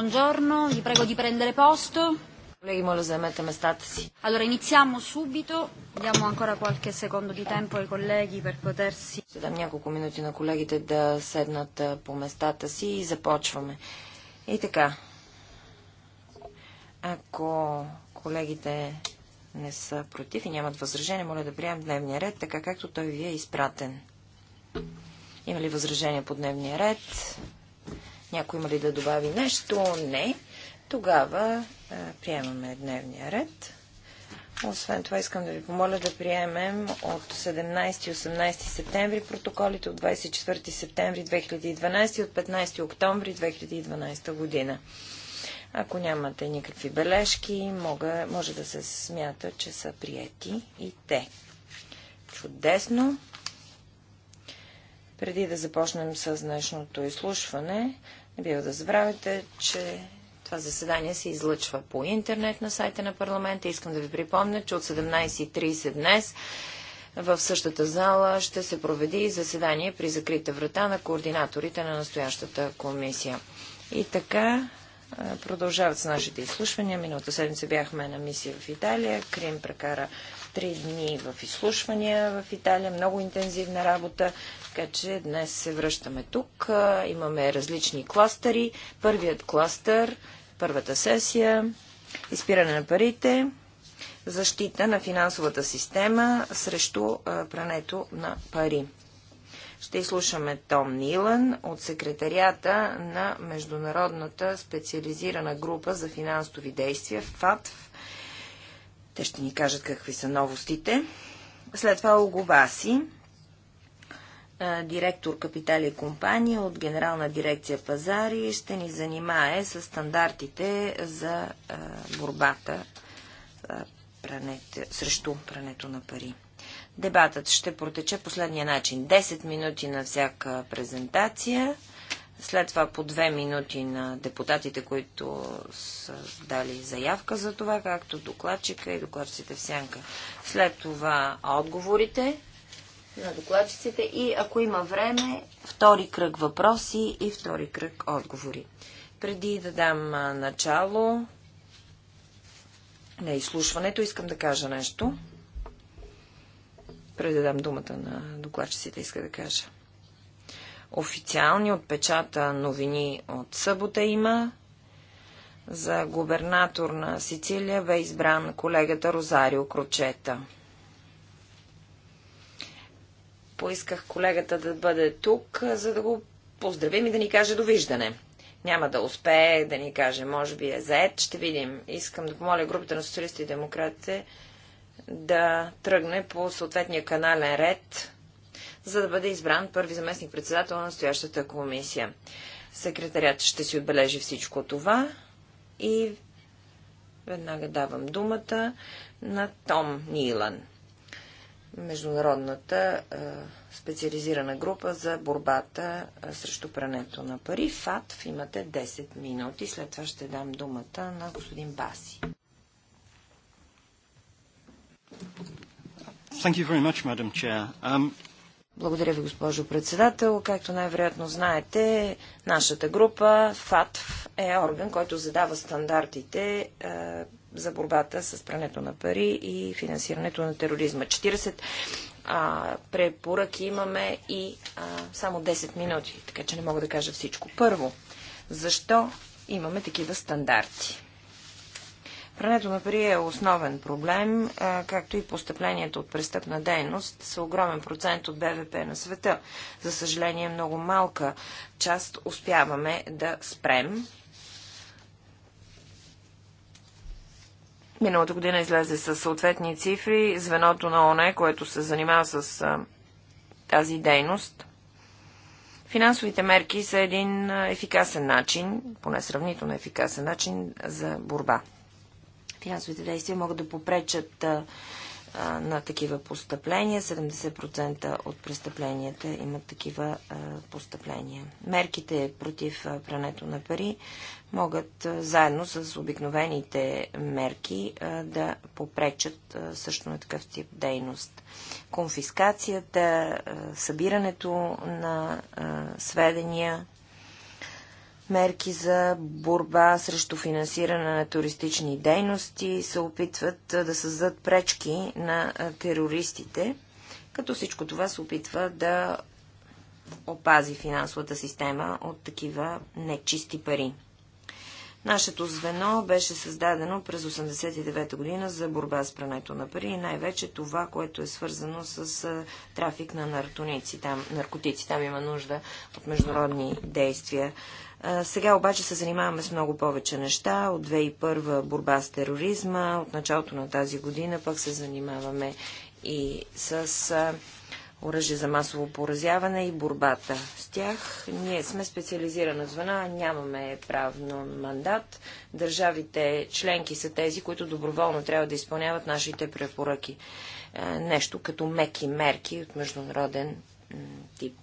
Buongiorno, vi prego di prendere posto. Колеги, моля, заемете местата си. Allora, iniziamo subito. Diamo ancora qualche secondo di tempo ai colleghi per potersi... Ще дам няколко минути на колегите да седнат по местата си и започваме. И така, ако колегите не са против и нямат възражение, моля да приемем дневния ред, така както той ви е изпратен. Има ли възражение по дневния ред? Някой има ли да добави нещо? Не. Тогава а, приемаме дневния ред. Освен това искам да ви помоля да приемем от 17 18 септември протоколите от 24 септември 2012 и от 15 октомври 2012 година. Ако нямате никакви бележки, мога, може да се смята, че са приети и те. Чудесно! Преди да започнем с днешното изслушване, не бива да забравяйте, че това заседание се излъчва по интернет на сайта на парламента. Искам да ви припомня, че от 17.30 днес в същата зала ще се проведи заседание при закрита врата на координаторите на настоящата комисия. И така, продължават с нашите изслушвания. Миналата седмица бяхме на мисия в Италия. Крим прекара три дни в изслушвания в Италия, много интензивна работа, така че днес се връщаме тук. Имаме различни кластъри. Първият кластър, първата сесия, изпиране на парите, защита на финансовата система срещу прането на пари. Ще изслушаме Том Нилан от секретарията на Международната специализирана група за финансови действия ФАТФ те ще ни кажат какви са новостите. След това Огубаси, директор капитали и компания от Генерална дирекция пазари, ще ни занимае с стандартите за борбата пранете, срещу прането на пари. Дебатът ще протече последния начин. 10 минути на всяка презентация след това по две минути на депутатите, които са дали заявка за това, както докладчика и докладчиците в сянка. След това отговорите на докладчиците и ако има време, втори кръг въпроси и втори кръг отговори. Преди да дам начало на изслушването, искам да кажа нещо. Преди да дам думата на докладчиците, иска да кажа официални отпечата новини от събота има. За губернатор на Сицилия бе избран колегата Розарио Крочета. Поисках колегата да бъде тук, за да го поздравим и да ни каже довиждане. Няма да успее да ни каже, може би е заед, ще видим. Искам да помоля групата на социалисти и демократите да тръгне по съответния канален ред за да бъде избран първи заместник председател на настоящата комисия. Секретарят ще си отбележи всичко това и веднага давам думата на Том Нилан, международната е, специализирана група за борбата е, срещу прането на пари. ФАТФ имате 10 минути. След това ще дам думата на господин Баси. Thank you very much, Madam Chair. Um, благодаря ви, госпожо председател. Както най-вероятно знаете, нашата група ФАТФ е орган, който задава стандартите е, за борбата с прането на пари и финансирането на тероризма. 40 препоръки имаме и само 10 минути, така че не мога да кажа всичко. Първо, защо имаме такива стандарти? Прането на пари е основен проблем, както и постъплението от престъпна дейност са огромен процент от БВП на света. За съжаление, много малка част успяваме да спрем. Миналата година излезе с съответни цифри. Звеното на ОНЕ, което се занимава с тази дейност – Финансовите мерки са един ефикасен начин, поне сравнително ефикасен начин за борба Финансовите действия могат да попречат на такива постъпления. 70% от престъпленията имат такива постъпления. Мерките против прането на пари могат заедно с обикновените мерки да попречат също на такъв тип дейност. Конфискацията, събирането на сведения мерки за борба срещу финансиране на туристични дейности, се опитват да създадат пречки на терористите, като всичко това се опитва да опази финансовата система от такива нечисти пари. Нашето звено беше създадено през 1989 година за борба с прането на пари и най-вече това, което е свързано с трафик на наркотици. Там, наркотици. Там има нужда от международни действия сега обаче се занимаваме с много повече неща. От 2001 борба с тероризма, от началото на тази година пък се занимаваме и с оръжие за масово поразяване и борбата с тях. Ние сме специализирана звена, нямаме правно мандат. Държавите членки са тези, които доброволно трябва да изпълняват нашите препоръки. Е, нещо като меки мерки от международен тип.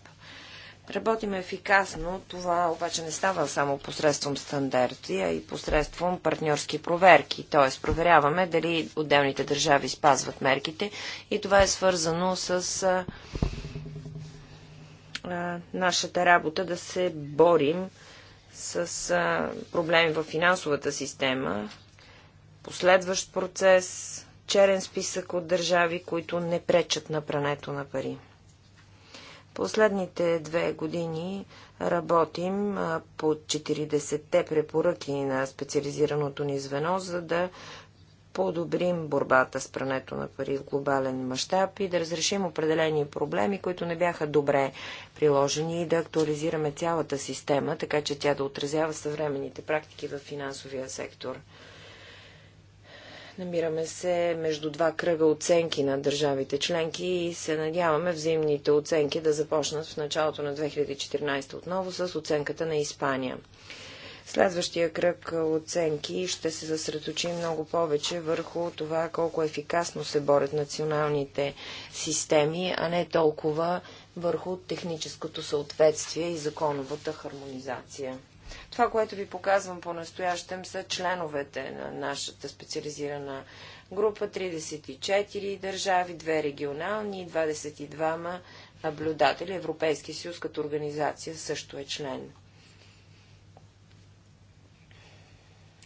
Работим ефикасно, това обаче не става само посредством стандарти, а и посредством партньорски проверки. Т.е. проверяваме дали отделните държави спазват мерките и това е свързано с а, а, нашата работа да се борим с а, проблеми в финансовата система, последващ процес, черен списък от държави, които не пречат на прането на пари. Последните две години работим по 40-те препоръки на специализираното ни звено, за да подобрим борбата с прането на пари в глобален мащаб и да разрешим определени проблеми, които не бяха добре приложени и да актуализираме цялата система, така че тя да отразява съвременните практики в финансовия сектор. Намираме се между два кръга оценки на държавите членки и се надяваме взаимните оценки да започнат в началото на 2014 отново с оценката на Испания. Следващия кръг оценки ще се съсредоточи много повече върху това колко ефикасно се борят националните системи, а не толкова върху техническото съответствие и законовата хармонизация. Това, което ви показвам по-настоящем, са членовете на нашата специализирана група. 34 държави, 2 регионални и 22 наблюдатели. Европейски съюз като организация също е член.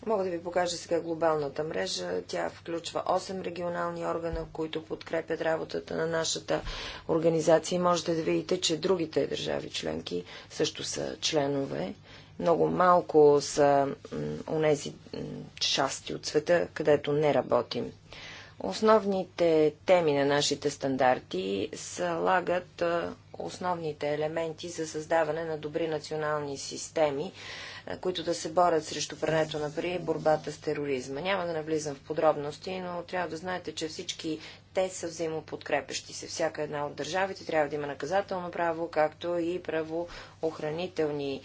Мога да ви покажа сега глобалната мрежа. Тя включва 8 регионални органа, които подкрепят работата на нашата организация. Можете да видите, че другите държави членки също са членове. Много малко са онези части от света, където не работим. Основните теми на нашите стандарти слагат основните елементи за създаване на добри национални системи, които да се борят срещу прането на при борбата с тероризма. Няма да навлизам в подробности, но трябва да знаете, че всички те са взаимоподкрепещи се. Всяка една от държавите трябва да има наказателно право, както и правоохранителни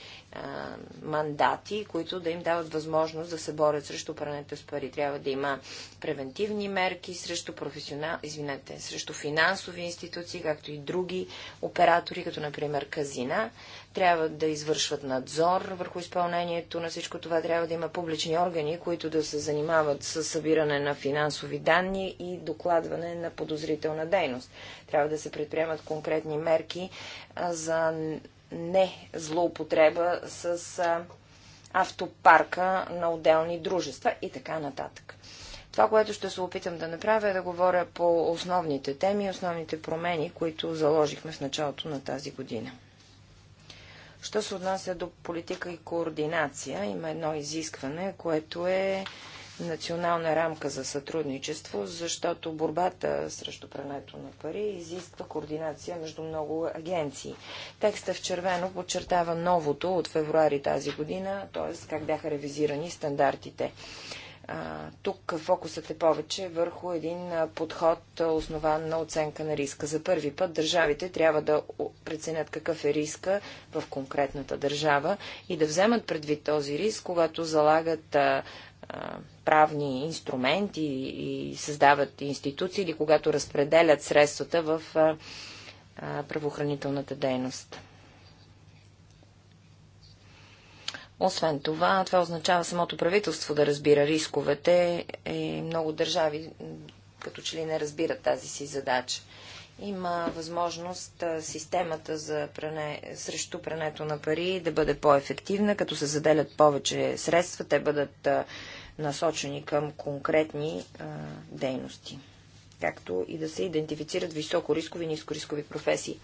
мандати, които да им дават възможност да се борят срещу прането с пари. Трябва да има превентивни мерки срещу, професионал... Извинете, срещу финансови институции, както и други оператори, като например казина. Трябва да извършват надзор върху изпълнението на всичко това. Трябва да има публични органи, които да се занимават с събиране на финансови данни и докладване на подозрителна дейност. Трябва да се предприемат конкретни мерки за не злоупотреба с а, автопарка на отделни дружества и така нататък. Това, което ще се опитам да направя е да говоря по основните теми и основните промени, които заложихме в началото на тази година. Що се отнася до политика и координация, има едно изискване, което е национална рамка за сътрудничество, защото борбата срещу прането на пари изисква координация между много агенции. Текста в червено подчертава новото от февруари тази година, т.е. как бяха ревизирани стандартите. А, тук фокусът е повече върху един подход, основан на оценка на риска. За първи път държавите трябва да преценят какъв е риска в конкретната държава и да вземат предвид този риск, когато залагат а, а, правни инструменти и създават институции или когато разпределят средствата в правоохранителната дейност. Освен това, това означава самото правителство да разбира рисковете и е, много държави като че ли не разбират тази си задача. Има възможност системата за пране, срещу прането на пари да бъде по-ефективна, като се заделят повече средства, те бъдат насочени към конкретни а, дейности, както и да се идентифицират високо рискови и ниско рискови професии.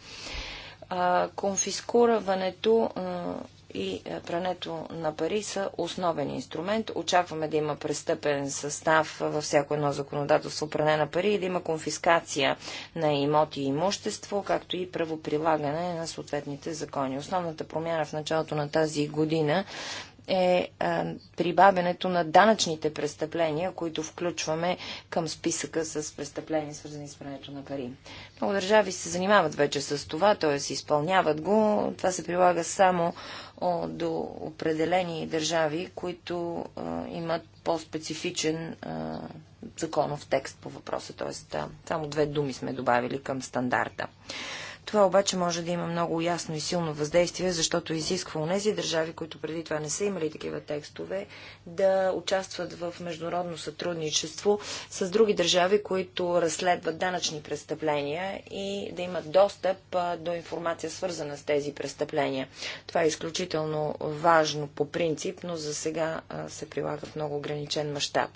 А, конфискураването а, и прането на пари са основен инструмент. Очакваме да има престъпен състав във всяко едно законодателство пране на пари и да има конфискация на имоти и имущество, както и правоприлагане на съответните закони. Основната промяна в началото на тази година е, е прибавянето на данъчните престъпления, които включваме към списъка с престъпления, свързани с прането на пари. Много държави се занимават вече с това, т.е. изпълняват го. Това се прилага само до определени държави, които е, имат по-специфичен е, законов текст по въпроса. Т.е. само две думи сме добавили към стандарта. Това обаче може да има много ясно и силно въздействие, защото изисква у нези държави, които преди това не са имали такива текстове, да участват в международно сътрудничество с други държави, които разследват данъчни престъпления и да имат достъп до информация свързана с тези престъпления. Това е изключително важно по принцип, но за сега се прилага в много ограничен мащаб.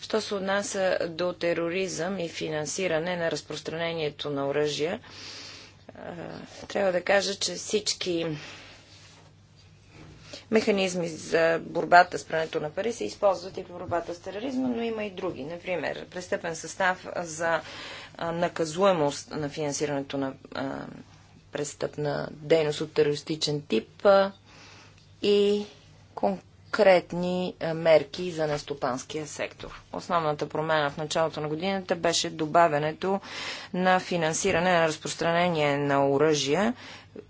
Що се отнася до тероризъм и финансиране на разпространението на оръжия, трябва да кажа, че всички механизми за борбата с прането на пари се използват и в борбата с тероризма, но има и други. Например, престъпен състав за наказуемост на финансирането на престъпна дейност от терористичен тип и конкретно конкретни е, мерки за нестопанския сектор. Основната промяна в началото на годината беше добавянето на финансиране на разпространение на оръжия.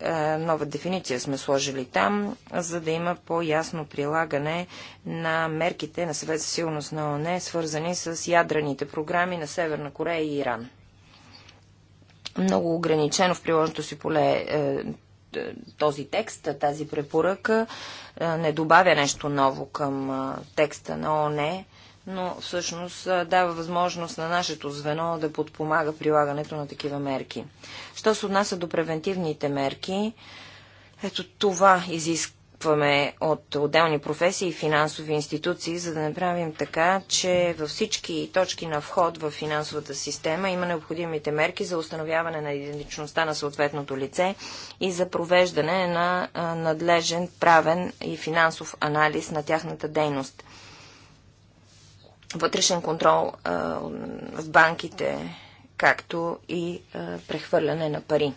Е, нова дефиниция сме сложили там, за да има по-ясно прилагане на мерките на Съвет за сигурност на ОНЕ, свързани с ядрените програми на Северна Корея и Иран много ограничено в приложното си поле е, този текст, тази препоръка не добавя нещо ново към текста на ОНЕ, но всъщност дава възможност на нашето звено да подпомага прилагането на такива мерки. Що се отнася до превентивните мерки, ето това изисква натрупваме от отделни професии и финансови институции, за да направим така, че във всички точки на вход в финансовата система има необходимите мерки за установяване на идентичността на съответното лице и за провеждане на надлежен правен и финансов анализ на тяхната дейност. Вътрешен контрол в банките, както и прехвърляне на пари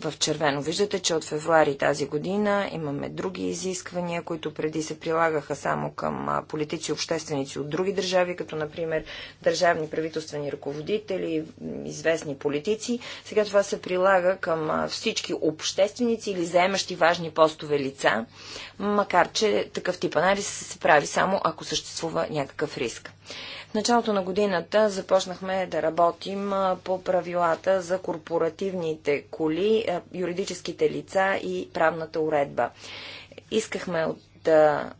в червено. Виждате, че от февруари тази година имаме други изисквания, които преди се прилагаха само към политици и общественици от други държави, като например държавни правителствени ръководители, известни политици. Сега това се прилага към всички общественици или заемащи важни постове лица, макар че такъв тип анализ се прави само ако съществува някакъв риск. В началото на годината започнахме да работим по правилата за корпоративните коли, юридическите лица и правната уредба. Искахме да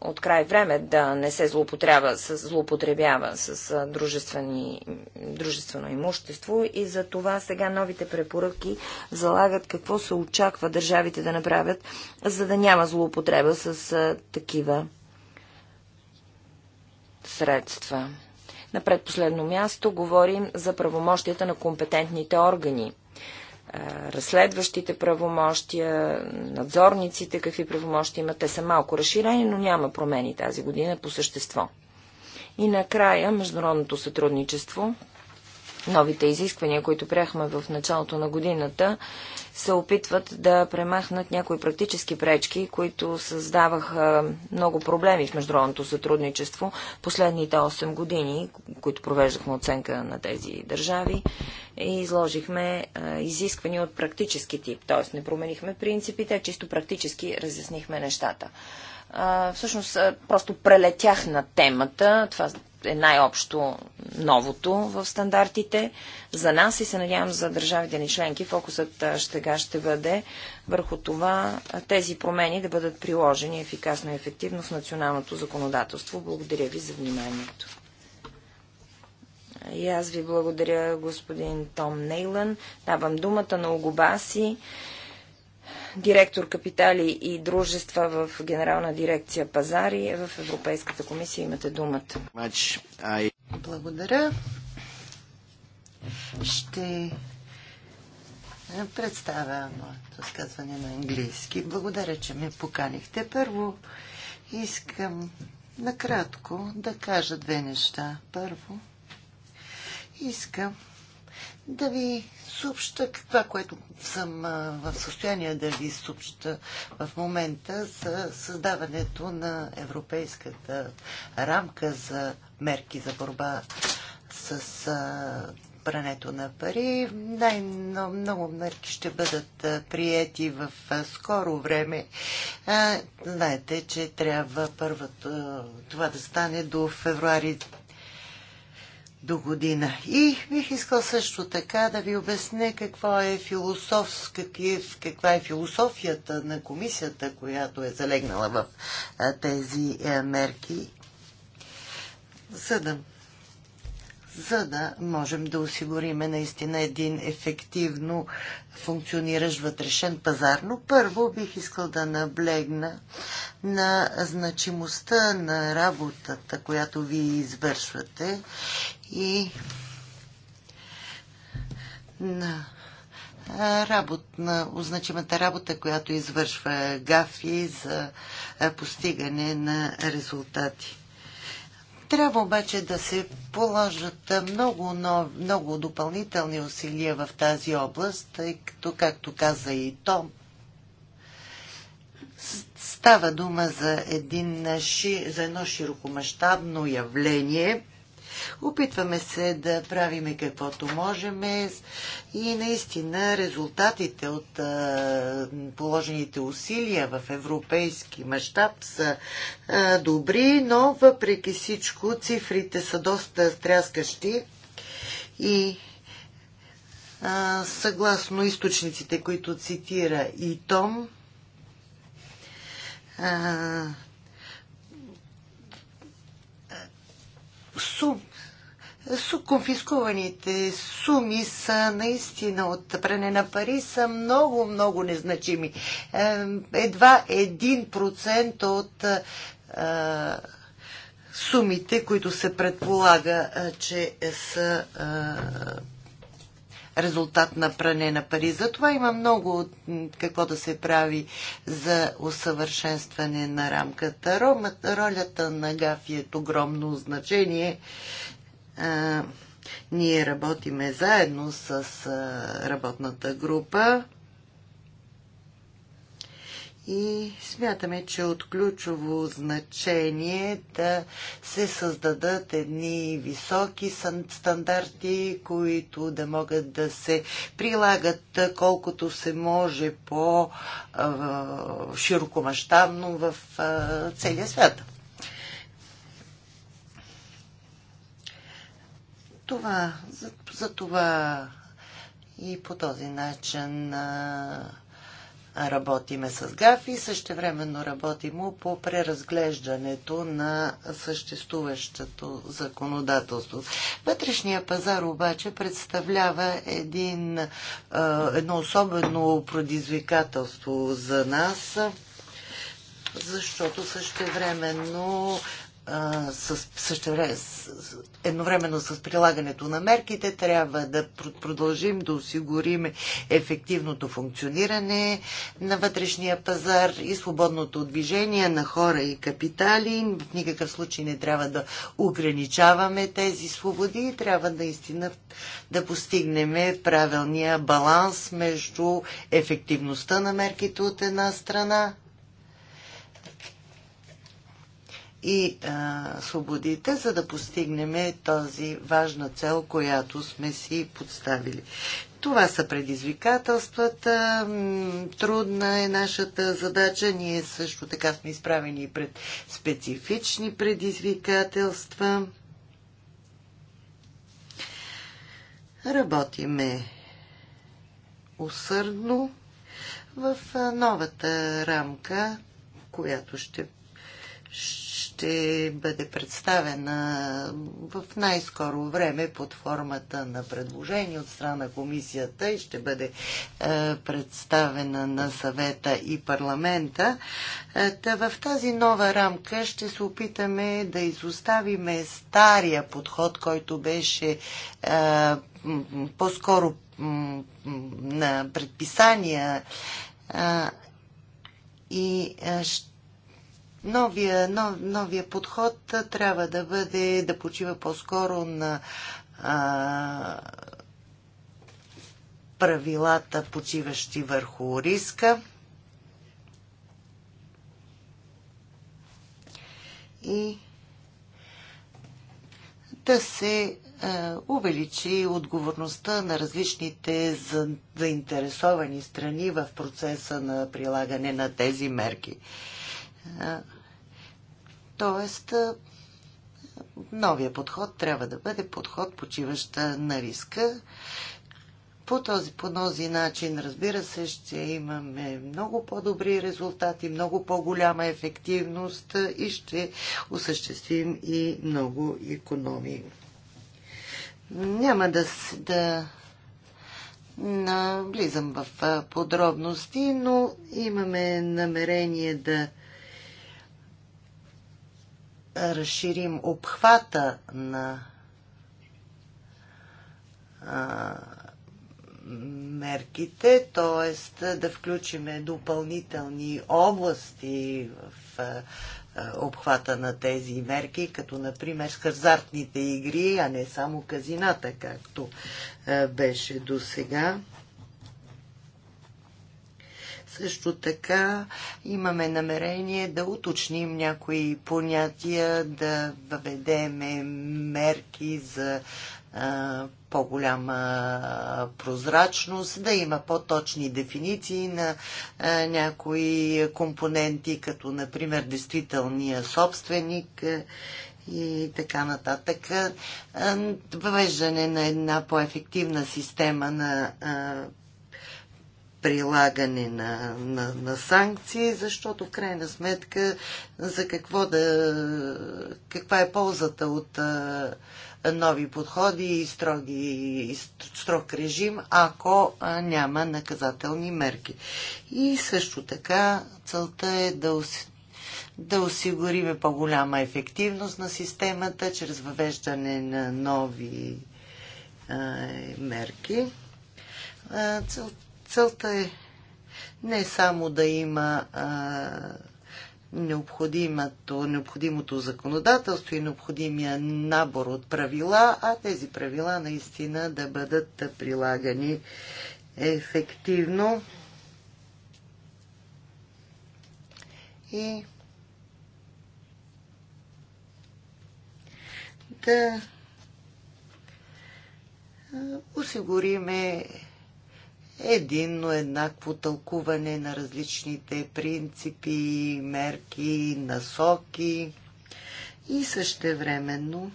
от край време да не се злоупотребява с, злоупотребява с дружествено имущество и за това сега новите препоръки залагат какво се очаква държавите да направят, за да няма злоупотреба с такива средства. На предпоследно място говорим за правомощията на компетентните органи. Е, разследващите правомощия, надзорниците, какви правомощия имат, те са малко разширени, но няма промени тази година по същество. И накрая международното сътрудничество новите изисквания, които приехме в началото на годината, се опитват да премахнат някои практически пречки, които създаваха много проблеми в международното сътрудничество последните 8 години, които провеждахме оценка на тези държави и изложихме изисквания от практически тип, т.е. не променихме принципите, а чисто практически разяснихме нещата всъщност, просто прелетях на темата. Това е най-общо новото в стандартите за нас и се надявам за държавите ни членки. Фокусът сега ще бъде върху това тези промени да бъдат приложени ефикасно и ефективно в националното законодателство. Благодаря ви за вниманието. И аз ви благодаря, господин Том Нейлън. Давам думата на Огубаси директор капитали и дружества в Генерална дирекция пазари е в Европейската комисия. Имате думата. Благодаря. Ще е, представя моето сказване на английски. Благодаря, че ме поканихте. Първо искам накратко да кажа две неща. Първо искам да ви съобща това, което съм в състояние да ви съобща в момента за създаването на европейската рамка за мерки за борба с прането на пари. Най-много мерки ще бъдат приети в скоро време. Знаете, че трябва първото това да стане до февруари до година. И бих искал също така да ви обясня каква е, философ, какви, каква е философията на комисията, която е залегнала в тези мерки, за да за да можем да осигуриме наистина един ефективно функциониращ вътрешен пазар. Но първо бих искал да наблегна на значимостта на работата, която вие извършвате и на работ, на значимата работа, която извършва ГАФИ за постигане на резултати. Трябва обаче да се положат много, много допълнителни усилия в тази област, тъй като, както каза и Том, става дума за, един, за едно широкомащабно явление – Опитваме се да правиме каквото можем и наистина резултатите от положените усилия в европейски мащаб са добри, но въпреки всичко цифрите са доста стряскащи и съгласно източниците, които цитира и Том, сум, сум, конфискуваните суми са наистина от пране на пари са много, много незначими. Едва 1% от а, е, сумите, които се предполага, е, че са а, е, резултат на пране на пари. Затова има много какво да се прави за усъвършенстване на рамката. Ролята на ГАФИ е огромно значение. Ние работиме заедно с работната група и смятаме, че от ключово значение е да се създадат едни високи стандарти, които да могат да се прилагат колкото се може по-широкомащабно в целия свят. Това, за, за това и по този начин а, работиме с ГАФ и същевременно работим по преразглеждането на съществуващото законодателство. Вътрешния пазар обаче представлява един, едно особено предизвикателство за нас, защото същевременно с, с, едновременно с прилагането на мерките трябва да продължим да осигурим ефективното функциониране на вътрешния пазар и свободното движение на хора и капитали. В никакъв случай не трябва да ограничаваме тези свободи и трябва наистина да постигнем правилния баланс между ефективността на мерките от една страна и а, свободите, за да постигнем този важна цел, която сме си подставили. Това са предизвикателствата. Трудна е нашата задача. Ние също така сме изправени пред специфични предизвикателства. Работиме усърдно в новата рамка, която ще, ще ще бъде представена в най-скоро време под формата на предложение от страна на комисията и ще бъде е, представена на съвета и парламента. Е, та в тази нова рамка ще се опитаме да изоставиме стария подход, който беше е, по-скоро на предписания и ще новия, нов, новия подход трябва да бъде, да почива по-скоро на а, правилата, почиващи върху риска. И да се увеличи отговорността на различните заинтересовани страни в процеса на прилагане на тези мерки. Тоест, новия подход трябва да бъде подход, почиваща на риска. По този, по този начин, разбира се, ще имаме много по-добри резултати, много по-голяма ефективност и ще осъществим и много економии. Няма да, да навлизам в подробности, но имаме намерение да разширим обхвата на а, мерките, т.е. да включиме допълнителни области в а, обхвата на тези мерки, като например хазартните игри, а не само казината, както а, беше до сега. Също така имаме намерение да уточним някои понятия, да въведеме мерки за по-голяма прозрачност, да има по-точни дефиниции на някои компоненти, като например действителния собственик и така нататък. Въвеждане на една по-ефективна система на прилагане на, на, на санкции, защото в крайна сметка за какво да, каква е ползата от а, нови подходи и, строги, и строг режим, ако а, няма наказателни мерки. И също така целта е да, да осигуриме по-голяма ефективност на системата чрез въвеждане на нови а, мерки. цел, Целта е не само да има а, необходимото, необходимото законодателство и необходимия набор от правила, а тези правила наистина да бъдат прилагани ефективно. И да осигуриме единно еднакво тълкуване на различните принципи, мерки, насоки и същевременно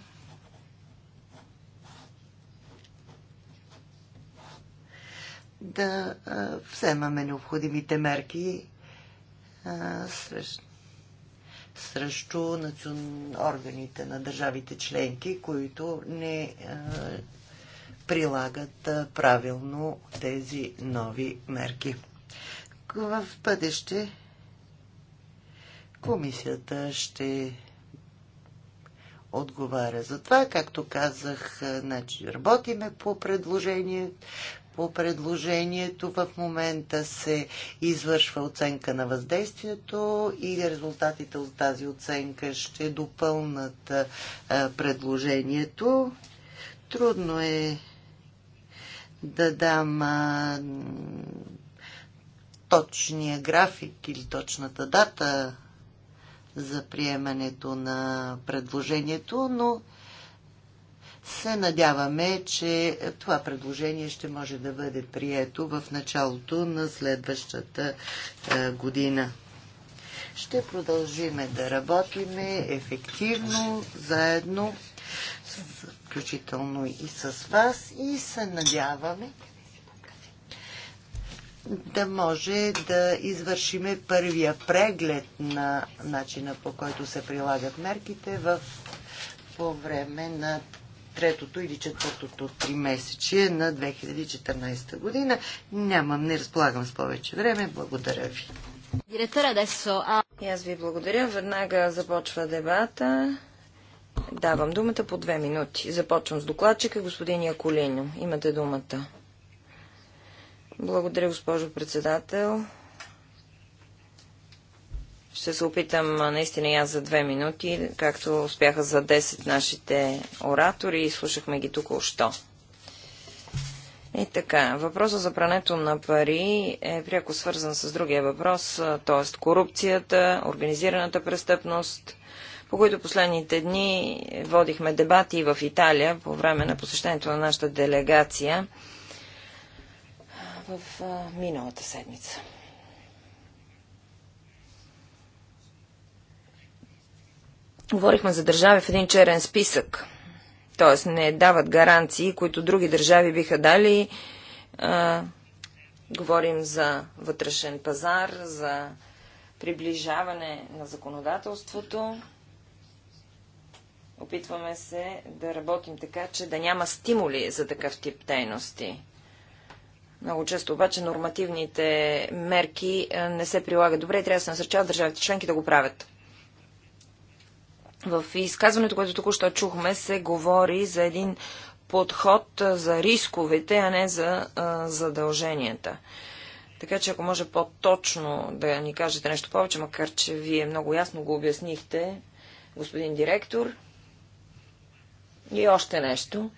да вземаме необходимите мерки срещу, срещу органите на държавите членки, които не прилагат правилно тези нови мерки. В бъдеще комисията ще отговаря за това. Както казах, значи, работиме по предложение. По предложението в момента се извършва оценка на въздействието и резултатите от тази оценка ще допълнат предложението. Трудно е да дам а, точния график или точната дата за приемането на предложението, но се надяваме, че това предложение ще може да бъде прието в началото на следващата година. Ще продължиме да работиме ефективно, заедно включително и с вас и се надяваме да може да извършиме първия преглед на начина по който се прилагат мерките в, по време на третото или четвъртото три месече на 2014 година. Нямам, не разполагам с повече време. Благодаря ви. Директора Десо, а... аз ви благодаря. Веднага започва дебата. Давам думата по две минути. Започвам с докладчика, господин Яколино. Имате думата. Благодаря, госпожо председател. Ще се опитам наистина и аз за две минути, както успяха за 10 нашите оратори и слушахме ги тук още. И така, въпросът за прането на пари е пряко свързан с другия въпрос, т.е. корупцията, организираната престъпност по които последните дни водихме дебати в Италия по време на посещението на нашата делегация в миналата седмица. Говорихме за държави в един черен списък, т.е. не дават гаранции, които други държави биха дали. говорим за вътрешен пазар, за приближаване на законодателството. Опитваме се да работим така, че да няма стимули за такъв тип дейности. Много често обаче нормативните мерки е, не се прилагат добре и трябва да се насърчават държавите членки да го правят. В изказването, което току-що чухме, се говори за един подход е, за рисковете, а не за а, е, задълженията. Така че ако може по-точно да ни кажете нещо повече, макар че вие много ясно го обяснихте, господин директор, и още нещо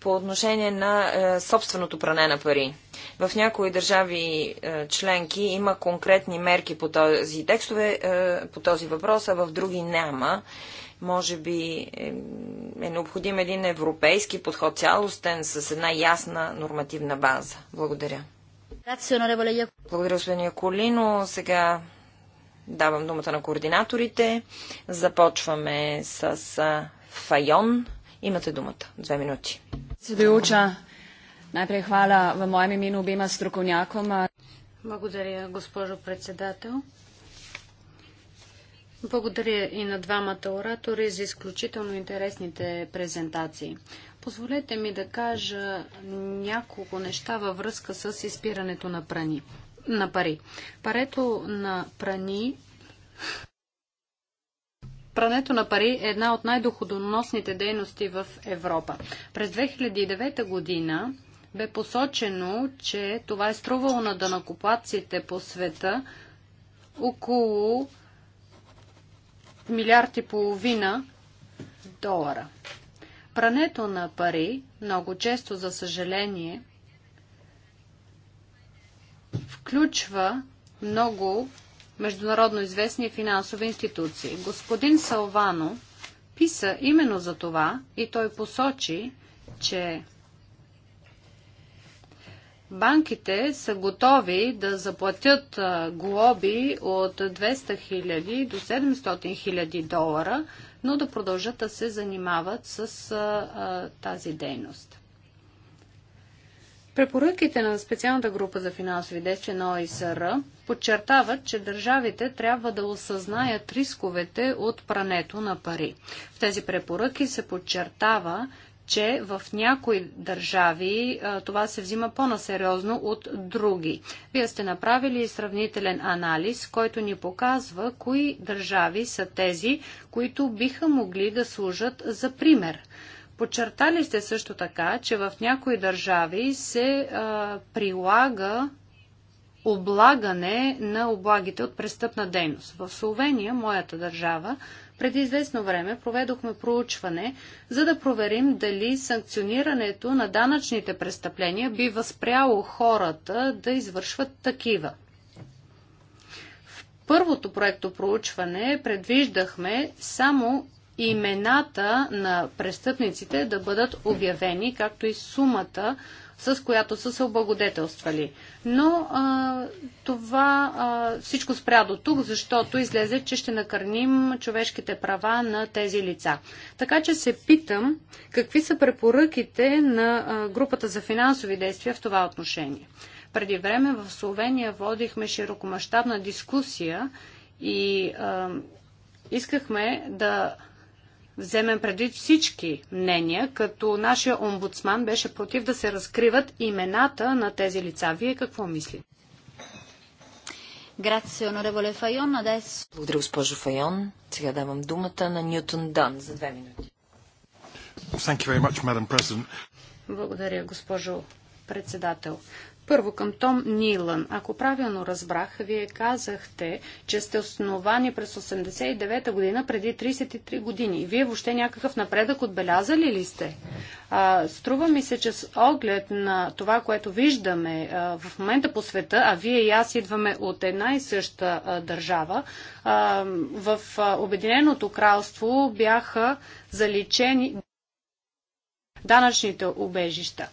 по отношение на е, собственото пране на пари. В някои държави е, членки има конкретни мерки по този текстове, е, по този въпрос, а в други няма. Може би е, е необходим един европейски подход цялостен с една ясна нормативна база. Благодаря. Благодаря, господин Яколино. Сега давам думата на координаторите. Започваме с Файон. Имате думата. Две минути. Седуюча, най прех хвала в моем имену обима струковнякома. Благодаря, госпожо председател. Благодаря и на двамата оратори за изключително интересните презентации. Позволете ми да кажа няколко неща във връзка с изпирането на, прани, на пари. Парето на прани Прането на пари е една от най-доходоносните дейности в Европа. През 2009 година бе посочено, че това е струвало на данакоплаците по света около милиард и половина долара. Прането на пари много често, за съжаление, включва много международно известни финансови институции. Господин Салвано писа именно за това и той посочи, че банките са готови да заплатят глоби от 200 000 до 700 000 долара, но да продължат да се занимават с тази дейност. Препоръките на специалната група за финансови действия на ОИСР подчертават, че държавите трябва да осъзнаят рисковете от прането на пари. В тези препоръки се подчертава, че в някои държави а, това се взима по-насериозно от други. Вие сте направили сравнителен анализ, който ни показва кои държави са тези, които биха могли да служат за пример Подчертали сте също така, че в някои държави се а, прилага облагане на облагите от престъпна дейност. В Словения, моята държава, преди известно време проведохме проучване, за да проверим дали санкционирането на данъчните престъпления би възпряло хората да извършват такива. В първото проекто проучване предвиждахме само имената на престъпниците да бъдат обявени, както и сумата, с която са се облагодетелствали. Но а, това а, всичко спря до тук, защото излезе, че ще накърним човешките права на тези лица. Така че се питам какви са препоръките на а, групата за финансови действия в това отношение. Преди време в Словения водихме широкомащабна дискусия и а, искахме да вземем предвид всички мнения, като нашия омбудсман беше против да се разкриват имената на тези лица. Вие какво мислите? Благодаря, госпожо Файон. Сега давам думата на Ньютон Дан за две минути. Much, Благодаря, госпожо председател. Първо към Том Нилан. Ако правилно разбрах, вие казахте, че сте основани през 89-та година, преди 33 години. Вие въобще някакъв напредък отбелязали ли сте? А, струва ми се, че с оглед на това, което виждаме а, в момента по света, а вие и аз идваме от една и съща а, държава, а, в а, Обединеното кралство бяха заличени данъчните убежища.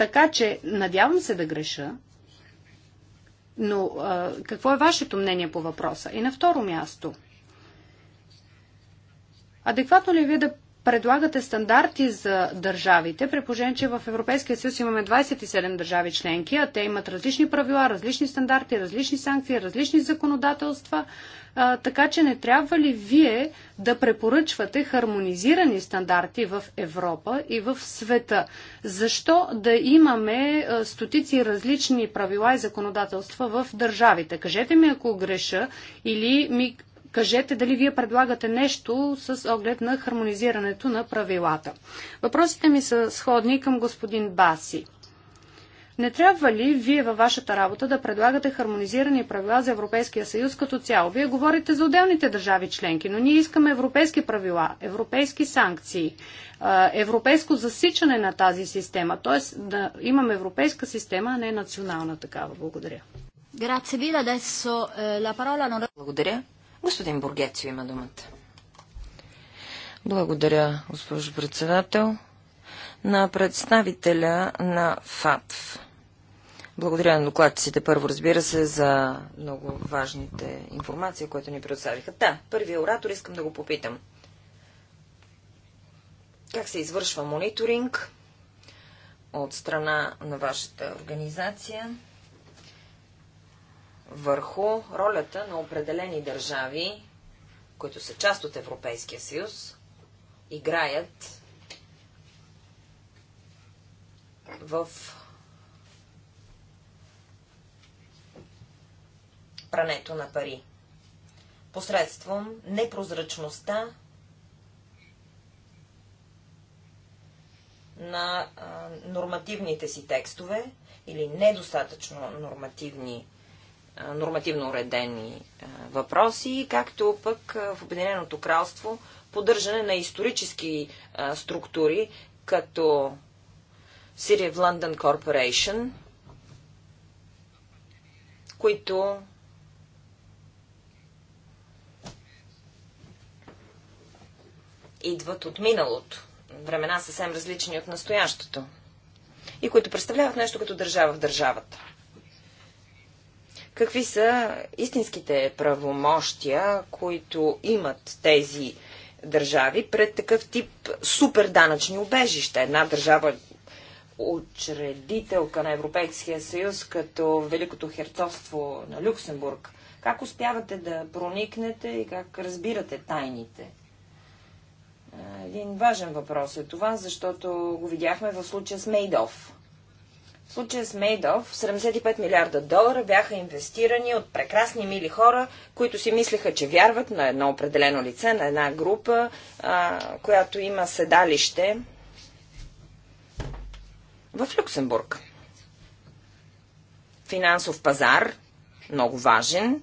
Така че, надявам се да греша, но а, какво е вашето мнение по въпроса? И на второ място, адекватно ли е вие да предлагате стандарти за държавите, при положение, че в Европейския съюз имаме 27 държави членки, а те имат различни правила, различни стандарти, различни санкции, различни законодателства, а, така че не трябва ли вие да препоръчвате хармонизирани стандарти в Европа и в света? Защо да имаме а, стотици различни правила и законодателства в държавите? Кажете ми ако греша или ми Кажете дали вие предлагате нещо с оглед на хармонизирането на правилата. Въпросите ми са сходни към господин Баси. Не трябва ли вие във вашата работа да предлагате хармонизирани правила за Европейския съюз като цяло? Вие говорите за отделните държави членки, но ние искаме европейски правила, европейски санкции, европейско засичане на тази система, т.е. да имаме европейска система, а не национална такава. Благодаря. Е, Благодаря. Господин Бургецио има думата. Благодаря, госпожо председател на представителя на ФАТФ. Благодаря на докладците първо, разбира се, за много важните информации, които ни предоставиха. Да, първия оратор искам да го попитам. Как се извършва мониторинг от страна на вашата организация върху ролята на определени държави, които са част от Европейския съюз, играят в прането на пари. Посредством непрозрачността на а, нормативните си текстове или недостатъчно нормативни, а, нормативно уредени а, въпроси, както пък а, в Обединеното кралство поддържане на исторически а, структури, като City of London Corporation, които идват от миналото. Времена съвсем различни от настоящото. И които представляват нещо като държава в държавата. Какви са истинските правомощия, които имат тези държави пред такъв тип супер данъчни убежища? Една държава учредителка на Европейския съюз, като Великото Херцовство на Люксембург. Как успявате да проникнете и как разбирате тайните? Един важен въпрос е това, защото го видяхме в случая с Мейдов. В случая с Мейдов 75 милиарда долара бяха инвестирани от прекрасни мили хора, които си мислеха, че вярват на едно определено лице, на една група, а, която има седалище в Люксембург. Финансов пазар, много важен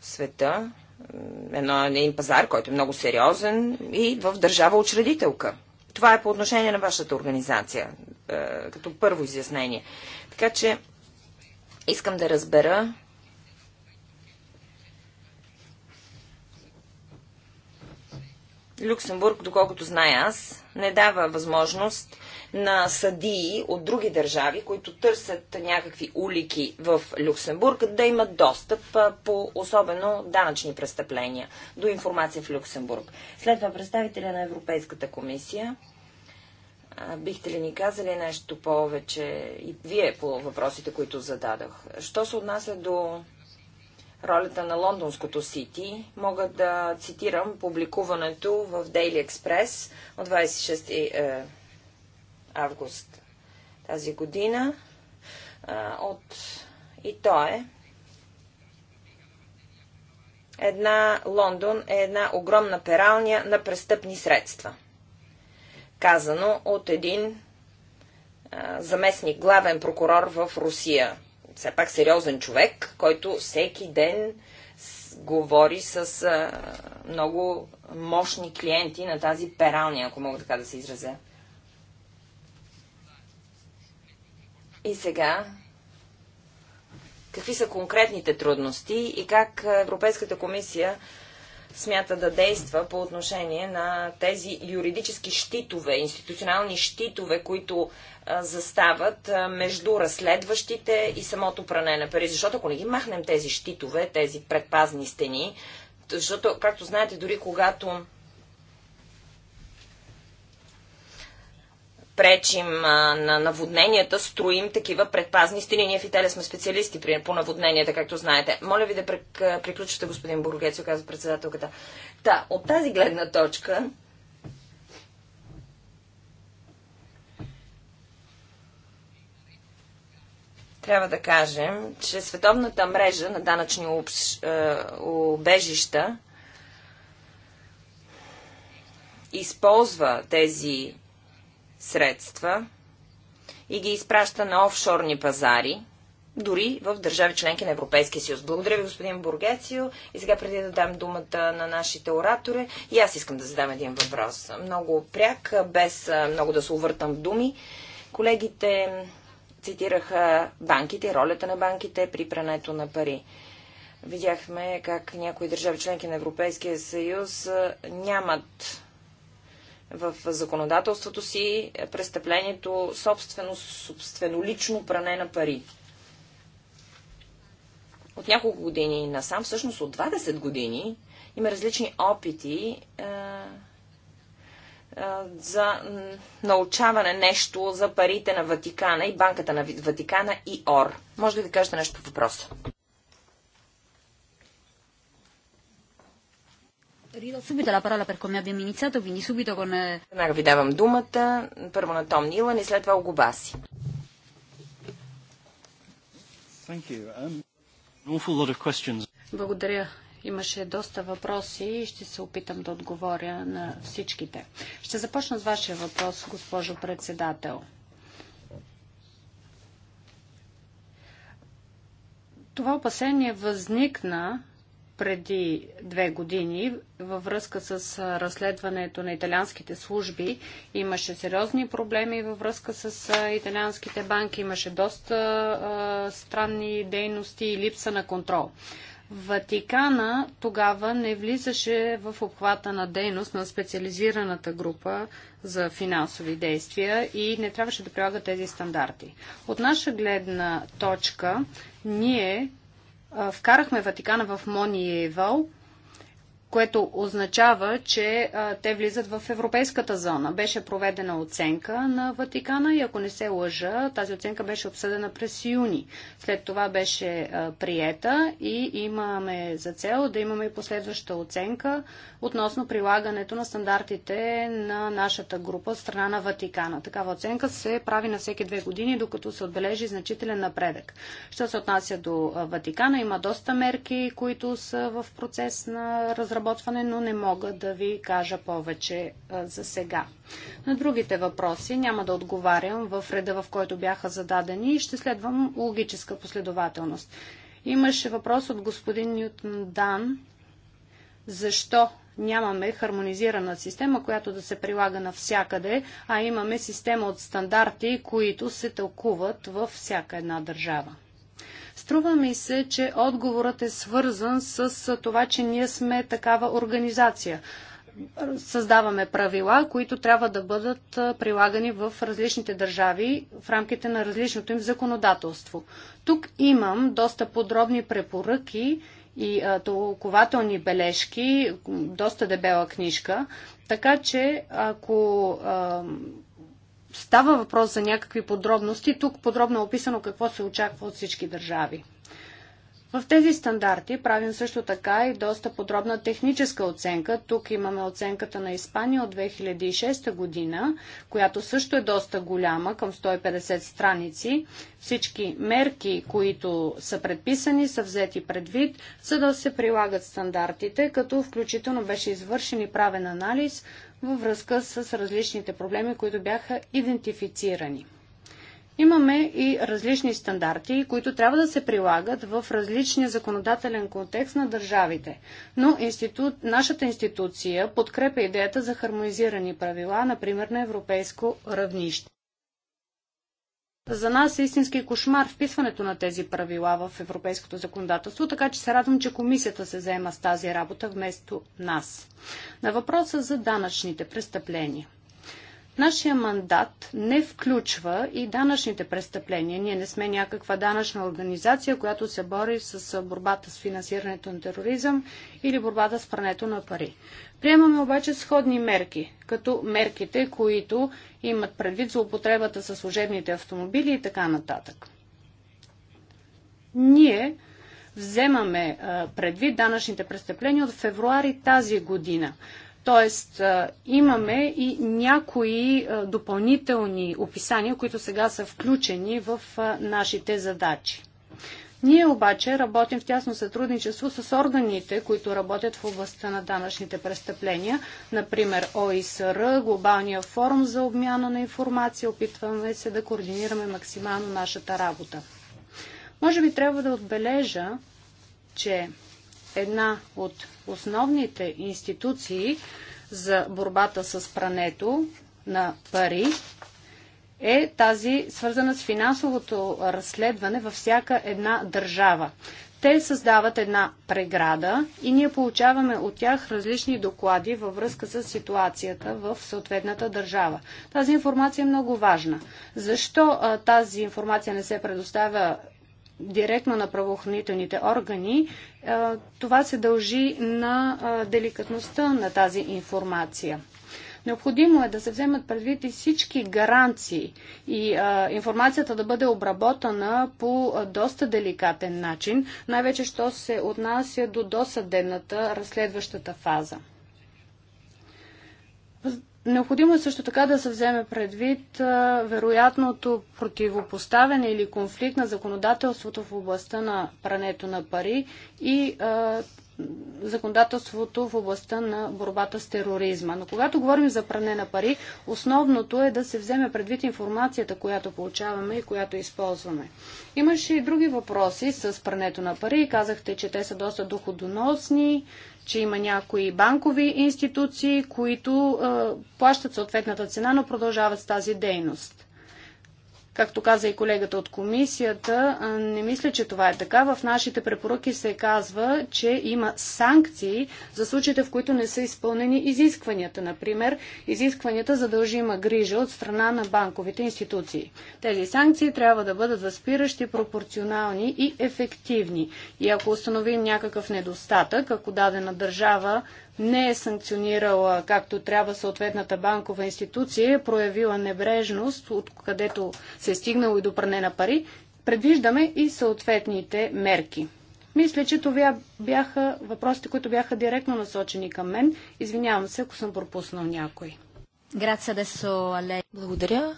в света. Едно, един пазар, който е много сериозен и в държава учредителка. Това е по отношение на вашата организация, е, като първо изяснение. Така че искам да разбера Люксембург, доколкото знае аз, не дава възможност на съдии от други държави, които търсят някакви улики в Люксембург, да имат достъп по особено данъчни престъпления до информация в Люксембург. След това представителя на Европейската комисия. Бихте ли ни казали нещо повече и вие по въпросите, които зададох? Що се отнася до ролята на лондонското Сити, мога да цитирам публикуването в Daily Express от 26 е, август тази година. Е, от... И то е една Лондон е една огромна пералня на престъпни средства. Казано от един заместник главен прокурор в Русия все пак сериозен човек, който всеки ден говори с а, много мощни клиенти на тази пералня, ако мога така да се изразя. И сега, какви са конкретните трудности и как Европейската комисия смята да действа по отношение на тези юридически щитове, институционални щитове, които застават между разследващите и самото пране на пари. Защото ако не ги махнем тези щитове, тези предпазни стени, защото, както знаете, дори когато пречим а, на наводненията, строим такива предпазни стени. Ние в Италия сме специалисти при, по наводненията, както знаете. Моля ви да прек, приключите, господин Бургецо, казва председателката. Та, от тази гледна точка, трябва да кажем, че световната мрежа на данъчни убежища обежища използва тези средства и ги изпраща на офшорни пазари, дори в държави членки на Европейския съюз. Благодаря ви, господин Бургецио. И сега, преди да дам думата на нашите оратори, и аз искам да задам един въпрос. Много пряк, без много да се увъртам в думи. Колегите цитираха банките, ролята на банките при прането на пари. Видяхме как някои държави членки на Европейския съюз нямат в законодателството си престъплението собствено, собствено лично пране на пари. От няколко години насам, всъщност от 20 години, има различни опити е, е, за научаване нещо за парите на Ватикана и банката на Ватикана и ОР. Може ли да кажете нещо по въпроса? Ридо la parola per come abbiamo iniziato, quindi subito con... Eh, ви давам думата, първо на Том Нилан и след това Огубаси. Um, Благодаря. Имаше доста въпроси и ще се опитам да отговоря на всичките. Ще започна с вашия въпрос, госпожо председател. Това опасение възникна преди две години във връзка с разследването на италианските служби. Имаше сериозни проблеми във връзка с италианските банки, имаше доста а, странни дейности и липса на контрол. Ватикана тогава не влизаше в обхвата на дейност на специализираната група за финансови действия и не трябваше да прилага тези стандарти. От наша гледна точка, ние вкарахме Ватикана в Мониевал – което означава, че а, те влизат в европейската зона. Беше проведена оценка на Ватикана и ако не се лъжа, тази оценка беше обсъдена през юни. След това беше а, приета и имаме за цел да имаме и последваща оценка относно прилагането на стандартите на нашата група от страна на Ватикана. Такава оценка се прави на всеки две години, докато се отбележи значителен напредък. Що се отнася до Ватикана, има доста мерки, които са в процес на разработка разработване, но не мога да ви кажа повече за сега. На другите въпроси няма да отговарям в реда, в който бяха зададени и ще следвам логическа последователност. Имаше въпрос от господин Ньютон Дан. Защо нямаме хармонизирана система, която да се прилага навсякъде, а имаме система от стандарти, които се тълкуват във всяка една държава. Струва ми се, че отговорът е свързан с това, че ние сме такава организация създаваме правила, които трябва да бъдат прилагани в различните държави в рамките на различното им законодателство. Тук имам доста подробни препоръки и толкователни бележки, доста дебела книжка, така че ако става въпрос за някакви подробности, тук подробно е описано какво се очаква от всички държави. В тези стандарти правим също така и доста подробна техническа оценка. Тук имаме оценката на Испания от 2006 година, която също е доста голяма, към 150 страници. Всички мерки, които са предписани, са взети предвид, за да се прилагат стандартите, като включително беше извършен и правен анализ във връзка с различните проблеми, които бяха идентифицирани. Имаме и различни стандарти, които трябва да се прилагат в различния законодателен контекст на държавите. Но институ... нашата институция подкрепя идеята за хармонизирани правила, например на европейско равнище. За нас е истински кошмар вписването на тези правила в европейското законодателство, така че се радвам, че комисията се заема с тази работа вместо нас. На въпроса за данъчните престъпления – Нашия мандат не включва и данъчните престъпления. Ние не сме някаква данъчна организация, която се бори с борбата с финансирането на тероризъм или борбата с прането на пари. Приемаме обаче сходни мерки, като мерките, които имат предвид за употребата с служебните автомобили и така нататък. Ние вземаме предвид данъчните престъпления от февруари тази година. Тоест, имаме и някои допълнителни описания, които сега са включени в нашите задачи. Ние обаче работим в тясно сътрудничество с органите, които работят в областта на данъчните престъпления, например ОИСР, Глобалния форум за обмяна на информация. Опитваме се да координираме максимално нашата работа. Може би трябва да отбележа, че една от основните институции за борбата с прането на пари е тази свързана с финансовото разследване във всяка една държава. Те създават една преграда и ние получаваме от тях различни доклади във връзка с ситуацията в съответната държава. Тази информация е много важна. Защо а, тази информация не се предоставя директно на правоохранителните органи, е, това се дължи на е, деликатността на тази информация. Необходимо е да се вземат предвид и всички гаранции и а, е, информацията да бъде обработана по а, доста деликатен начин, най-вече що се отнася до досъдебната разследващата фаза. Необходимо е също така да се вземе предвид вероятното противопоставяне или конфликт на законодателството в областта на прането на пари и законодателството в областта на борбата с тероризма. Но когато говорим за пране на пари, основното е да се вземе предвид информацията, която получаваме и която използваме. Имаше и други въпроси с прането на пари. Казахте, че те са доста доходоносни, че има някои банкови институции, които е, плащат съответната цена, но продължават с тази дейност. Както каза и колегата от комисията, не мисля, че това е така. В нашите препоръки се казва, че има санкции за случаите, в които не са изпълнени изискванията. Например, изискванията за дължима грижа от страна на банковите институции. Тези санкции трябва да бъдат възпиращи, пропорционални и ефективни. И ако установим някакъв недостатък, ако дадена държава не е санкционирала както трябва съответната банкова институция, е проявила небрежност, откъдето се е стигнало и до пране на пари, предвиждаме и съответните мерки. Мисля, че това бяха въпросите, които бяха директно насочени към мен. Извинявам се, ако съм пропуснал някой. Благодаря.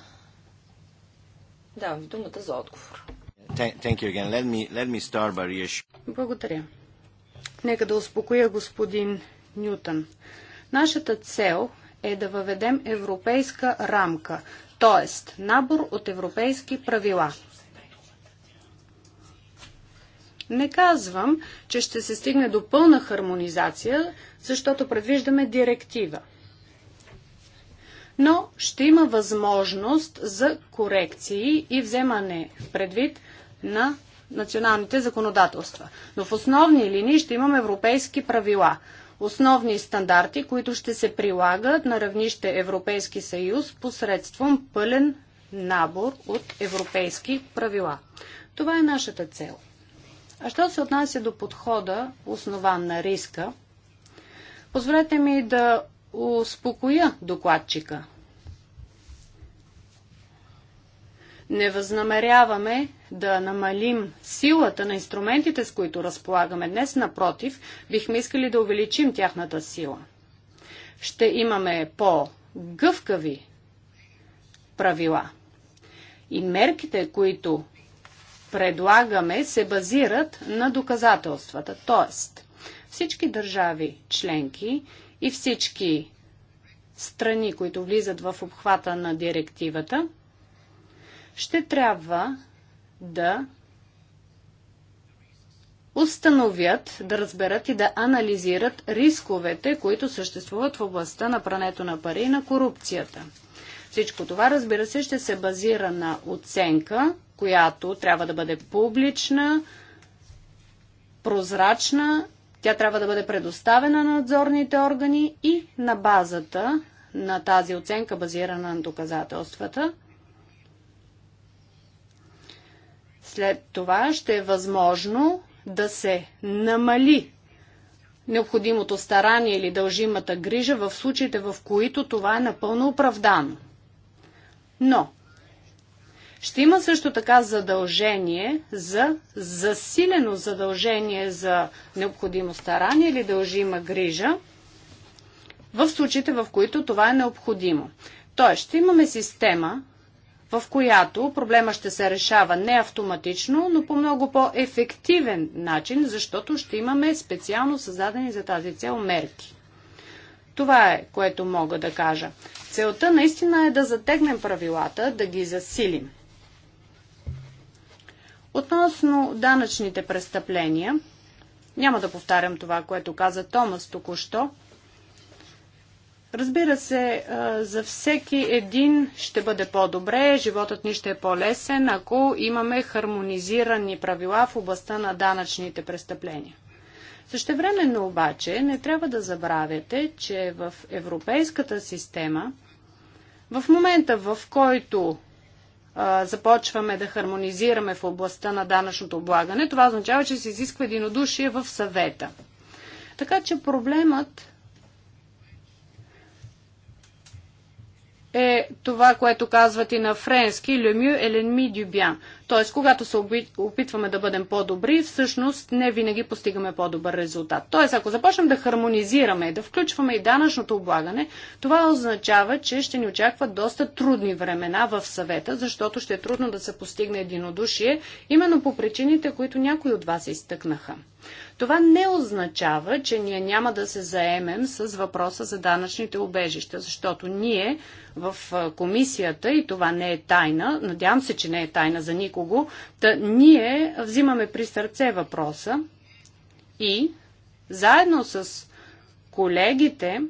Давам ви думата за отговор. Let me, let me Благодаря. Нека да успокоя господин Ньютон. Нашата цел е да въведем европейска рамка, т.е. набор от европейски правила. Не казвам, че ще се стигне до пълна хармонизация, защото предвиждаме директива. Но ще има възможност за корекции и вземане в предвид на националните законодателства. Но в основни линии ще имаме европейски правила – основни стандарти, които ще се прилагат на равнище Европейски съюз посредством пълен набор от европейски правила. Това е нашата цел. А що се отнася до подхода, основан на риска, позволете ми да успокоя докладчика. не възнамеряваме да намалим силата на инструментите, с които разполагаме днес. Напротив, бихме искали да увеличим тяхната сила. Ще имаме по-гъвкави правила. И мерките, които предлагаме, се базират на доказателствата. Тоест, всички държави членки и всички страни, които влизат в обхвата на директивата, ще трябва да установят, да разберат и да анализират рисковете, които съществуват в областта на прането на пари и на корупцията. Всичко това, разбира се, ще се базира на оценка, която трябва да бъде публична, прозрачна, тя трябва да бъде предоставена на надзорните органи и на базата на тази оценка, базирана на доказателствата, След това ще е възможно да се намали необходимото старание или дължимата грижа в случаите, в които това е напълно оправдано. Но ще има също така задължение за засилено задължение за необходимо старание или дължима грижа в случаите, в които това е необходимо. Тоест, ще имаме система, в която проблема ще се решава не автоматично, но по много по-ефективен начин, защото ще имаме специално създадени за тази цел мерки. Това е, което мога да кажа. Целта наистина е да затегнем правилата, да ги засилим. Относно данъчните престъпления, няма да повтарям това, което каза Томас току-що, Разбира се, за всеки един ще бъде по-добре, животът ни ще е по-лесен, ако имаме хармонизирани правила в областта на данъчните престъпления. Същевременно обаче не трябва да забравяте, че в европейската система, в момента в който а, започваме да хармонизираме в областта на данъчното облагане, това означава, че се изисква единодушие в съвета. Така че проблемът е това, което казват и на френски «Le mieux est l'ennemi du bien». Т.е. когато се опитваме да бъдем по-добри, всъщност не винаги постигаме по-добър резултат. Тоест, ако започнем да хармонизираме, и да включваме и данъчното облагане, това означава, че ще ни очакват доста трудни времена в съвета, защото ще е трудно да се постигне единодушие, именно по причините, които някои от вас изтъкнаха. Това не означава, че ние няма да се заемем с въпроса за данъчните обежища, защото ние в комисията, и това не е тайна, надявам се, че не е тайна за никого, някого. Та ние взимаме при сърце въпроса и заедно с колегите,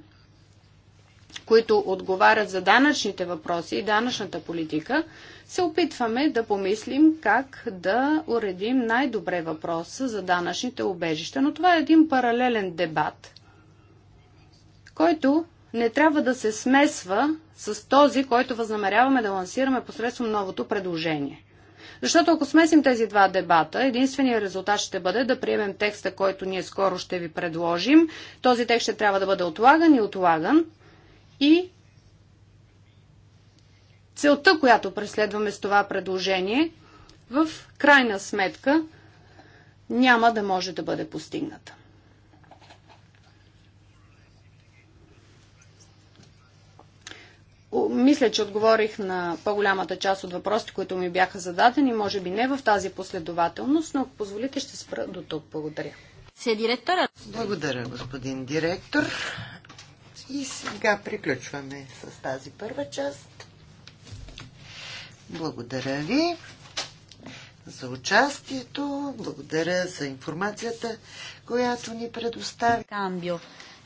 които отговарят за данъчните въпроси и данъчната политика, се опитваме да помислим как да уредим най-добре въпроса за данъчните убежища. Но това е един паралелен дебат, който не трябва да се смесва с този, който възнамеряваме да лансираме посредством новото предложение. Защото ако смесим тези два дебата, единственият резултат ще бъде да приемем текста, който ние скоро ще ви предложим. Този текст ще трябва да бъде отлаган и отлаган. И целта, която преследваме с това предложение, в крайна сметка няма да може да бъде постигната. Мисля, че отговорих на по-голямата част от въпросите, които ми бяха зададени, може би не в тази последователност, но ако позволите, ще спра до тук. Благодаря. Е благодаря, господин директор. И сега приключваме с тази първа част. Благодаря ви за участието, благодаря за информацията, която ни предостави. Камбио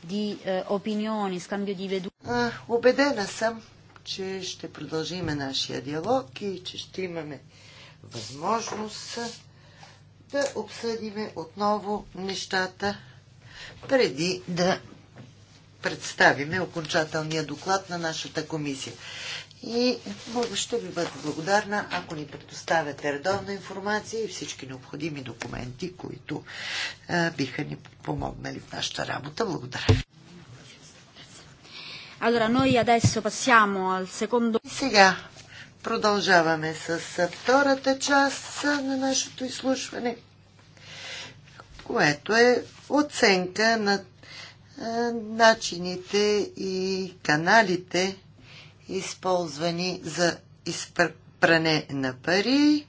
eh, Убедена съм, че ще продължиме нашия диалог и че ще имаме възможност да обсъдиме отново нещата преди да представиме окончателния доклад на нашата комисия. И ще ви бъда благодарна, ако ни предоставяте редовна информация и всички необходими документи, които а, биха ни помогнали в нашата работа. Благодаря. Allora, noi adesso passiamo al secondo... Сега продължаваме с втората част на нашето изслушване, което е оценка на е, начините и каналите, използвани за изпране на пари.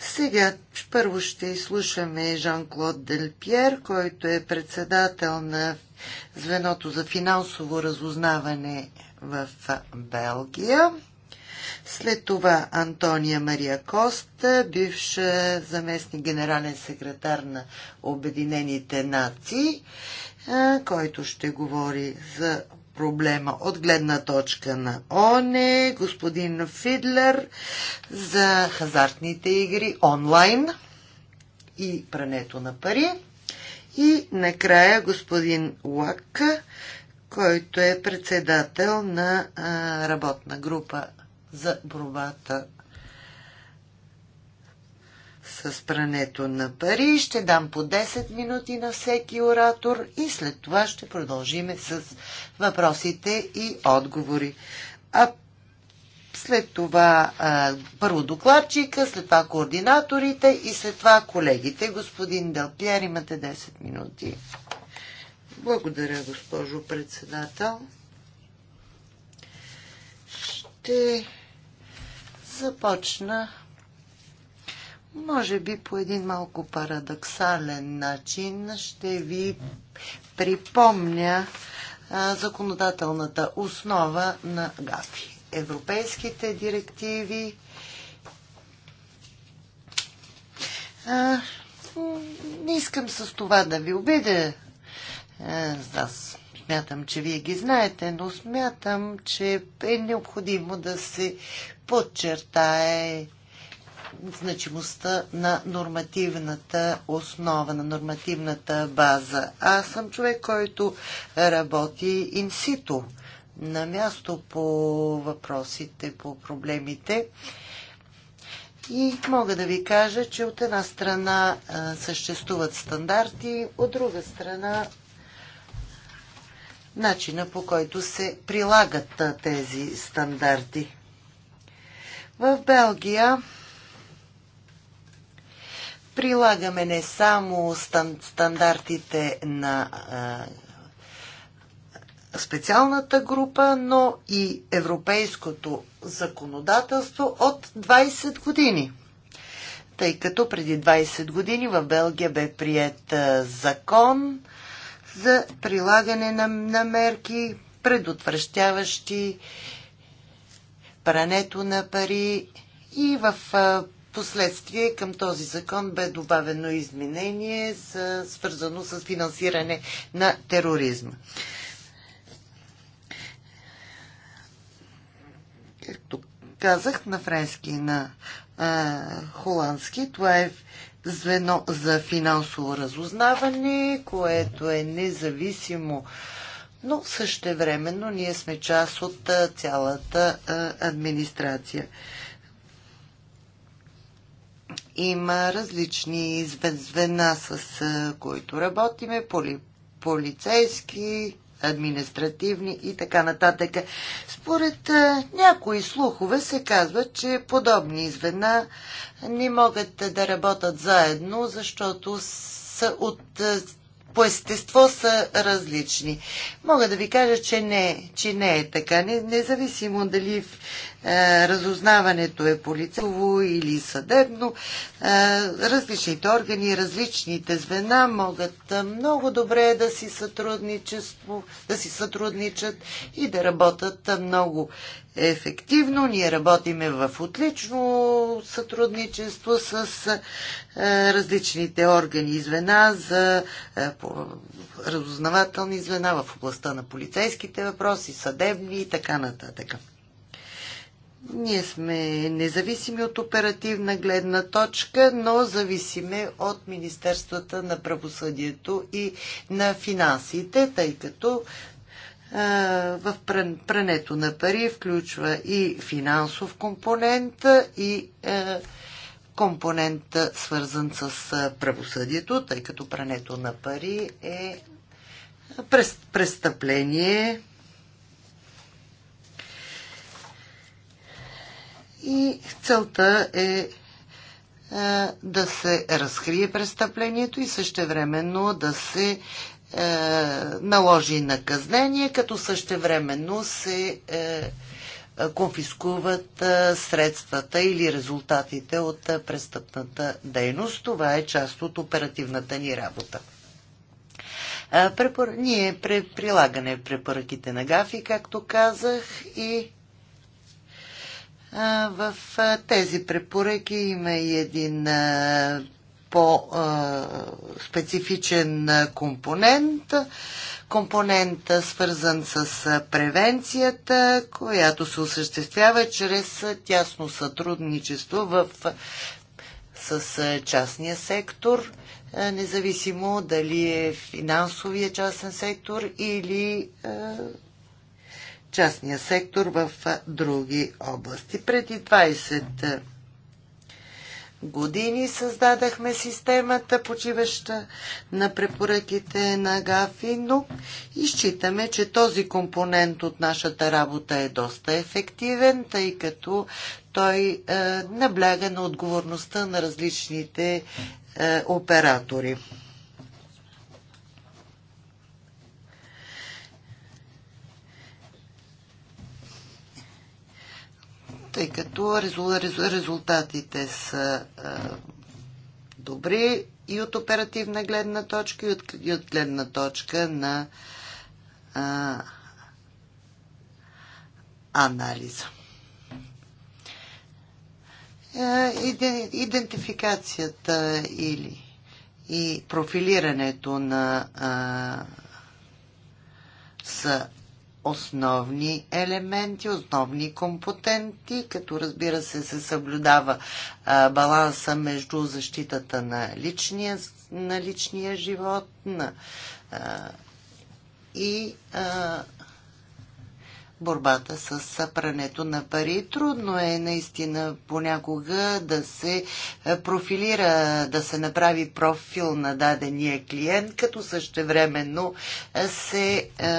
Сега първо ще изслушаме Жан-Клод Делпьер, който е председател на звеното за финансово разузнаване в Белгия. След това Антония Мария Кост, бивш заместник генерален секретар на Обединените нации, който ще говори за проблема от гледна точка на ОНЕ, господин Фидлер за хазартните игри онлайн и прането на пари. И накрая господин Лак, който е председател на работна група за борбата с прането на пари. Ще дам по 10 минути на всеки оратор и след това ще продължиме с въпросите и отговори. А след това а, първо докладчика, след това координаторите и след това колегите. Господин Делпиер, имате 10 минути. Благодаря, госпожо председател. Ще започна може би по един малко парадоксален начин ще ви припомня законодателната основа на ГАФИ европейските директиви. А, не искам с това да ви обидя. Аз смятам, че вие ги знаете, но смятам, че е необходимо да се подчертае значимостта на нормативната основа, на нормативната база. Аз съм човек, който работи инсито на място по въпросите, по проблемите. И мога да ви кажа, че от една страна а, съществуват стандарти, от друга страна начина по който се прилагат а, тези стандарти. В Белгия прилагаме не само стандартите на а, специалната група, но и европейското законодателство от 20 години. Тъй като преди 20 години в Белгия бе прият закон за прилагане на, на мерки, предотвращаващи прането на пари и в последствие към този закон бе добавено изменение, за, свързано с финансиране на тероризма. както казах, на френски и на а, холандски. Това е звено за финансово разузнаване, което е независимо, но същевременно ние сме част от а, цялата а, администрация. Има различни звена, с а, които работиме, поли, полицейски, административни и така нататък. Според някои слухове се казва, че подобни звена не могат да работят заедно, защото са от по естество са различни. Мога да ви кажа, че не, че не е така. Не, независимо дали в, е, разузнаването е полицово или съдебно, е, различните органи, различните звена могат е, много добре да си, да си сътрудничат и да работят е, много ефективно. Ние работиме в отлично сътрудничество с е, различните органи и звена за е, разузнавателни звена в областта на полицейските въпроси, съдебни и така нататък. Ние сме независими от оперативна гледна точка, но зависиме от Министерствата на правосъдието и на финансите, тъй като в прането на пари включва и финансов компонент и е, компонент е, свързан с е, правосъдието, тъй като прането на пари е престъпление и целта е да се разкрие престъплението и същевременно да се е, наложи наказание, като същевременно се е, конфискуват е, средствата или резултатите от престъпната дейност. Това е част от оперативната ни работа. препор... Ние при... прилагане препоръките на ГАФИ, както казах, и в тези препоръки има и един по-специфичен компонент, компонент свързан с превенцията, която се осъществява чрез тясно сътрудничество в, с частния сектор, независимо дали е финансовия частен сектор или частния сектор в други области. Преди 20 години създадахме системата, почиваща на препоръките на ГАФИ, но изчитаме, че този компонент от нашата работа е доста ефективен, тъй като той е, набляга на отговорността на различните е, оператори. тъй като резултатите са добри и от оперативна гледна точка, и от, и от гледна точка на а, анализа. Идентификацията или и профилирането на а, са основни елементи, основни компотенти, като разбира се се съблюдава а, баланса между защитата на личния, на личния живот на, а, и а, борбата с прането на пари. Трудно е наистина понякога да се е, профилира, да се направи профил на дадения клиент, като същевременно е, се е,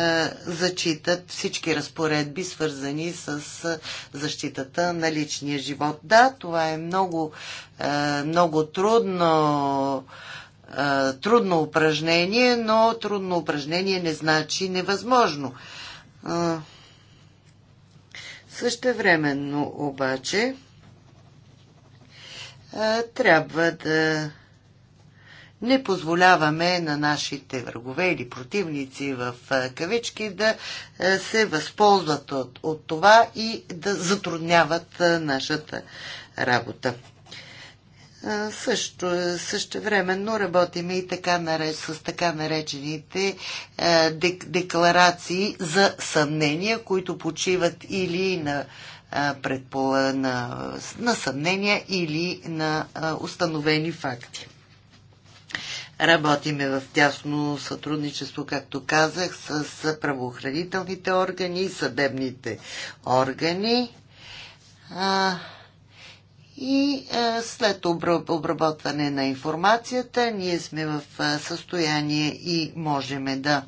зачитат всички разпоредби, свързани с е, защитата на личния живот. Да, това е много, е, много трудно е, трудно упражнение, но трудно упражнение не значи невъзможно. Същевременно обаче трябва да не позволяваме на нашите врагове или противници в кавички да се възползват от, от това и да затрудняват нашата работа също, същевременно работиме и така наред, с така наречените е, декларации за съмнения, които почиват или на, е, предпол... на, на съмнения или на е, установени факти. Работиме в тясно сътрудничество, както казах, с правоохранителните органи, и съдебните органи. А, и е, след обработване на информацията ние сме в е, състояние и можем да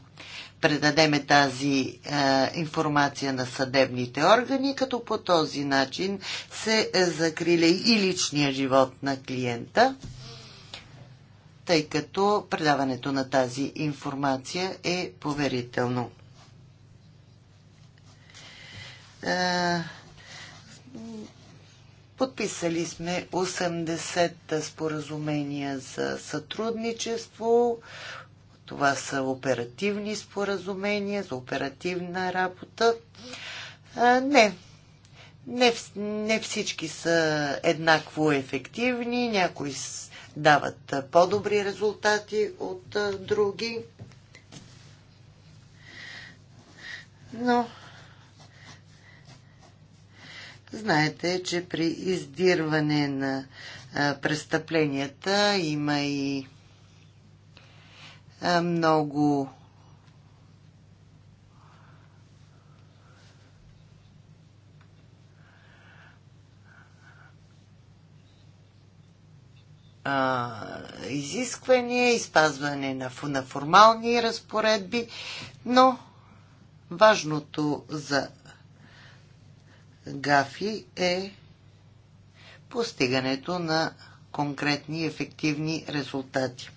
предадеме тази е, информация на съдебните органи, като по този начин се закриля и личния живот на клиента, тъй като предаването на тази информация е поверително. Подписали сме 80 споразумения за сътрудничество. Това са оперативни споразумения за оперативна работа. А, не, не, не всички са еднакво ефективни, някои дават по-добри резултати от други. Но Знаете, че при издирване на престъпленията има и много а, изисквания, изпазване на, на формални разпоредби, но важното за ГАФИ е постигането на конкретни и ефективни резултати.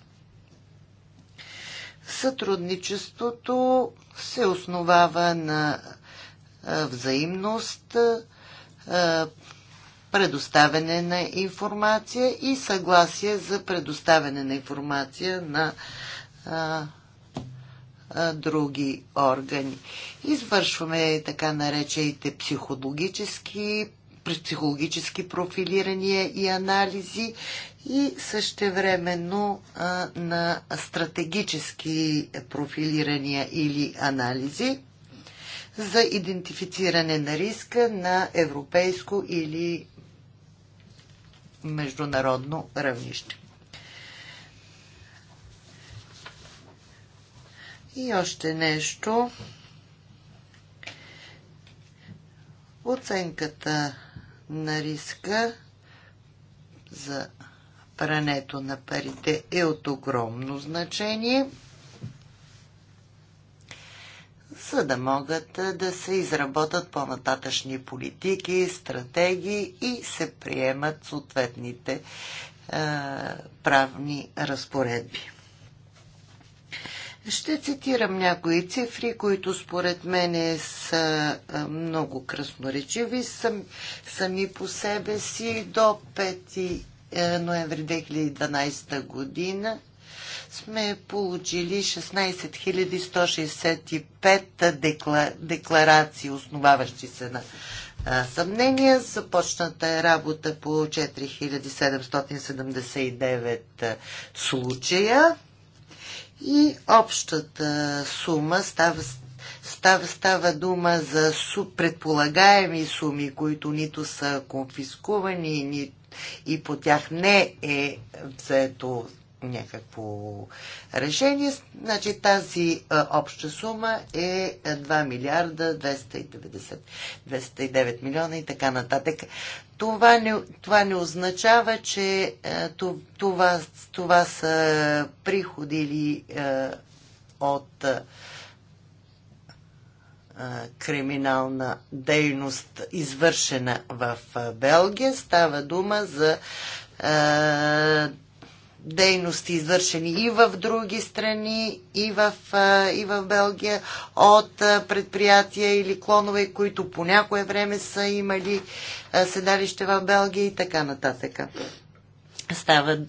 Сътрудничеството се основава на взаимност, предоставяне на информация и съгласие за предоставяне на информация на други органи. Извършваме така наречените психологически, психологически профилирания и анализи и същевременно а, на стратегически профилирания или анализи за идентифициране на риска на европейско или международно равнище. И още нещо. Оценката на риска за прането на парите е от огромно значение, за да могат да се изработат по-нататъчни политики, стратегии и се приемат съответните е, правни разпоредби. Ще цитирам някои цифри, които според мен са много красноречиви сам, сами по себе си до 5 е, ноември 2012 година сме получили 165 декла... декларации, основаващи се на съмнения. Започната е работа по 4779 случая и общата сума става, става, става дума за предполагаеми суми, които нито са конфискувани, нито и по тях не е взето някакво решение. Значи тази а, обща сума е 2 милиарда 290, 209 милиона и така нататък. Това не, това не означава, че а, това, това са приходи или а, от а, криминална дейност, извършена в Белгия. Става дума за дейности, извършени и в други страни, и в, и в Белгия, от предприятия или клонове, които по някое време са имали седалище в Белгия и така нататък. Стават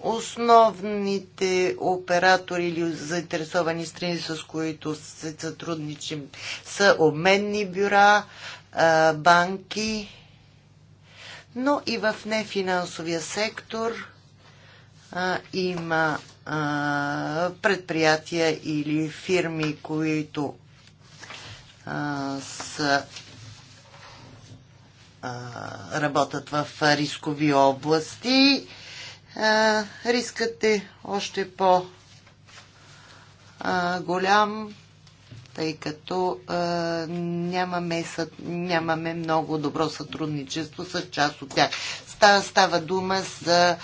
основните оператори или заинтересовани страни, с които се сътрудничим, са обменни бюра, банки, но и в нефинансовия сектор – а, има а, предприятия или фирми, които а, са работят в рискови области. Рискът е още по-голям, тъй като нямаме, нямаме много добро сътрудничество с част от тях става дума за е,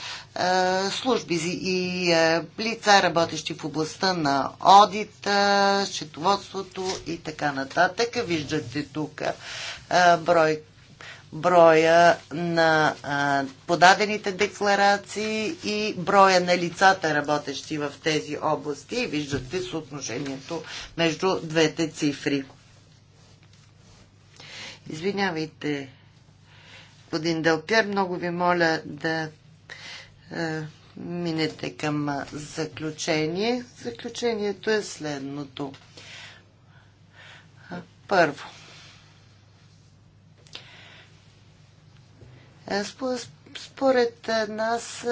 служби и е, лица, работещи в областта на одита, счетоводството и така нататък. Виждате тук е, брой, броя на подадените декларации и броя на лицата, работещи в тези области. И виждате съотношението между двете цифри. Извинявайте, господин Делпер. Много ви моля да е, минете към е, заключение. Заключението е следното. Първо. Е, според е, нас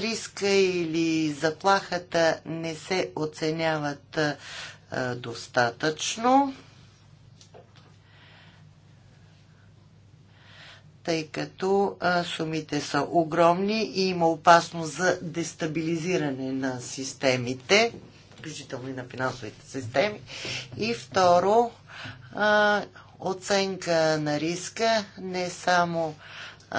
риска или заплахата не се оценяват достатъчно. тъй като сумите са огромни и има опасност за дестабилизиране на системите, включително и на финансовите системи. И второ, оценка на риска не само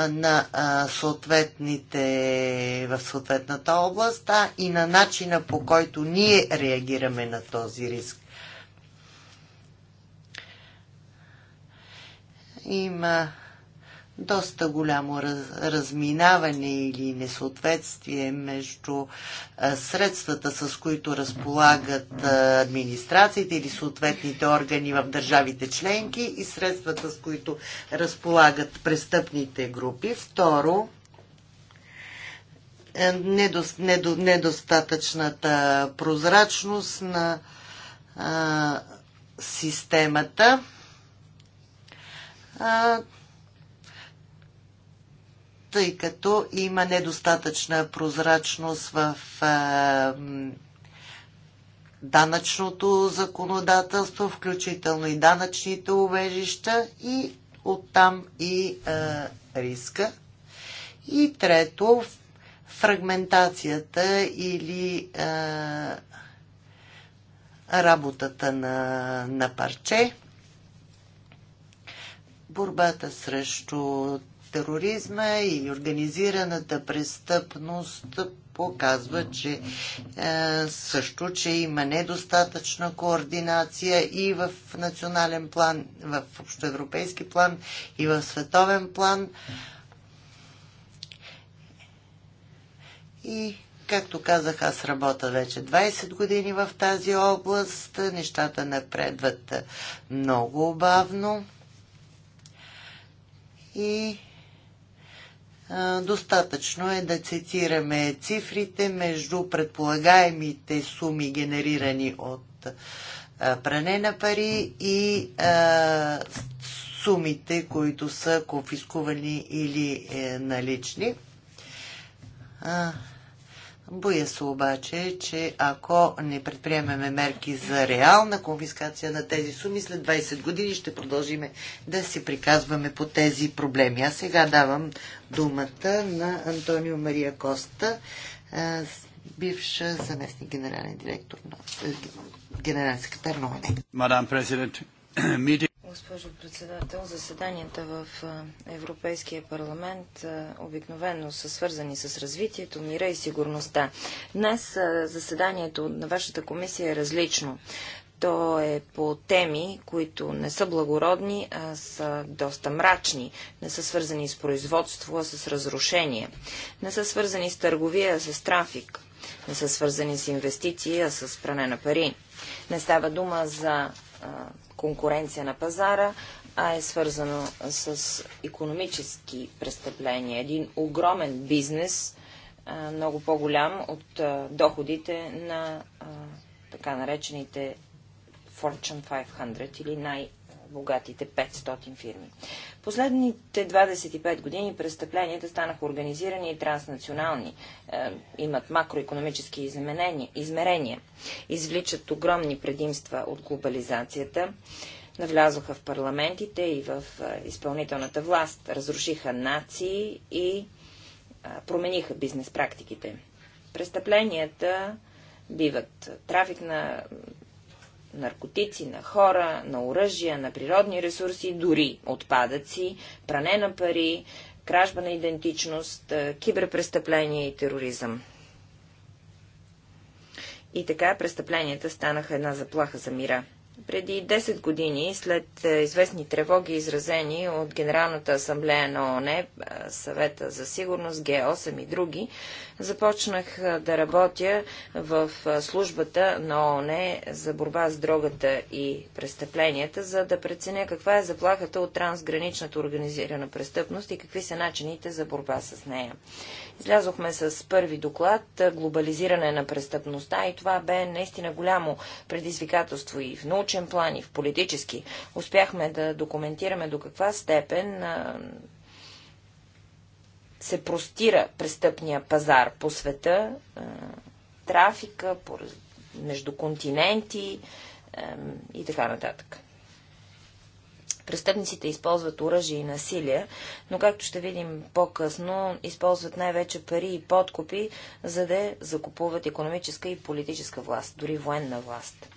на съответните в съответната област, а и на начина по който ние реагираме на този риск. Има доста голямо раз, разминаване или несъответствие между а, средствата, с които разполагат а, администрациите или съответните органи в държавите членки и средствата, с които разполагат престъпните групи. Второ, е, недо, недо, недостатъчната прозрачност на а, системата. А, тъй като има недостатъчна прозрачност в данъчното законодателство, включително и данъчните убежища и оттам и а, риска. И трето, фрагментацията или а, работата на, на парче, борбата срещу тероризма и организираната престъпност показва, че е, също, че има недостатъчна координация и в национален план, в общоевропейски план и в световен план. И Както казах, аз работя вече 20 години в тази област. Нещата напредват много бавно. И достатъчно е да цитираме цифрите между предполагаемите суми, генерирани от пране на пари и сумите, които са конфискувани или е, налични. Боя се обаче, че ако не предприемеме мерки за реална конфискация на тези суми, след 20 години ще продължиме да се приказваме по тези проблеми. А сега давам думата на Антонио Мария Коста, бивш заместник генерален директор на е, генерален секретар на ОНЕ. Мадам президент, Госпожо председател, заседанията в Европейския парламент обикновено са свързани с развитието, мира и сигурността. Днес заседанието на вашата комисия е различно. То е по теми, които не са благородни, а са доста мрачни. Не са свързани с производство, а с разрушение. Не са свързани с търговия, а с трафик. Не са свързани с инвестиции, а с пране на пари. Не става дума за конкуренция на пазара, а е свързано с економически престъпления. Един огромен бизнес, много по-голям от доходите на така наречените Fortune 500 или най- богатите 500 фирми. Последните 25 години престъпленията станаха организирани и транснационални, е, имат макроекономически измерения, извличат огромни предимства от глобализацията, навлязоха в парламентите и в е, изпълнителната власт, разрушиха нации и е, промениха бизнес практиките. Престъпленията биват трафик на наркотици, на хора, на оръжия, на природни ресурси, дори отпадъци, пране на пари, кражба на идентичност, киберпрестъпления и тероризъм. И така престъпленията станаха една заплаха за мира. Преди 10 години, след е, известни тревоги, изразени от Генералната асамблея на ООН, е, съвета за сигурност, Г8 и други, започнах е, да работя в службата на ООН за борба с дрогата и престъпленията, за да преценя каква е заплахата от трансграничната организирана престъпност и какви са начините за борба с нея. Излязохме с първи доклад глобализиране на престъпността и това бе наистина голямо предизвикателство и в научен личен план и в политически, успяхме да документираме до каква степен се простира престъпния пазар по света, трафика между континенти и така нататък. Престъпниците използват оръжие и насилие, но както ще видим по-късно, използват най-вече пари и подкупи, за да закупуват економическа и политическа власт, дори военна власт.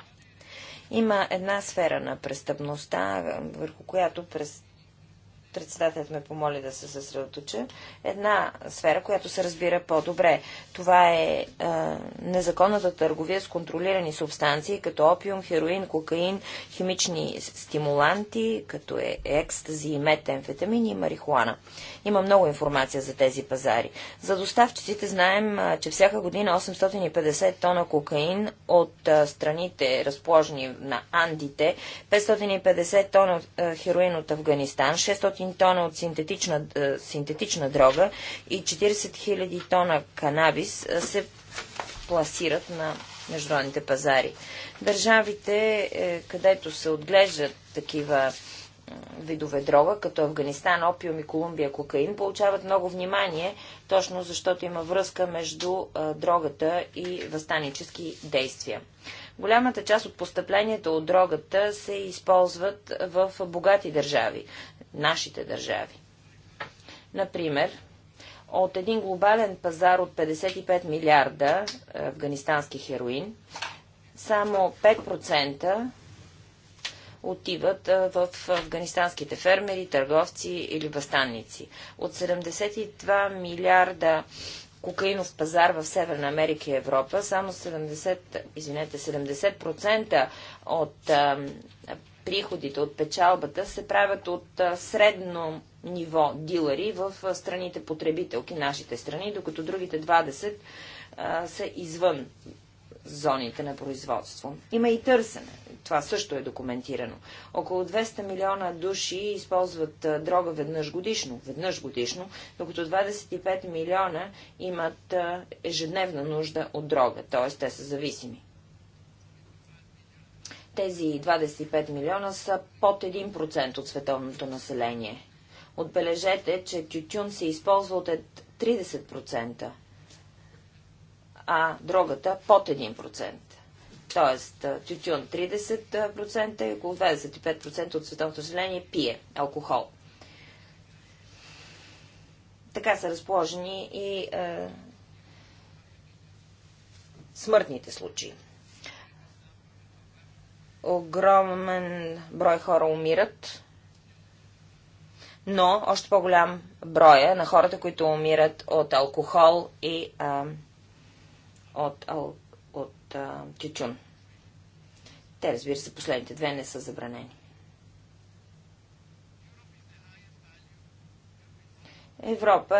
Има една сфера на престъпността, върху която през председателят ме помоли да се съсредоточа, една сфера, която се разбира по-добре. Това е е незаконната търговия с контролирани субстанции, като опиум, хероин, кокаин, химични стимуланти, като е екстази, метамфетамини и марихуана. Има много информация за тези пазари. За доставчиците знаем, е, че всяка година 850 тона кокаин от е, страните, разположени на Андите, 550 тона е, хероин от Афганистан, 600 500 тона от синтетична, е, синтетична дрога и 40 000 тона канабис е, се пласират на международните пазари. Държавите, е, където се отглеждат такива видове дрога, като Афганистан, опиум и Колумбия кокаин, получават много внимание, точно защото има връзка между дрогата и възстанически действия. Голямата част от постъпленията от дрогата се използват в богати държави, нашите държави. Например, от един глобален пазар от 55 милиарда афганистански хероин, само 5% отиват в афганистанските фермери, търговци или възстанници. От 72 милиарда кокаинов пазар в Северна Америка и Европа, само 70, извинете, 70% от а, приходите от печалбата се правят от а, средно ниво дилъри в а, страните потребителки, нашите страни, докато другите 20 а, са извън зоните на производство. Има и търсене. Това също е документирано. Около 200 милиона души използват дрога веднъж годишно, веднъж годишно, докато 25 милиона имат ежедневна нужда от дрога, т.е. те са зависими. Тези 25 милиона са под 1% от световното население. Отбележете, че тютюн се използва от 30%, а дрогата под 1%. Т.е. тютюн 30% и около 25% от световното население пие алкохол. Така са разположени и е, смъртните случаи. Огромен брой хора умират, но още по-голям броя е на хората, които умират от алкохол и е, от, от, от е, тютюн. Те, разбира се, последните две не са забранени. Европа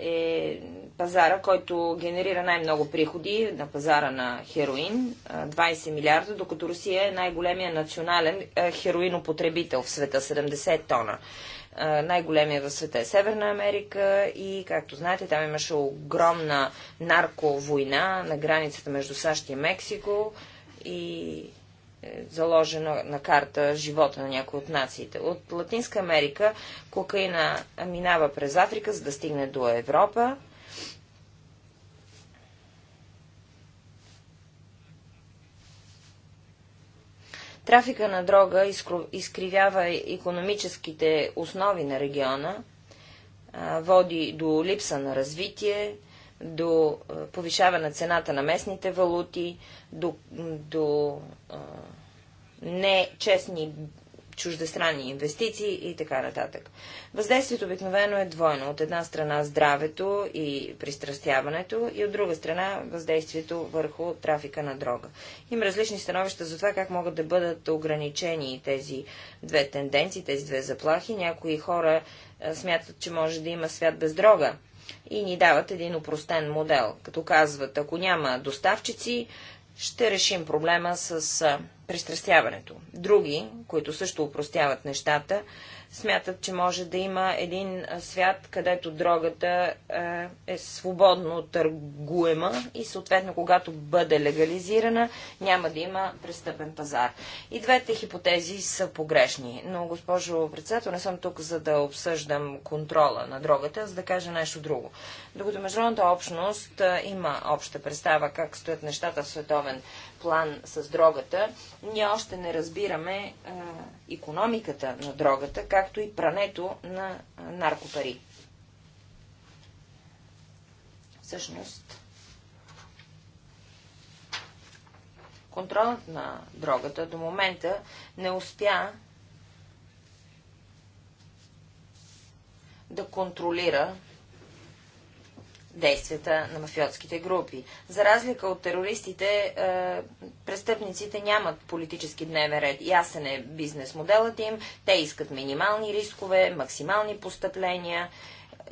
е пазара, който генерира най-много приходи на пазара на хероин 20 милиарда, докато Русия е най-големия национален хероинопотребител в света 70 тона. Най-големия в света е Северна Америка и, както знаете, там имаше огромна нарковойна на границата между САЩ и Мексико и е заложено на карта живота на някои от нациите. От Латинска Америка кокаина минава през Африка, за да стигне до Европа. Трафика на дрога изкривява економическите основи на региона, води до липса на развитие, до повишаване на цената на местните валути, до, до нечестни чуждестранни инвестиции и така нататък. Въздействието обикновено е двойно. От една страна здравето и пристрастяването и от друга страна въздействието върху трафика на дрога. Има различни становища за това как могат да бъдат ограничени тези две тенденции, тези две заплахи. Някои хора смятат, че може да има свят без дрога и ни дават един упростен модел, като казват, ако няма доставчици, ще решим проблема с пристрастяването. Други, които също упростяват нещата, смятат, че може да има един свят, където дрогата е свободно търгуема и съответно, когато бъде легализирана, няма да има престъпен пазар. И двете хипотези са погрешни. Но, госпожо председател, не съм тук за да обсъждам контрола на дрогата, а за да кажа нещо друго. Докато международната общност има обща представа как стоят нещата в световен план с дрогата, ние още не разбираме а, економиката на дрогата, както и прането на наркопари. Всъщност, контролът на дрогата до момента не успя да контролира действията на мафиотските групи. За разлика от терористите, е, престъпниците нямат политически дневен ред. Ясен е бизнес моделът им. Те искат минимални рискове, максимални постъпления,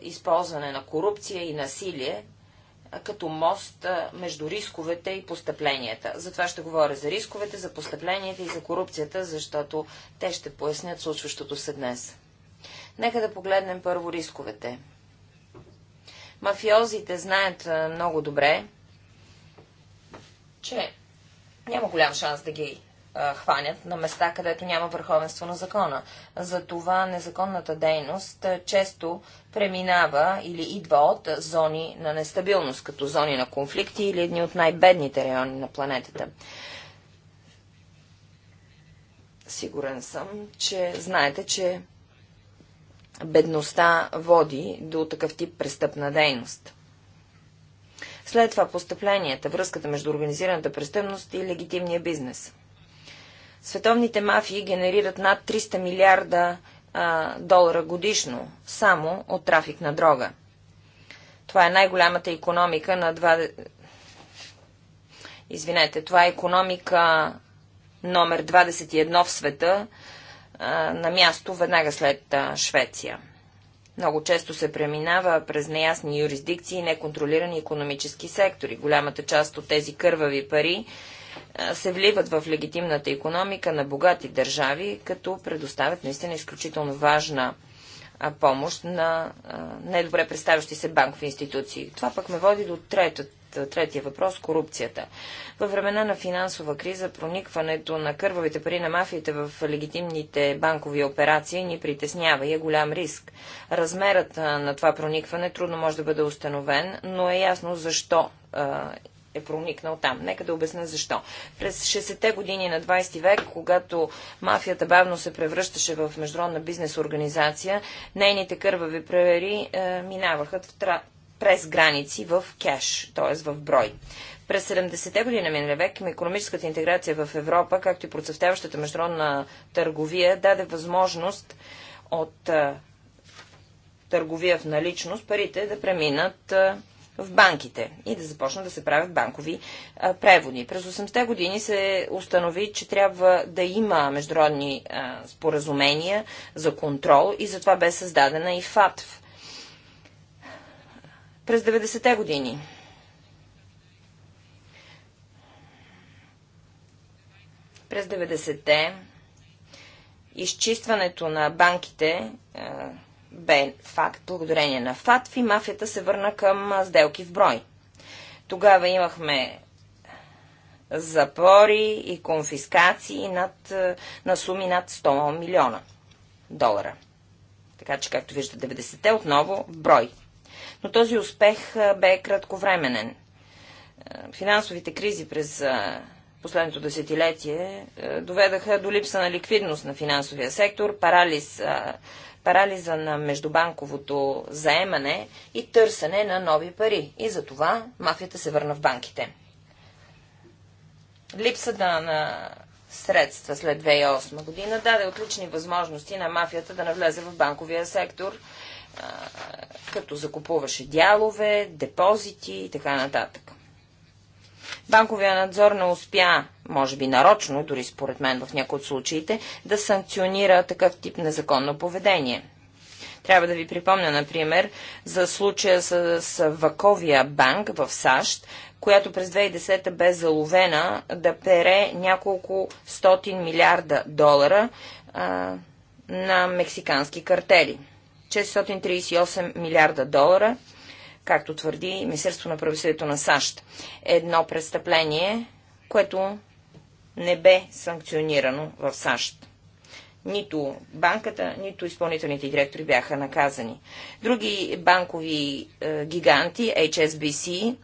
използване на корупция и насилие като мост между рисковете и постъпленията. Затова ще говоря за рисковете, за постъпленията и за корупцията, защото те ще пояснят случващото се днес. Нека да погледнем първо рисковете. Мафиозите знаят много добре, че няма голям шанс да ги хванят на места, където няма върховенство на закона. Затова незаконната дейност често преминава или идва от зони на нестабилност, като зони на конфликти или едни от най-бедните райони на планетата. Сигурен съм, че знаете, че бедността води до такъв тип престъпна дейност. След това постъпленията, връзката между организираната престъпност и легитимния бизнес. Световните мафии генерират над 300 милиарда а, долара годишно само от трафик на дрога. Това е най-голямата економика на два... Извинете, това е економика номер 21 в света на място веднага след Швеция. Много често се преминава през неясни юрисдикции и неконтролирани економически сектори. Голямата част от тези кървави пари се вливат в легитимната економика на богати държави, като предоставят наистина изключително важна помощ на недобре представящи се банкови институции. Това пък ме води до третата Третия въпрос – корупцията. Във времена на финансова криза проникването на кървавите пари на мафиите в легитимните банкови операции ни притеснява и е голям риск. Размерът на това проникване трудно може да бъде установен, но е ясно защо е проникнал там. Нека да обясня защо. През 60-те години на 20 век, когато мафията бавно се превръщаше в международна бизнес организация, нейните кървави превери е, минаваха в тра през граници в кеш, т.е. в брой. През 70-те години на миналия век економическата интеграция в Европа, както и процъфтяващата международна търговия, даде възможност от търговия в наличност парите да преминат в банките и да започнат да се правят банкови а, преводи. През 80-те години се установи, че трябва да има международни а, споразумения за контрол и затова бе създадена и ФАТВ през 90-те години. През 90-те изчистването на банките е, бе факт. Благодарение на и мафията се върна към сделки в брой. Тогава имахме запори и конфискации над, е, на суми над 100 милиона долара. Така че, както виждате, 90-те отново брой но този успех бе кратковременен. Финансовите кризи през последното десетилетие доведаха до липса на ликвидност на финансовия сектор, парализ, парализа на междубанковото заемане и търсене на нови пари. И за това мафията се върна в банките. Липсата на средства след 2008 година даде отлични възможности на мафията да навлезе в банковия сектор като закупуваше дялове, депозити и така нататък. Банковия надзор не успя, може би нарочно, дори според мен в някои от случаите, да санкционира такъв тип незаконно поведение. Трябва да ви припомня, например, за случая с, с Ваковия банк в САЩ, която през 2010 бе заловена да пере няколко стотин милиарда долара а, на мексикански картели. 438 милиарда долара, както твърди Министерство на правосъдието на САЩ. Едно престъпление, което не бе санкционирано в САЩ. Нито банката, нито изпълнителните директори бяха наказани. Други банкови е, гиганти, HSBC, е,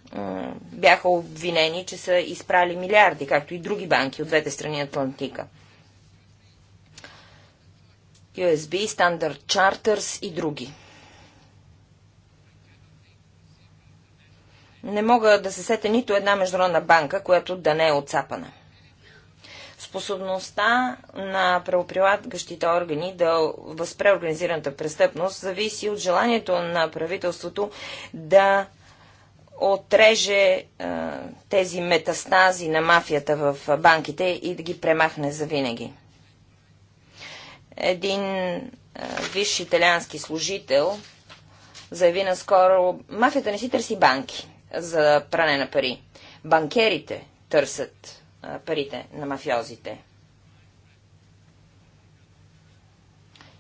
бяха обвинени, че са изпрали милиарди, както и други банки от двете страни Атлантика. USB, Standard Charters и други. Не мога да се сете нито една международна банка, която да не е отцапана. Способността на правоприлагащите органи да възпре организираната престъпност зависи от желанието на правителството да отреже е, тези метастази на мафията в банките и да ги премахне завинаги. Един е, висш италиански служител заяви наскоро, мафията не си търси банки за пране на пари. Банкерите търсят е, парите на мафиозите.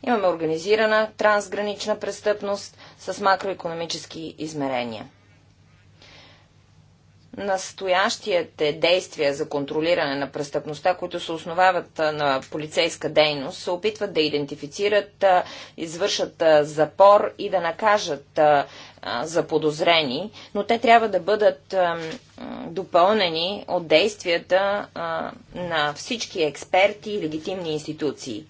Имаме организирана трансгранична престъпност с макроекономически измерения настоящите действия за контролиране на престъпността, които се основават на полицейска дейност, се опитват да идентифицират, извършат запор и да накажат за подозрени, но те трябва да бъдат допълнени от действията на всички експерти и легитимни институции.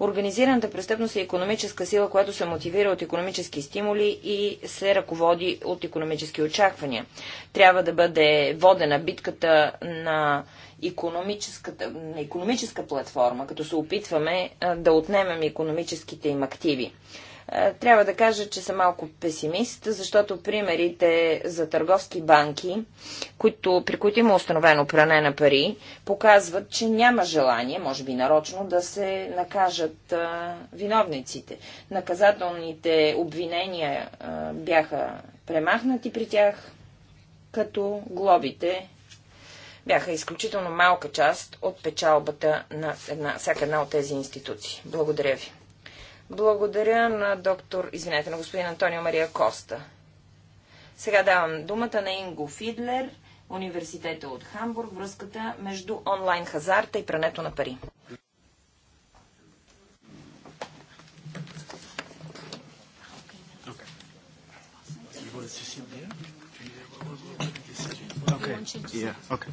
Организираната престъпност е економическа сила, която се мотивира от економически стимули и се ръководи от економически очаквания. Трябва да бъде водена битката на економическата, на економическа платформа, като се опитваме да отнемем економическите им активи. Е, трябва да кажа, че съм малко песимист, защото примерите за търговски банки, които, при които има установено пране на пари, показват, че няма желание, може би нарочно, да се накажат а, е, виновниците. Наказателните обвинения а, е, бяха премахнати при тях, като глобите бяха изключително малка част от печалбата на една, всяка една от тези институции. Благодаря ви. Благодаря на доктор, извинете, на господин Антонио Мария Коста. Сега давам думата на Инго Фидлер, университета от Хамбург, връзката между онлайн хазарта и прането на пари. Okay. Yeah. Okay.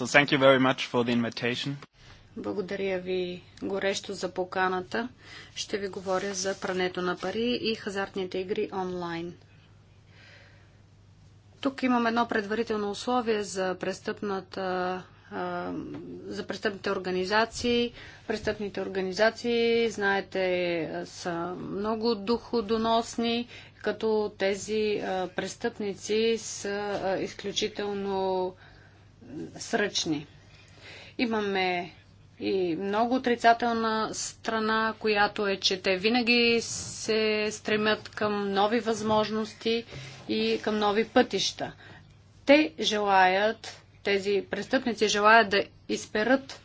So thank you very much for the invitation. Благодаря ви горещо за поканата. Ще ви говоря за прането на пари и хазартните игри онлайн. Тук имам едно предварително условие за престъпната за престъпните организации. Престъпните организации, знаете, са много духодоносни, като тези престъпници са изключително сръчни. Имаме и много отрицателна страна, която е, че те винаги се стремят към нови възможности и към нови пътища. Те желаят, тези престъпници желаят да изперат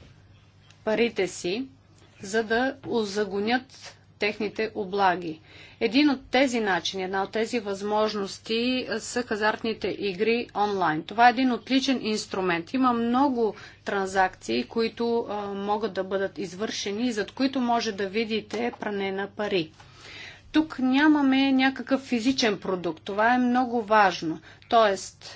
парите си, за да озагонят техните облаги. Един от тези начини, една от тези възможности са хазартните игри онлайн. Това е един отличен инструмент. Има много транзакции, които а, могат да бъдат извършени и зад които може да видите пране на пари. Тук нямаме някакъв физичен продукт. Това е много важно. Тоест,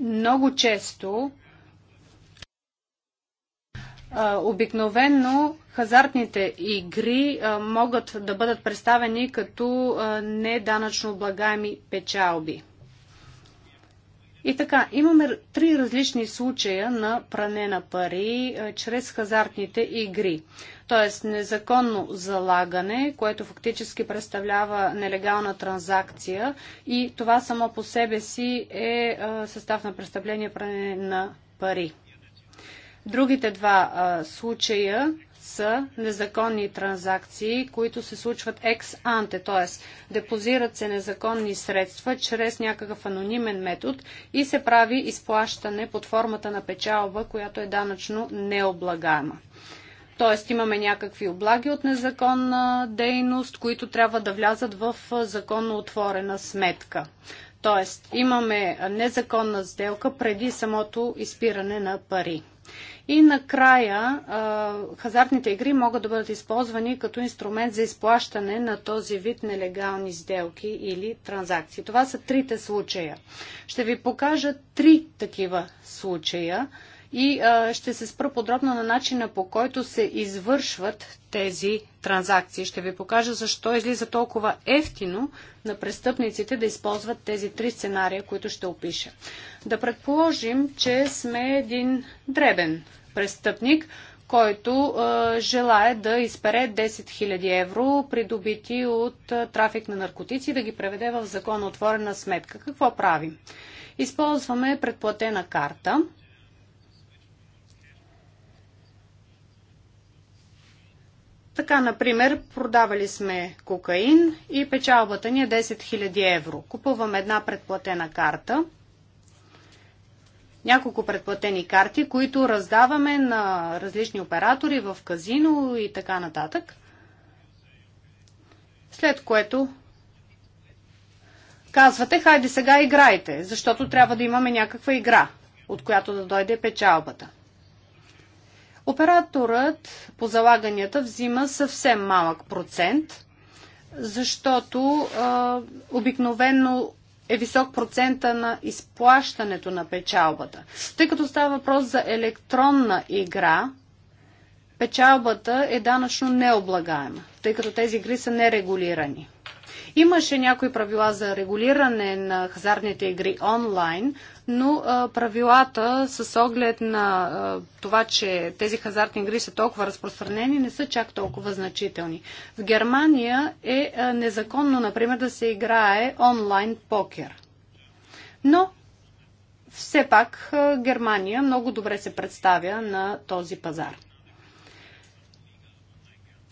много често Обикновенно хазартните игри могат да бъдат представени като неданъчно облагаеми печалби. И така, имаме три различни случая на пране на пари чрез хазартните игри. Тоест незаконно залагане, което фактически представлява нелегална транзакция и това само по себе си е, е състав на престъпление пране на пари. Другите два а, случая са незаконни транзакции, които се случват екс-анте, т.е. депозират се незаконни средства чрез някакъв анонимен метод и се прави изплащане под формата на печалба, която е данъчно необлагаема. Т.е. имаме някакви облаги от незаконна дейност, които трябва да влязат в законно отворена сметка. Т.е. имаме незаконна сделка преди самото изпиране на пари. И накрая хазартните игри могат да бъдат използвани като инструмент за изплащане на този вид нелегални сделки или транзакции. Това са трите случая. Ще ви покажа три такива случая и а, ще се спра подробно на начина по който се извършват тези транзакции. Ще ви покажа защо излиза толкова ефтино на престъпниците да използват тези три сценария, които ще опиша. Да предположим, че сме един дребен престъпник, който е, желая да изпере 10 000 евро, придобити от е, трафик на наркотици, да ги преведе в закон отворена сметка. Какво правим? Използваме предплатена карта. Така, например, продавали сме кокаин и печалбата ни е 10 000 евро. Купуваме една предплатена карта – няколко предплатени карти, които раздаваме на различни оператори в казино и така нататък. След което казвате, хайде сега играйте, защото трябва да имаме някаква игра, от която да дойде печалбата. Операторът по залаганията взима съвсем малък процент, защото а, обикновено е висок процента на изплащането на печалбата. Тъй като става въпрос за електронна игра, печалбата е данъчно необлагаема, тъй като тези игри са нерегулирани. Имаше някои правила за регулиране на хазарните игри онлайн, но а, правилата с оглед на а, това, че тези хазартни игри са толкова разпространени, не са чак толкова значителни. В Германия е а, незаконно, например, да се играе онлайн покер. Но все пак Германия много добре се представя на този пазар.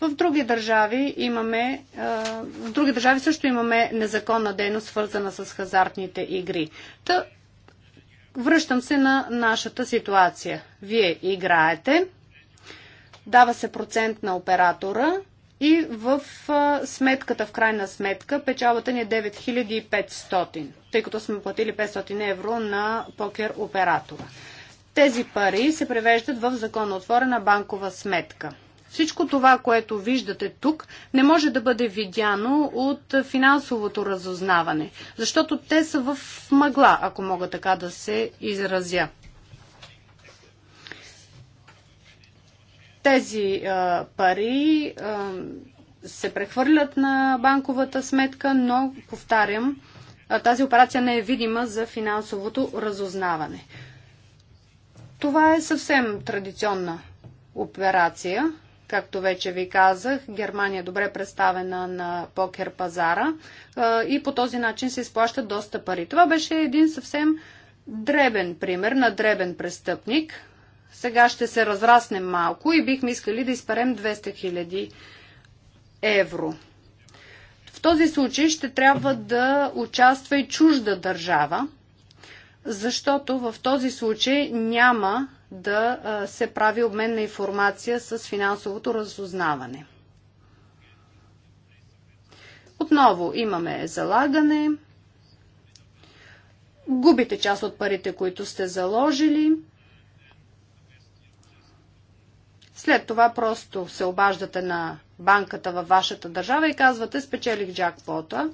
В други държави имаме, в други държави също имаме незаконна дейност, свързана с хазартните игри. Та Връщам се на нашата ситуация. Вие играете, дава се процент на оператора и в сметката, в крайна сметка, печалбата ни е 9500, тъй като сме платили 500 евро на покер оператора. Тези пари се превеждат в законоотворена банкова сметка. Всичко това, което виждате тук, не може да бъде видяно от финансовото разузнаване, защото те са в мъгла, ако мога така да се изразя. Тези а, пари а, се прехвърлят на банковата сметка, но, повтарям, тази операция не е видима за финансовото разузнаване. Това е съвсем традиционна операция. Както вече ви казах, Германия е добре представена на покер пазара и по този начин се изплащат доста пари. Това беше един съвсем дребен пример на дребен престъпник. Сега ще се разраснем малко и бихме искали да изпарем 200 000 евро. В този случай ще трябва да участва и чужда държава, защото в този случай няма да се прави обмен на информация с финансовото разузнаване. Отново имаме залагане. Губите част от парите, които сте заложили. След това просто се обаждате на банката във вашата държава и казвате спечелих джакпота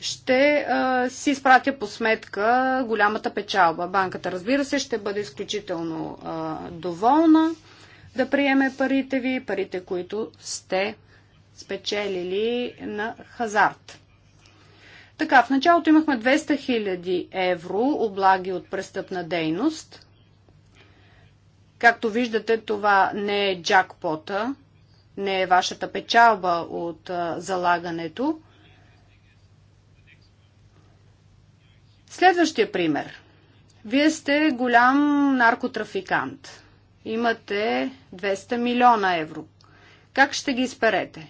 ще а, си изпратя по сметка голямата печалба. Банката, разбира се, ще бъде изключително а, доволна да приеме парите ви, парите, които сте спечелили на хазарт. Така, в началото имахме 200 000 евро облаги от престъпна дейност. Както виждате, това не е джакпота, не е вашата печалба от а, залагането. Следващия пример. Вие сте голям наркотрафикант. Имате 200 милиона евро. Как ще ги изперете?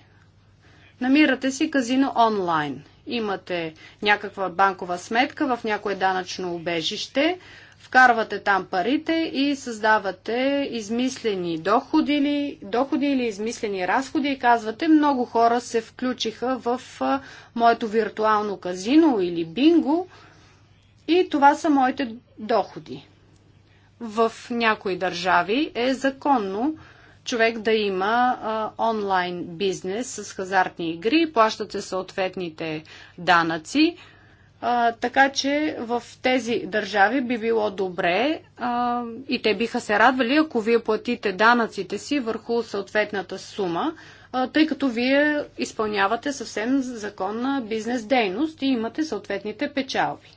Намирате си казино онлайн. Имате някаква банкова сметка в някое данъчно убежище, вкарвате там парите и създавате измислени доходи или, доходи или измислени разходи и казвате много хора се включиха в моето виртуално казино или бинго и това са моите доходи. В някои държави е законно човек да има а, онлайн бизнес с хазартни игри, плащат се съответните данъци. А, така че в тези държави би било добре а, и те биха се радвали, ако вие платите данъците си върху съответната сума, а, тъй като вие изпълнявате съвсем законна бизнес дейност и имате съответните печалби.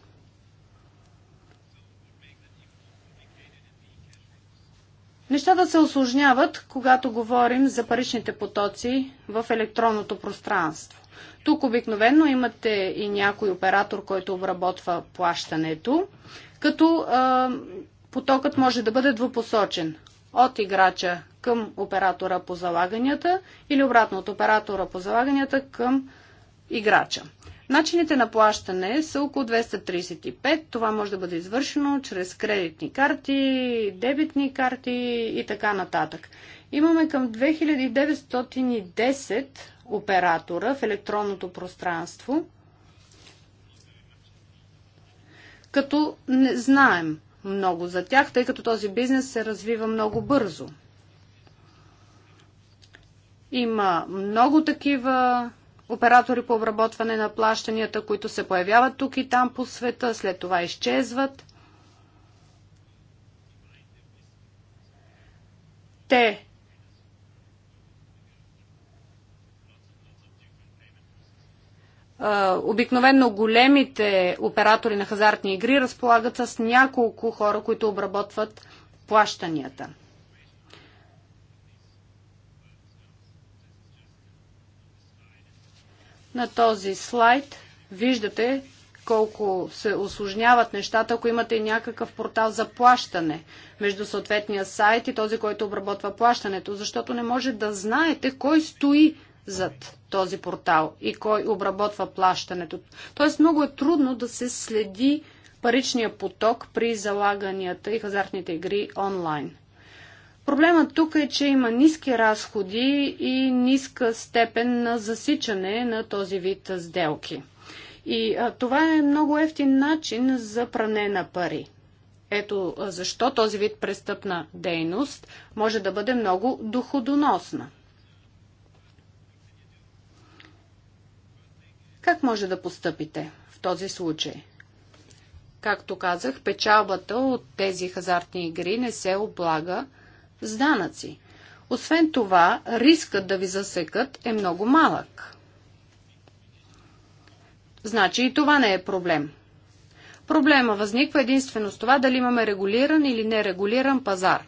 Нещата се осложняват, когато говорим за паричните потоци в електронното пространство. Тук обикновено имате и някой оператор, който обработва плащането, като а, потокът може да бъде двупосочен от играча към оператора по залаганията или обратно от оператора по залаганията към играча. Начините на плащане са около 235. Това може да бъде извършено чрез кредитни карти, дебитни карти и така нататък. Имаме към 2910 оператора в електронното пространство, като не знаем много за тях, тъй като този бизнес се развива много бързо. Има много такива оператори по обработване на плащанията, които се появяват тук и там по света, след това изчезват. Те Обикновено големите оператори на хазартни игри разполагат с няколко хора, които обработват плащанията. На този слайд виждате колко се осложняват нещата, ако имате някакъв портал за плащане между съответния сайт и този, който обработва плащането, защото не може да знаете кой стои зад този портал и кой обработва плащането. Тоест много е трудно да се следи паричния поток при залаганията и хазартните игри онлайн. Проблемът тук е, че има ниски разходи и ниска степен на засичане на този вид сделки. И а, това е много ефтин начин за пране на пари. Ето защо този вид престъпна дейност може да бъде много доходоносна. Как може да постъпите в този случай? Както казах, печалбата от тези хазартни игри не се облага с данъци. Освен това, рискът да ви засекат е много малък. Значи и това не е проблем. Проблема възниква единствено с това дали имаме регулиран или нерегулиран пазар.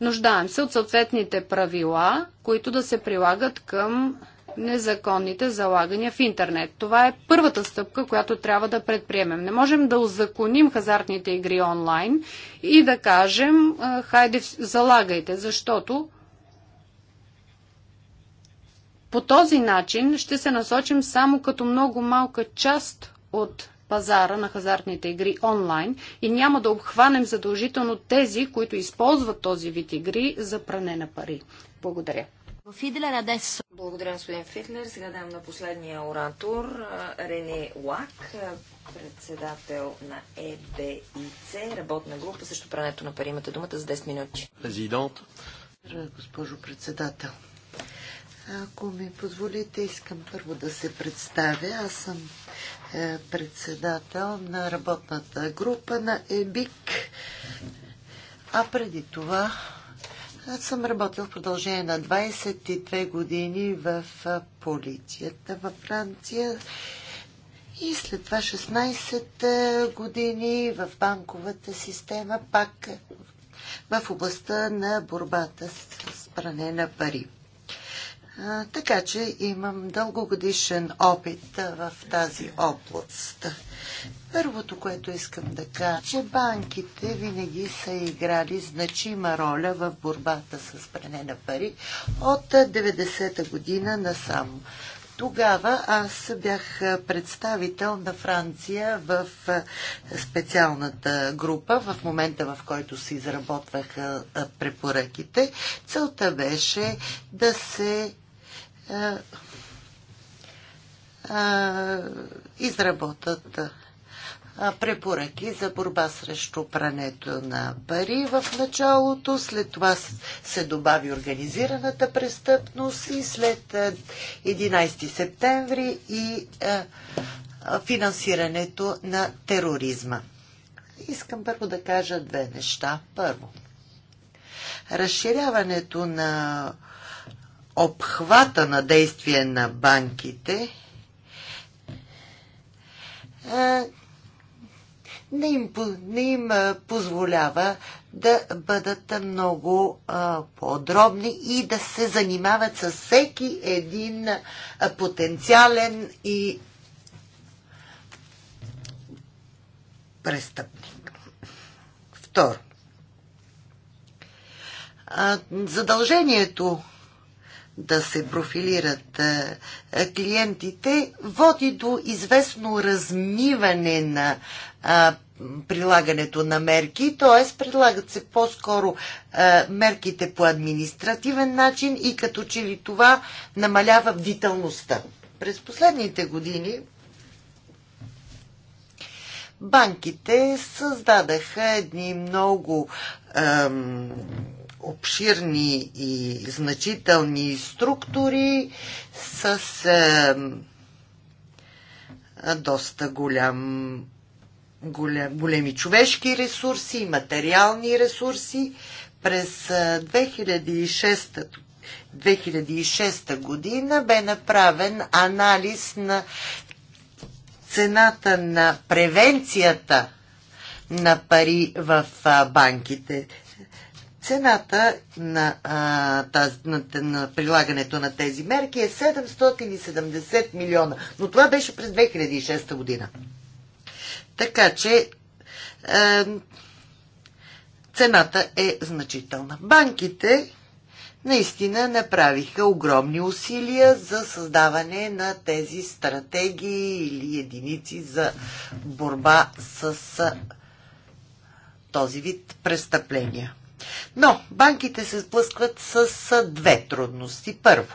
Нуждаем се от съответните правила, които да се прилагат към незаконните залагания в интернет. Това е първата стъпка, която трябва да предприемем. Не можем да озаконим хазартните игри онлайн и да кажем, хайде, залагайте, защото по този начин ще се насочим само като много малка част от пазара на хазартните игри онлайн и няма да обхванем задължително тези, които използват този вид игри за пране на пари. Благодаря. Благодаря, господин Фидлер. Сега дам на последния оратор Рене Лак, председател на ЕБИЦ, работна група също прането на паримата думата за 10 минути. Президент. Госпожо председател. Ако ми позволите, искам първо да се представя. Аз съм е, председател на работната група на ЕБИК. А преди това аз съм работил в продължение на 22 години в полицията във Франция и след това 16 години в банковата система, пак в областта на борбата с пране на пари така че имам дългогодишен опит в тази област. Първото, което искам да кажа, че банките винаги са играли значима роля в борбата с пране на пари от 90-та година насам. Тогава аз бях представител на Франция в специалната група, в момента в който се изработваха препоръките. Целта беше да се е, е, изработат е, препоръки за борба срещу прането на пари в началото, след това се добави организираната престъпност и след 11 септември и финансирането на тероризма. Искам първо да кажа две неща. Първо, разширяването на обхвата на действие на банките не им, не им позволява да бъдат много а, подробни и да се занимават с всеки един а, потенциален и престъпник. Второ. А, задължението да се профилират клиентите, води до известно размиване на прилагането на мерки, т.е. предлагат се по-скоро мерките по административен начин и като че ли това намалява бдителността. През последните години банките създадаха едни много обширни и значителни структури с а, е, доста голям, голям, големи човешки ресурси и материални ресурси. През 2006, е, 2006 година бе направен анализ на цената на превенцията на пари в е, банките. Цената на, а, таз, на, на прилагането на тези мерки е 770 милиона, но това беше през 2006 година. Така че а, цената е значителна. Банките наистина направиха огромни усилия за създаване на тези стратегии или единици за борба с този вид престъпления. Но банките се сблъскват с две трудности. Първо,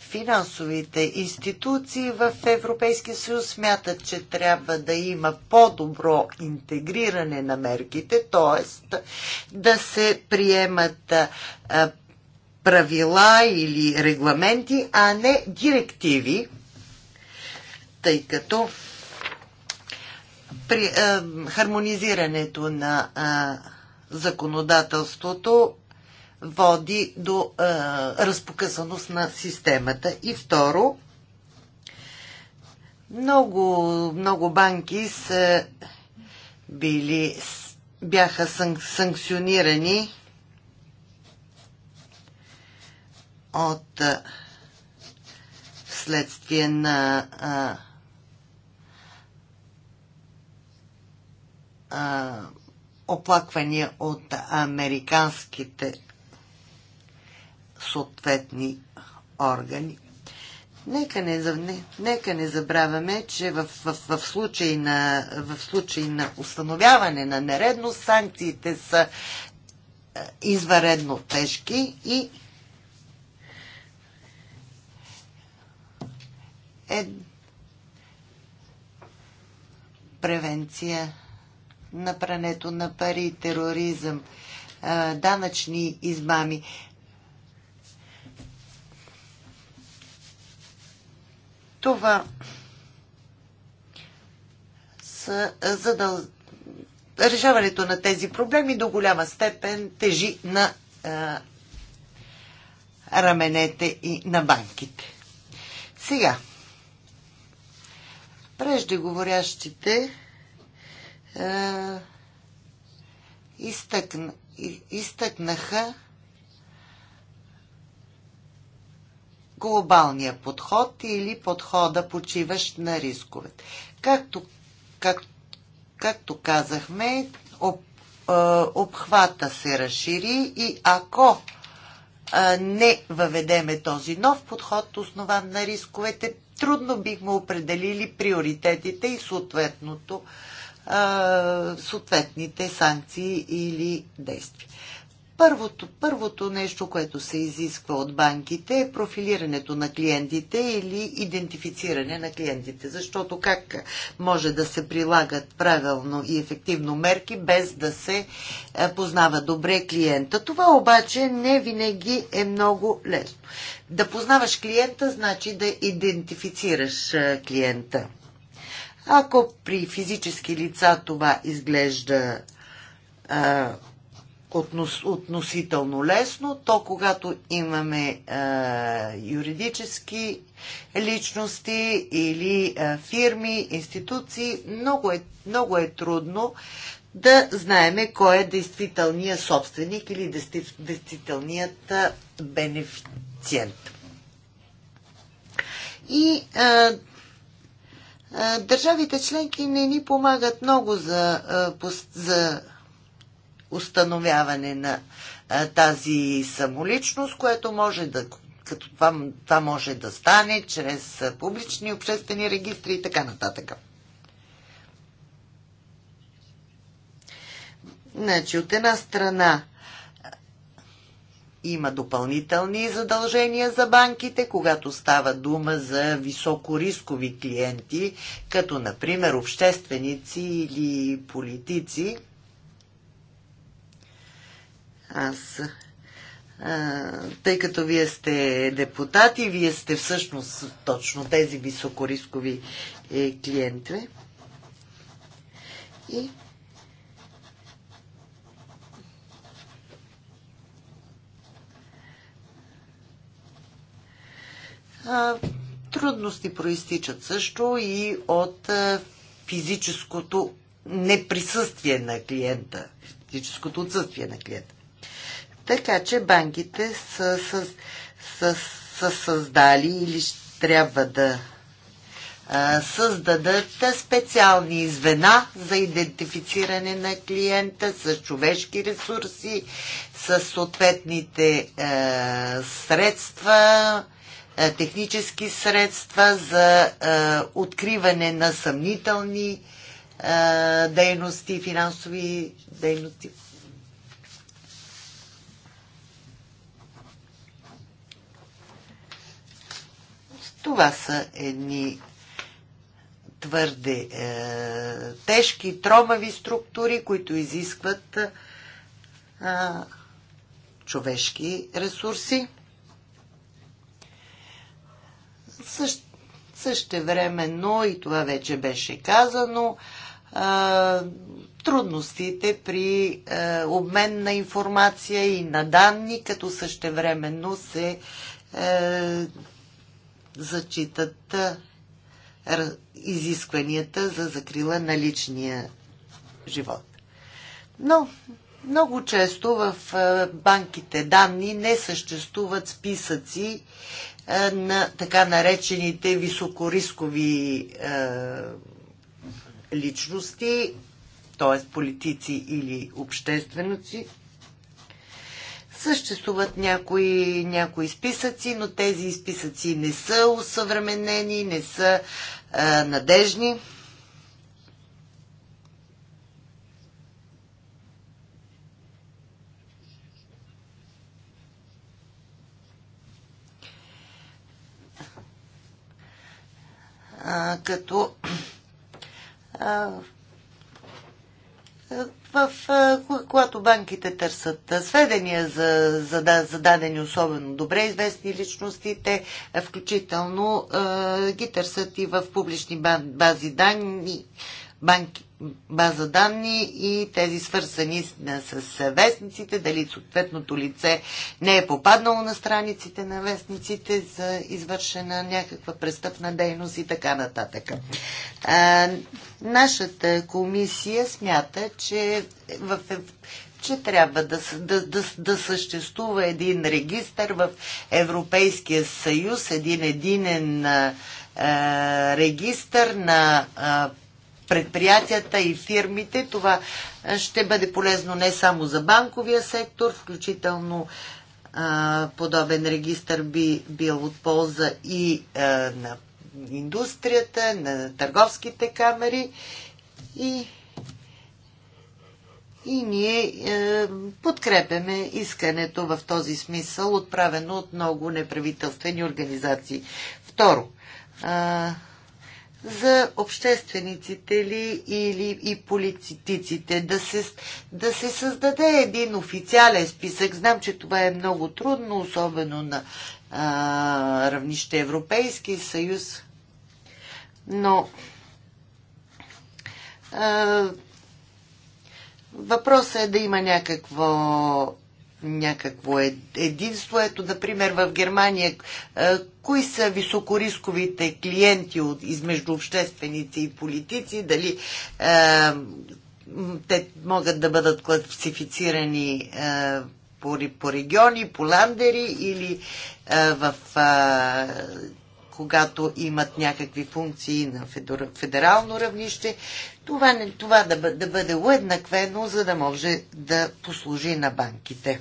финансовите институции в Европейския съюз смятат, че трябва да има по-добро интегриране на мерките, т.е. да се приемат правила или регламенти, а не директиви, тъй като при, е, хармонизирането на е, законодателството води до е, разпокъсаност на системата. И второ, много, много банки са били, бяха санкционирани от е, следствие на а, е, а, оплаквания от американските съответни органи. Нека не, не, нека не забравяме, че в, в, в, случай на, в случай на установяване на нередност санкциите са е, изваредно тежки и е превенция на прането на пари, тероризъм, данъчни измами. Това са задъл... решаването на тези проблеми до голяма степен тежи на а, раменете и на банките. Сега, преждеговорящите е, изтъкна, изтъкнаха глобалния подход или подхода почиващ на рисковете. Както, как, както казахме, об, е, обхвата се разшири и ако е, не въведеме този нов подход, основан на рисковете, трудно бихме определили приоритетите и съответното а, съответните санкции или действия. Първото, първото нещо, което се изисква от банките е профилирането на клиентите или идентифициране на клиентите. Защото как може да се прилагат правилно и ефективно мерки, без да се познава добре клиента. Това обаче не винаги е много лесно. Да познаваш клиента, значи да идентифицираш клиента. Ако при физически лица това изглежда а, относ, относително лесно, то когато имаме а, юридически личности или а, фирми, институции, много е, много е трудно да знаеме кой е действителният собственик или действителният бенефициент. И а, Държавите членки не ни помагат много за, за установяване на тази самоличност, което може да като това, това може да стане чрез публични обществени регистри и така нататък. Значи, от една страна има допълнителни задължения за банките, когато става дума за високорискови клиенти, като например общественици или политици. Аз, а, тъй като вие сте депутати, вие сте всъщност точно тези високорискови е, клиенти. И Трудности проистичат също и от физическото неприсъствие на клиента, физическото отсъствие на клиента. Така че банките са, са, са, са създали или трябва да създадат специални звена за идентифициране на клиента с човешки ресурси, с съответните е, средства, е, технически средства за е, откриване на съмнителни е, дейности, финансови дейности. Това са едни твърде е, тежки, тромави структури, които изискват е, човешки ресурси. Също, но и това вече беше казано, трудностите при обмен на информация и на данни, като същевременно се зачитат изискванията за закрила на личния живот. Но много често в банките данни не съществуват списъци е, на така наречените високорискови е, личности, т.е. политици или общественици. Съществуват някои, някои списъци, но тези списъци не са усъвременени, не са е, надежни. като в, в, а, когато банките търсят сведения за, за, за дадени особено добре известни личности, те включително ги търсят и в публични бази данни, банки, база данни и тези свързани с вестниците, дали съответното лице не е попаднало на страниците на вестниците за извършена някаква престъпна дейност и така нататък. А, нашата комисия смята, че в е, че трябва да, да, да, да съществува един регистър в Европейския съюз, един единен а, регистър на а, предприятията и фирмите. Това ще бъде полезно не само за банковия сектор, включително а, подобен регистр би бил от полза и а, на индустрията, на търговските камери и и ние е, подкрепяме искането в този смисъл, отправено от много неправителствени организации. Второ, е, за обществениците ли или и политиците, да се, да се създаде един официален списък. Знам, че това е много трудно, особено на а, равнище Европейски съюз, но а, въпросът е да има някакво някакво е- единство. Ето, например, в Германия, е, кои са високорисковите клиенти от, измежду общественици и политици, дали а, е, те могат да бъдат класифицирани а, по, по региони, по ландери или а, в а, когато имат някакви функции на федерално равнище, това, не, това да, да бъде уеднаквено, за да може да послужи на банките.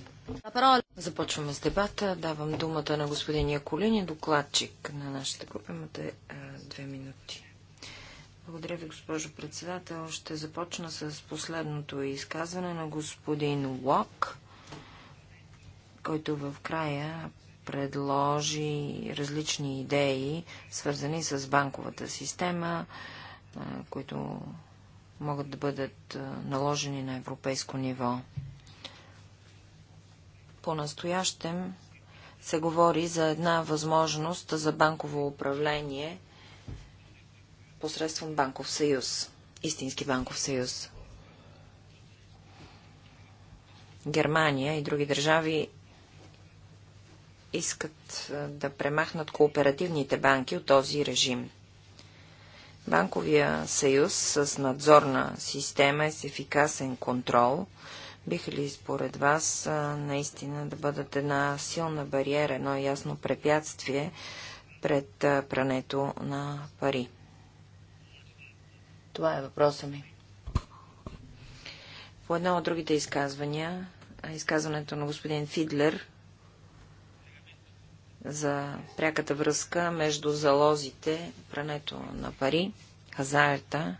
Започваме с дебата. Давам думата на господин Яколин докладчик на нашата група. Имате е, две минути. Благодаря ви, госпожо председател. Ще започна с последното изказване на господин Лок, който в края предложи различни идеи, свързани с банковата система, е, които могат да бъдат е, наложени на европейско ниво. По-настоящем се говори за една възможност за банково управление посредством банков съюз, истински банков съюз. Германия и други държави искат е, да премахнат кооперативните банки от този режим. Банковия съюз с надзорна система е с ефикасен контрол – биха ли според вас наистина да бъдат една силна бариера, едно ясно препятствие пред прането на пари? Това е въпроса ми. По едно от другите изказвания, изказването на господин Фидлер за пряката връзка между залозите, прането на пари, хазарта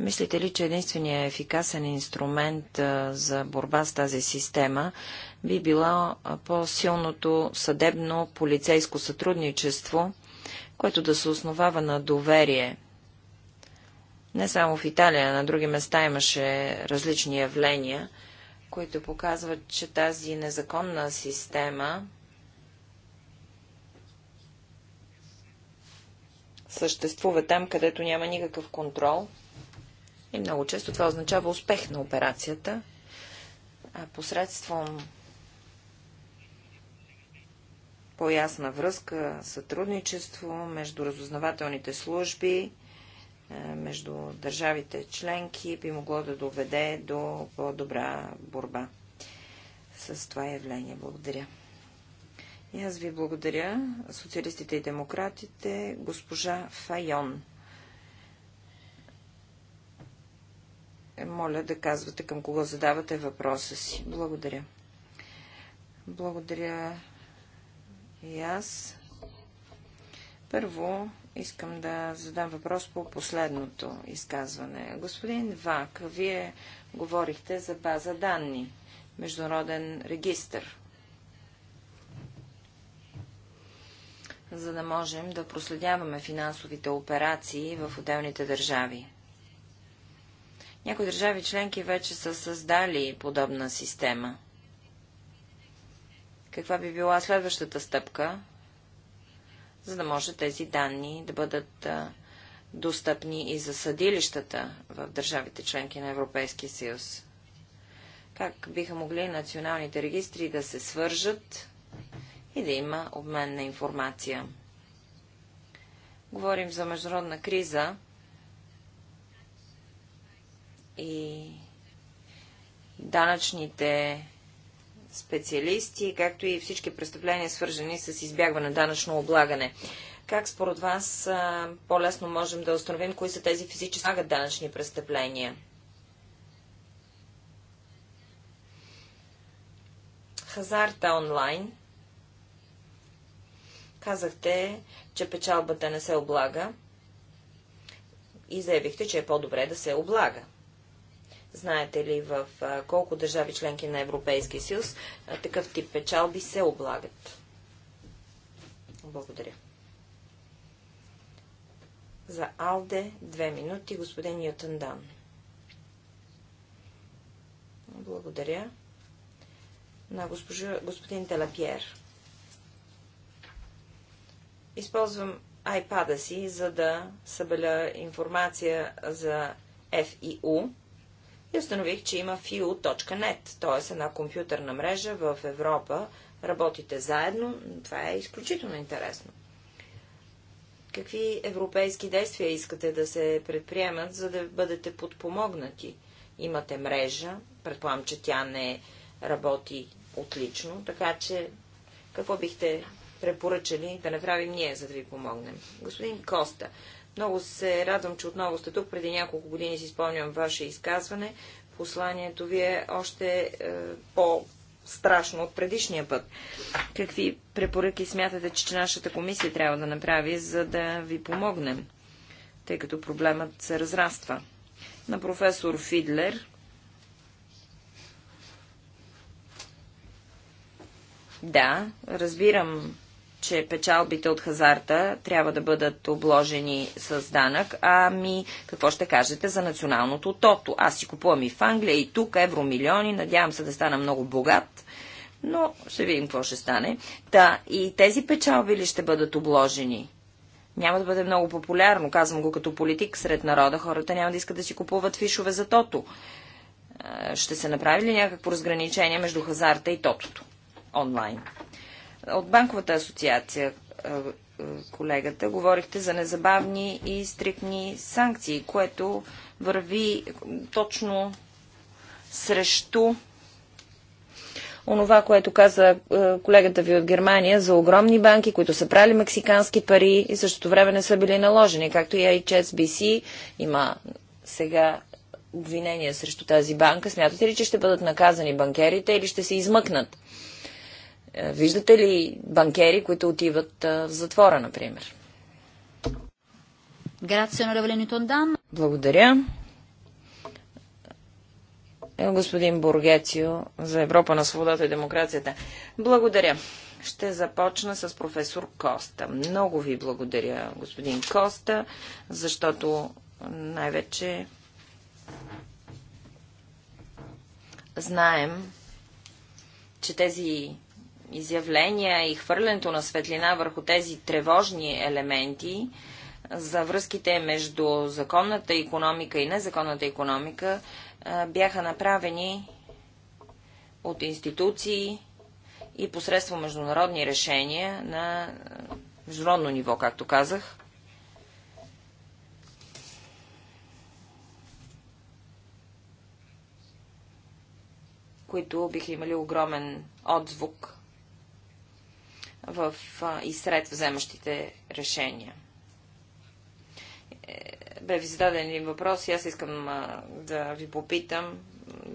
Мислите ли, че единственият ефикасен инструмент за борба с тази система би било по-силното съдебно полицейско сътрудничество, което да се основава на доверие? Не само в Италия, на други места имаше различни явления, които показват, че тази незаконна система съществува там, където няма никакъв контрол – и много често това означава успех на операцията. А посредством по-ясна връзка, сътрудничество между разузнавателните служби, е, между държавите членки би могло да доведе до по-добра борба с това явление. Благодаря. И аз ви благодаря, социалистите и демократите, госпожа Файон. моля да казвате към кого задавате въпроса си. Благодаря. Благодаря и аз. Първо искам да задам въпрос по последното изказване. Господин Вак, вие говорихте за база данни, международен регистр, за да можем да проследяваме финансовите операции в отделните държави. Някои държави членки вече са създали подобна система. Каква би била следващата стъпка, за да може тези данни да бъдат достъпни и за съдилищата в държавите членки на Европейския съюз? Как биха могли националните регистри да се свържат и да има обмен на информация? Говорим за международна криза, и данъчните специалисти, както и всички престъпления, свържени с избягване данъчно облагане. Как според вас по-лесно можем да установим кои са тези физически данъчни престъпления? Хазарта онлайн. Казахте, че печалбата не се облага и заявихте, че е по-добре да се облага. Знаете ли в колко държави членки на Европейския съюз такъв тип печалби се облагат? Благодаря. За Алде две минути, господин Ньютон Дан. Благодаря. На госпожа, господин Телапиер. Използвам iPad-а си, за да събеля информация за FIU, и установих, че има fiu.net, т.е. една компютърна мрежа в Европа. Работите заедно, това е изключително интересно. Какви европейски действия искате да се предприемат, за да бъдете подпомогнати? Имате мрежа, предполагам, че тя не работи отлично, така че какво бихте препоръчали да направим ние, за да ви помогнем? Господин Коста, много се радвам, че отново сте тук. Преди няколко години си спомням ваше изказване. Посланието ви е още е, по страшно от предишния път. Какви препоръки смятате, че нашата комисия трябва да направи, за да ви помогнем, тъй като проблемът се разраства? На професор Фидлер. Да, разбирам че печалбите от хазарта трябва да бъдат обложени с данък, ами какво ще кажете за националното тото? Аз си купувам и в Англия, и тук евромилиони, надявам се да стана много богат, но ще видим какво ще стане. Та, и тези печалби ли ще бъдат обложени? Няма да бъде много популярно, казвам го като политик сред народа, хората няма да искат да си купуват фишове за тото. Е, ще се направи ли някакво разграничение между хазарта и тотото онлайн? от Банковата асоциация е, е, колегата, говорихте за незабавни и стрикни санкции, което върви точно срещу онова, което каза е, колегата ви от Германия за огромни банки, които са прали мексикански пари и същото време не са били наложени, както и HSBC има сега обвинения срещу тази банка. Смятате ли, че ще бъдат наказани банкерите или ще се измъкнат? Е, виждате ли банкери, които отиват е, в затвора, например? Благодаря. Е, господин Бургецио за Европа на свободата и демокрацията. Благодаря. Ще започна с професор Коста. Много ви благодаря, господин Коста, защото най-вече знаем, че тези изявления и хвърлянето на светлина върху тези тревожни елементи за връзките между законната економика и незаконната економика бяха направени от институции и посредством международни решения на международно ниво, както казах. които биха имали огромен отзвук в, а, и сред вземащите решения. Е, бе ви зададен един въпрос и аз искам а, да ви попитам,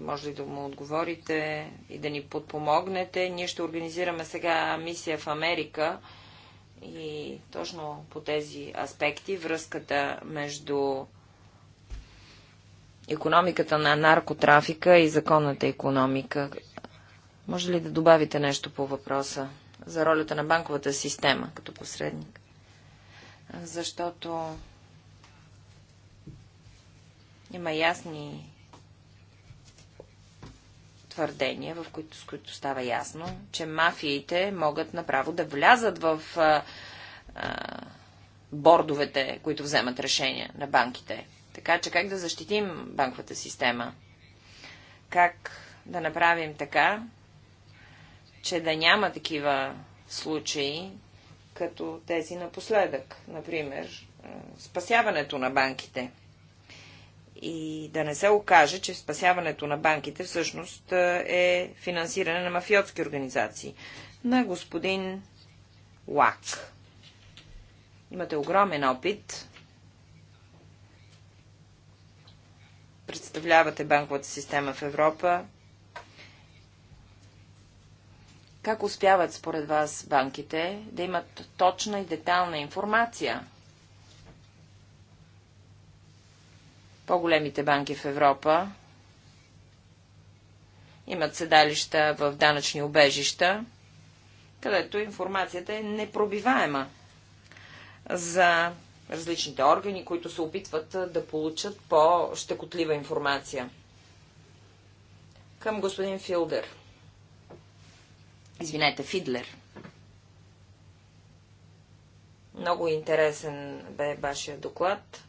може ли да му отговорите и да ни подпомогнете. Ние ще организираме сега мисия в Америка и точно по тези аспекти връзката между економиката на наркотрафика и законната економика. Може ли да добавите нещо по въпроса? за ролята на банковата система като посредник. Защото има ясни твърдения, в които, с които става ясно, че мафиите могат направо да влязат в а, а, бордовете, които вземат решения на банките. Така че как да защитим банковата система? Как да направим така, че да няма такива случаи, като тези напоследък, например, е, спасяването на банките. И да не се окаже, че спасяването на банките всъщност е, е финансиране на мафиотски организации. На господин Лак. Имате огромен опит. Представлявате банковата система в Европа. Как успяват според вас банките да имат точна и детална информация? По-големите банки в Европа имат седалища в данъчни обежища, където информацията е непробиваема за различните органи, които се опитват да получат по-щекотлива информация. Към господин Филдер – Извинете, Фидлер. Много интересен бе вашия доклад.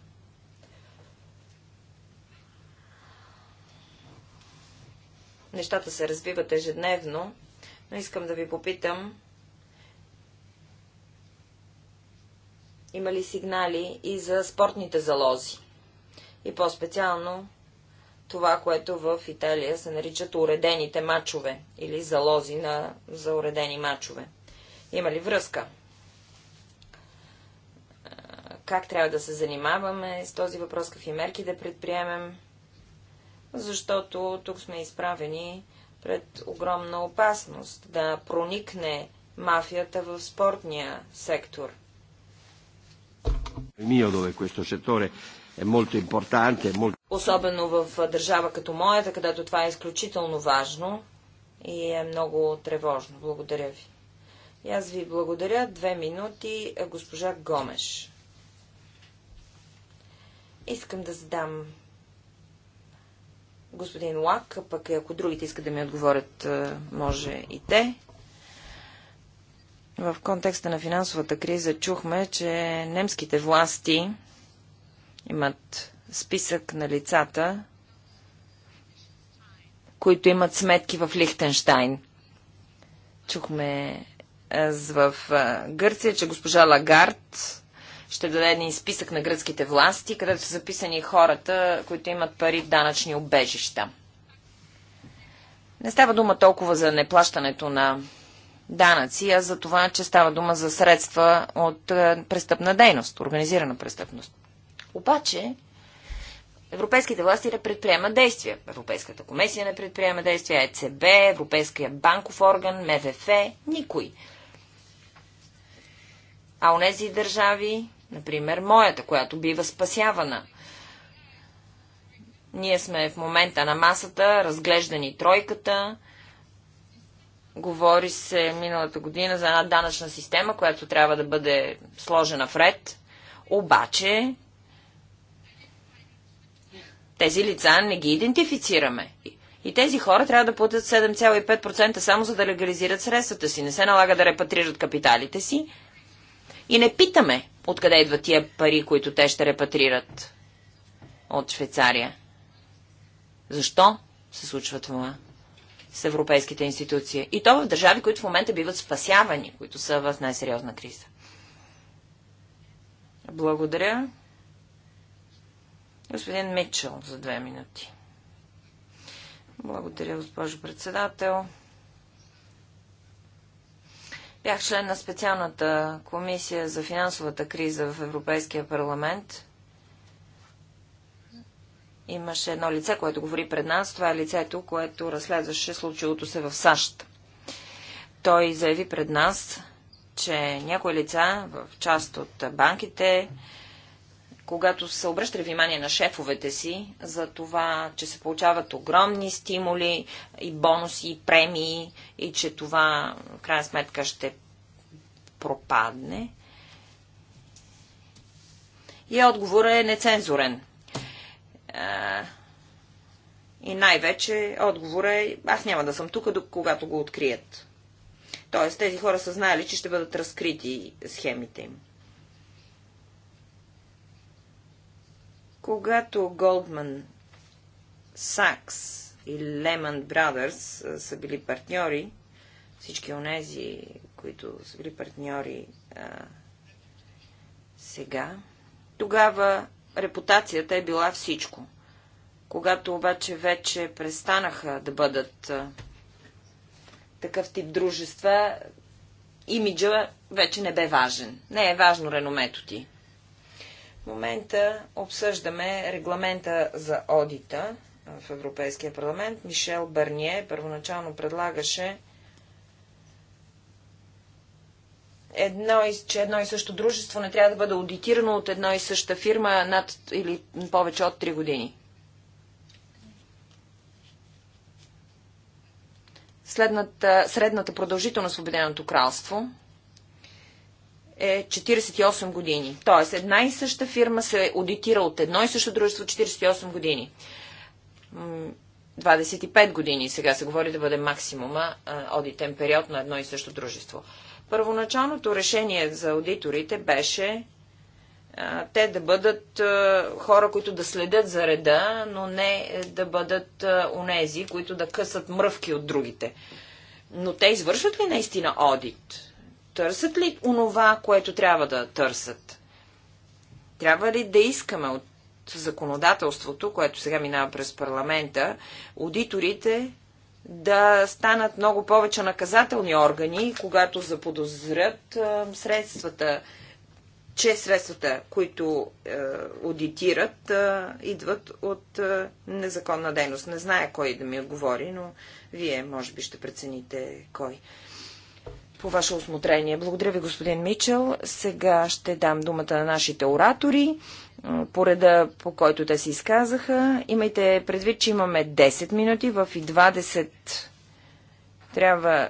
Нещата се развиват ежедневно, но искам да ви попитам, има ли сигнали и за спортните залози? И по-специално това, което в Италия се наричат уредените мачове или залози на, за уредени мачове. Има ли връзка? Как трябва да се занимаваме с този въпрос, какви мерки да предприемем? Защото тук сме изправени пред огромна опасност да проникне мафията в спортния сектор. Il mio questo settore е много importante. Molto... Особено в държава като моята, където това е изключително важно и е много тревожно. Благодаря ви. И аз ви благодаря. Две минути, е, госпожа Гомеш. Искам да задам господин Лак, пък ако другите искат да ми отговорят, е, може и те. В контекста на финансовата криза чухме, че немските власти имат списък на лицата, които имат сметки в Лихтенштайн. Чухме в Гърция, че госпожа Лагард ще даде един списък на гръцките власти, където са записани хората, които имат пари в данъчни обежища. Не става дума толкова за неплащането на данъци, а за това, че става дума за средства от престъпна дейност, организирана престъпност. Обаче, европейските власти не предприемат действия. Европейската комисия не предприема действия, ЕЦБ, Европейския банков орган, МВФ, никой. А у нези държави, например моята, която бива спасявана. Ние сме в момента на масата, разглеждани тройката. Говори се миналата година за една данъчна система, която трябва да бъде сложена в ред. Обаче тези лица не ги идентифицираме. И тези хора трябва да платят 7,5% само за да легализират средствата си. Не се налага да репатрират капиталите си. И не питаме откъде идват тия пари, които те ще репатрират от Швейцария. Защо се случва това с европейските институции? И то в държави, които в момента биват спасявани, които са в най-сериозна криза. Благодаря. Господин Митчел за две минути. Благодаря, госпожо председател. Бях член на специалната комисия за финансовата криза в Европейския парламент. Имаше едно лице, което говори пред нас. Това е лицето, което разследваше случилото се в САЩ. Той заяви пред нас, че някои лица в част от банките когато са обръщали внимание на шефовете си за това, че се получават огромни стимули и бонуси, и премии, и че това в крайна сметка ще пропадне. И отговорът е нецензурен. И най-вече отговорът е, аз няма да съм тук, докато когато го открият. Тоест, тези хора са знаели, че ще бъдат разкрити схемите им. Когато Голдман Сакс и Леман Брадърс са били партньори, всички онези, които са били партньори а, сега, тогава репутацията е била всичко. Когато обаче вече престанаха да бъдат а, такъв тип дружества, имиджа вече не бе важен. Не е важно реномето ти. В момента обсъждаме регламента за одита в Европейския парламент. Мишел Бърние първоначално предлагаше едно, че едно и също дружество не трябва да бъде аудитирано от една и съща фирма над или повече от 3 години. Следната, средната продължителност в Обединеното кралство – е 48 години. Тоест, една и съща фирма се аудитира от едно и също дружество 48 години. 25 години сега се говори да бъде максимума одитен период на едно и също дружество. Първоначалното решение за аудиторите беше те да бъдат хора, които да следят за реда, но не е, да бъдат унези, онези, които да късат мръвки от другите. Но те извършват ли наистина одит? Търсят ли онова, което трябва да търсят? Трябва ли да искаме от законодателството, което сега минава през парламента, аудиторите да станат много повече наказателни органи, когато заподозрят средствата, че средствата, които е, аудитират, е, идват от е, незаконна дейност. Не зная кой да ми отговори, но вие може би ще прецените кой по ваше осмотрение. Благодаря ви, господин Мичел. Сега ще дам думата на нашите оратори по реда, по който те се изказаха. Имайте предвид, че имаме 10 минути. В и 20 трябва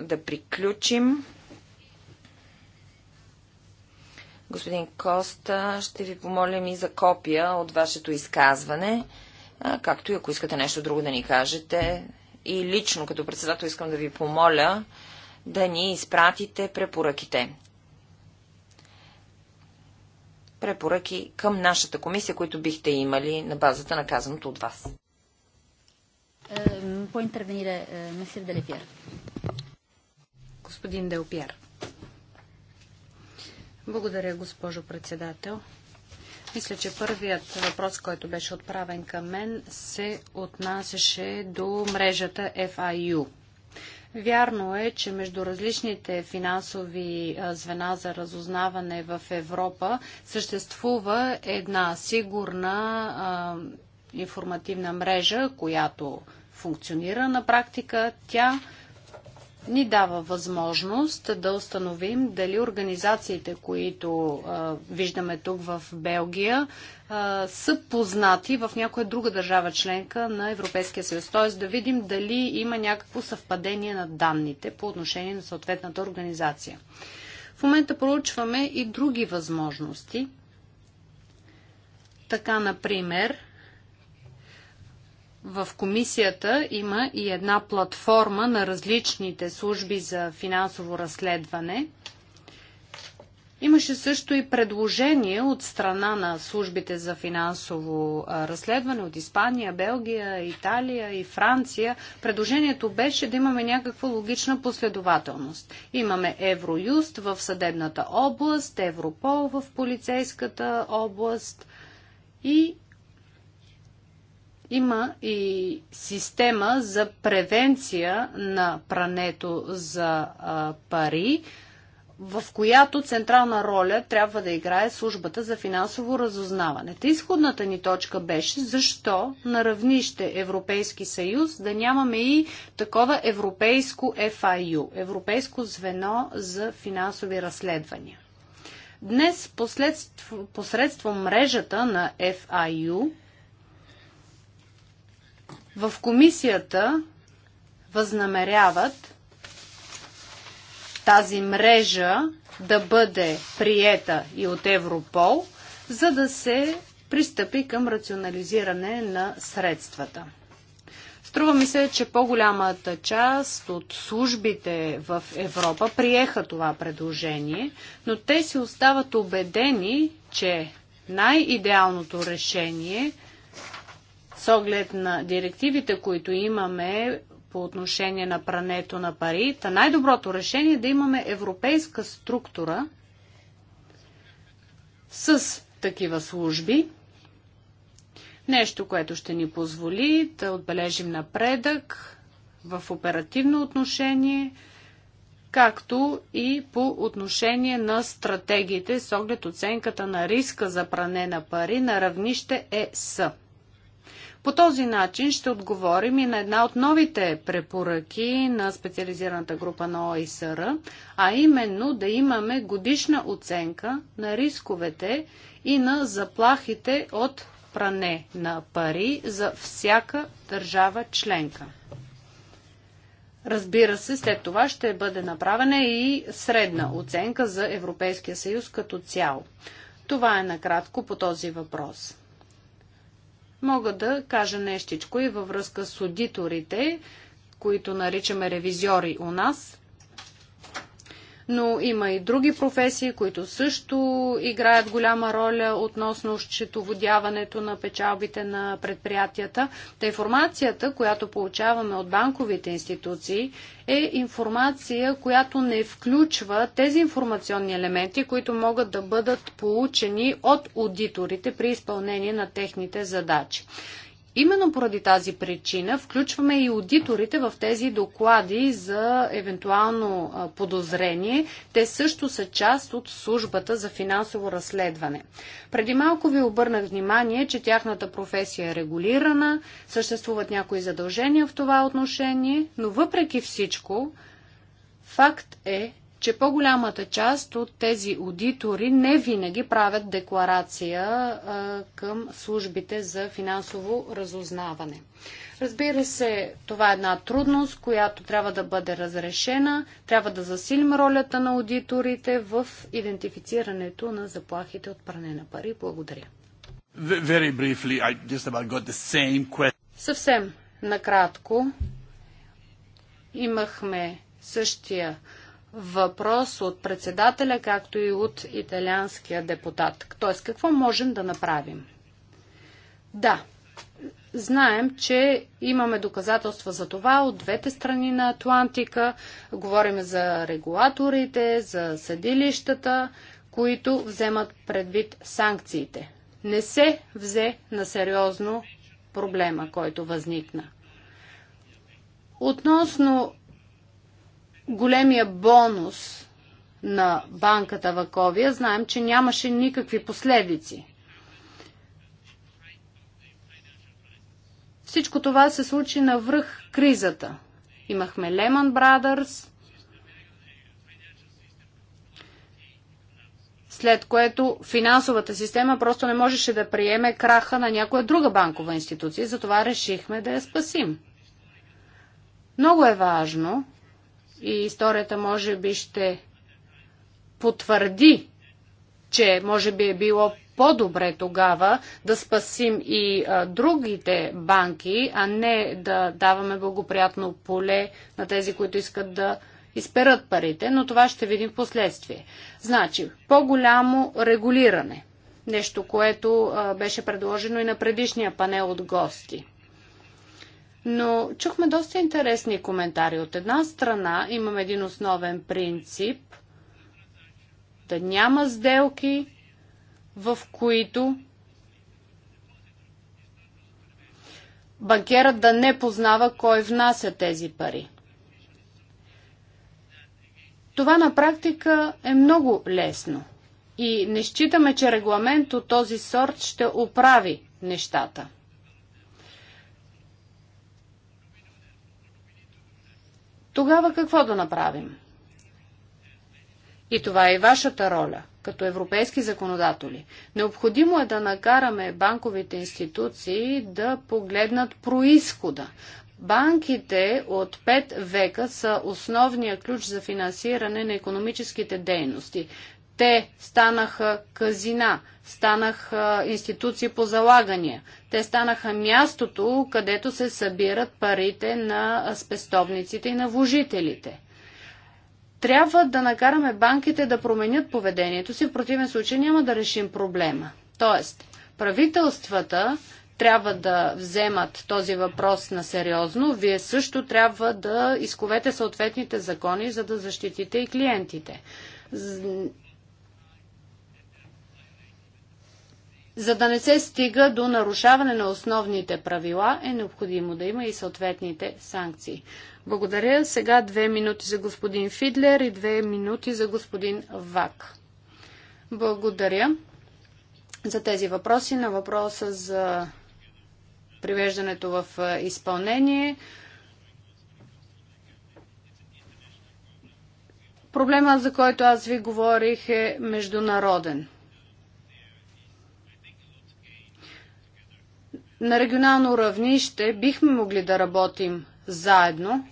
да приключим. Господин Коста, ще ви помолим и за копия от вашето изказване, както и ако искате нещо друго да ни кажете. И лично като председател искам да ви помоля да ни изпратите препоръките. Препоръки към нашата комисия, които бихте имали на базата на казаното от вас. По е, месир Делепиер. Господин Делпиер. Благодаря, госпожо председател. Мисля, че първият въпрос, който беше отправен към мен, се отнасяше до мрежата FIU. Вярно е, че между различните финансови звена за разузнаване в Европа съществува една сигурна а, информативна мрежа, която функционира на практика. Тя ни дава възможност да установим дали организациите, които а, виждаме тук в Белгия, а, са познати в някоя друга държава членка на Европейския съюз. Т.е. да видим дали има някакво съвпадение на данните по отношение на съответната организация. В момента проучваме и други възможности. Така, например, в комисията има и една платформа на различните служби за финансово разследване. Имаше също и предложение от страна на службите за финансово разследване от Испания, Белгия, Италия и Франция. Предложението беше да имаме някаква логична последователност. Имаме Евроюст в съдебната област, Европол в полицейската област и има и система за превенция на прането за пари, в която централна роля трябва да играе службата за финансово разузнаване. Та изходната ни точка беше защо на равнище Европейски съюз да нямаме и такова европейско FIU, Европейско звено за финансови разследвания. Днес посредством мрежата на FIU в комисията възнамеряват тази мрежа да бъде приета и от Европол, за да се пристъпи към рационализиране на средствата. Струва ми се, че по-голямата част от службите в Европа приеха това предложение, но те си остават убедени, че най-идеалното решение – с оглед на директивите, които имаме по отношение на прането на пари, та най-доброто решение е да имаме европейска структура с такива служби. Нещо, което ще ни позволи да отбележим напредък в оперативно отношение, както и по отношение на стратегиите с оглед оценката на риска за пране на пари на равнище ЕС. По този начин ще отговорим и на една от новите препоръки на специализираната група на ОИСР, а именно да имаме годишна оценка на рисковете и на заплахите от пране на пари за всяка държава членка. Разбира се, след това ще бъде направена и средна оценка за Европейския съюз като цяло. Това е накратко по този въпрос. Мога да кажа нещичко и във връзка с аудиторите, които наричаме ревизиори у нас но има и други професии, които също играят голяма роля относно счетоводяването на печалбите на предприятията. Та информацията, която получаваме от банковите институции, е информация, която не включва тези информационни елементи, които могат да бъдат получени от аудиторите при изпълнение на техните задачи. Именно поради тази причина включваме и аудиторите в тези доклади за евентуално подозрение. Те също са част от службата за финансово разследване. Преди малко ви обърнах внимание, че тяхната професия е регулирана, съществуват някои задължения в това отношение, но въпреки всичко, факт е, че по-голямата част от тези аудитори не винаги правят декларация а, към службите за финансово разузнаване. Разбира се, това е една трудност, която трябва да бъде разрешена. Трябва да засилим ролята на аудиторите в идентифицирането на заплахите от пране на пари. Благодаря. Briefly, Съвсем накратко имахме същия въпрос от председателя, както и от италианския депутат. Т.е. какво можем да направим? Да, знаем, че имаме доказателства за това от двете страни на Атлантика. Говорим за регулаторите, за съдилищата, които вземат предвид санкциите. Не се взе на сериозно проблема, който възникна. Относно големия бонус на банката Ваковия, знаем, че нямаше никакви последици. Всичко това се случи навръх кризата. Имахме Lehman Brothers, след което финансовата система просто не можеше да приеме краха на някоя друга банкова институция, затова решихме да я спасим. Много е важно и историята може би ще потвърди, че може би е било по-добре тогава да спасим и а, другите банки, а не да даваме благоприятно поле на тези, които искат да изперат парите, но това ще видим в последствие. Значи, по-голямо регулиране. Нещо, което а, беше предложено и на предишния панел от гости. Но чухме доста интересни коментари. От една страна имаме един основен принцип да няма сделки, в които банкерът да не познава кой внася тези пари. Това на практика е много лесно и не считаме, че регламент от този сорт ще оправи нещата. Тогава какво да направим? И това е и вашата роля, като европейски законодатели. Необходимо е да накараме банковите институции да погледнат происхода. Банките от 5 века са основния ключ за финансиране на економическите дейности. Те станаха казина, станаха институции по залагания. Те станаха мястото, където се събират парите на спестовниците и на вложителите. Трябва да накараме банките да променят поведението си, в противен случай няма да решим проблема. Тоест, правителствата трябва да вземат този въпрос на сериозно, вие също трябва да изковете съответните закони, за да защитите и клиентите. За да не се стига до нарушаване на основните правила, е необходимо да има и съответните санкции. Благодаря. Сега две минути за господин Фидлер и две минути за господин Вак. Благодаря за тези въпроси. На въпроса за привеждането в изпълнение. Проблема, за който аз ви говорих, е международен. На регионално равнище бихме могли да работим заедно,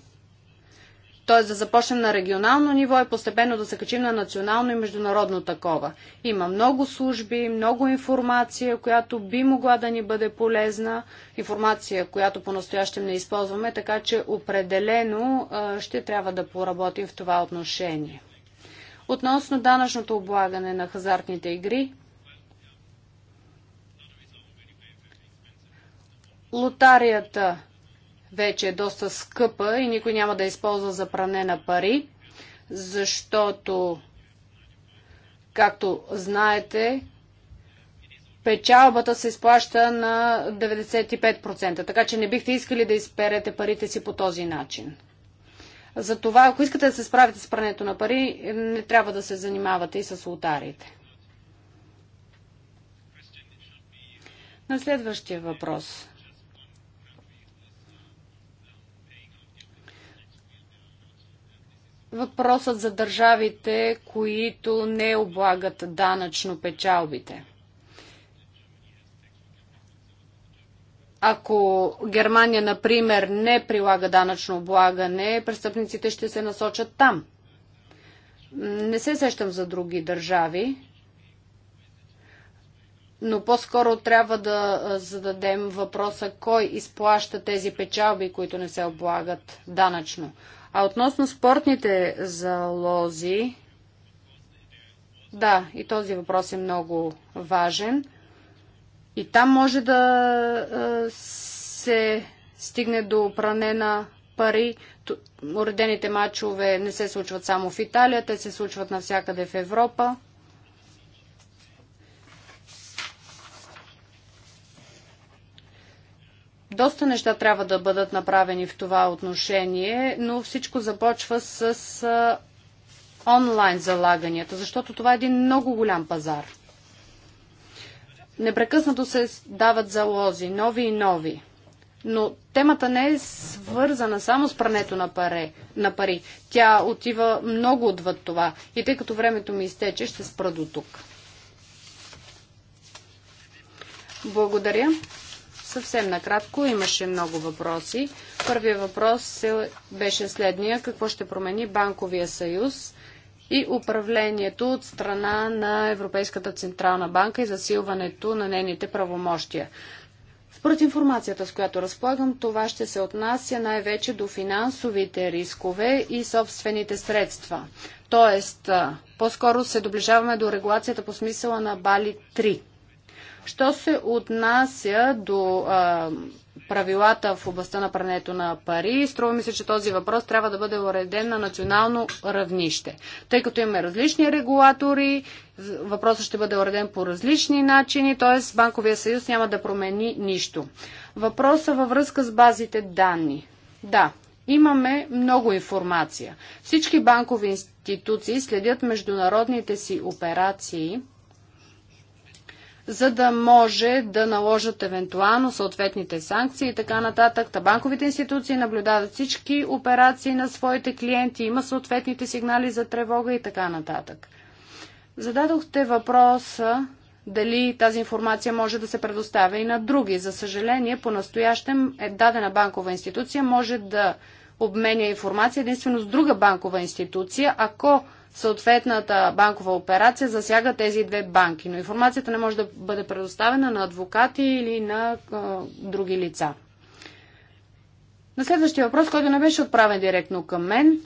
т.е. да започнем на регионално ниво и постепенно да се качим на национално и международно такова. Има много служби, много информация, която би могла да ни бъде полезна, информация, която по-настоящем не използваме, така че определено ще трябва да поработим в това отношение. Относно данъчното облагане на хазартните игри, Лотарията вече е доста скъпа и никой няма да използва за пране на пари, защото, както знаете, печалбата се изплаща на 95%, така че не бихте искали да изперете парите си по този начин. Затова, ако искате да се справите с прането на пари, не трябва да се занимавате и с лотарите. На следващия въпрос. въпросът за държавите, които не облагат данъчно печалбите. Ако Германия, например, не прилага данъчно облагане, престъпниците ще се насочат там. Не се сещам за други държави, но по-скоро трябва да зададем въпроса кой изплаща тези печалби, които не се облагат данъчно. А относно спортните залози, да, и този въпрос е много важен. И там може да се стигне до пране на пари. Уредените матчове не се случват само в Италия, те се случват навсякъде в Европа. Доста неща трябва да бъдат направени в това отношение, но всичко започва с онлайн залаганията, защото това е един много голям пазар. Непрекъснато се дават залози, нови и нови. Но темата не е свързана само с прането на, паре, на пари. Тя отива много отвъд това. И тъй като времето ми изтече, ще спра до тук. Благодаря. Съвсем накратко имаше много въпроси. Първият въпрос беше следния. Какво ще промени банковия съюз и управлението от страна на Европейската централна банка и засилването на нейните правомощия? Според информацията, с която разполагам, това ще се отнася най-вече до финансовите рискове и собствените средства. Тоест, по-скоро се доближаваме до регулацията по смисъла на Бали Що се отнася до а, правилата в областта на прането на пари, струва ми се, че този въпрос трябва да бъде уреден на национално равнище. Тъй като имаме различни регулатори, въпросът ще бъде уреден по различни начини, т.е. Банковия съюз няма да промени нищо. Въпроса във връзка с базите данни. Да, Имаме много информация. Всички банкови институции следят международните си операции – за да може да наложат евентуално съответните санкции и така нататък. Табанковите институции наблюдават всички операции на своите клиенти, има съответните сигнали за тревога и така нататък. Зададохте въпроса дали тази информация може да се предоставя и на други. За съжаление, по-настоящем е дадена банкова институция може да обменя информация единствено с друга банкова институция, ако съответната банкова операция засяга тези две банки, но информацията не може да бъде предоставена на адвокати или на а, други лица. На следващия въпрос, който не беше отправен директно към мен,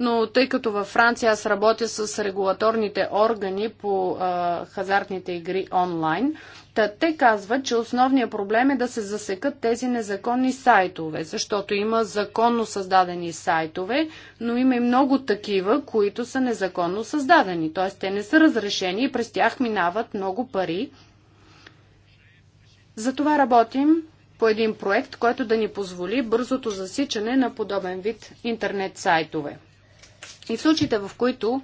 но тъй като във Франция аз работя с регулаторните органи по а, хазартните игри онлайн, Та те казват, че основният проблем е да се засекат тези незаконни сайтове, защото има законно създадени сайтове, но има и много такива, които са незаконно създадени. Т.е. те не са разрешени и през тях минават много пари. Затова работим по един проект, който да ни позволи бързото засичане на подобен вид интернет сайтове. И в случаите, в които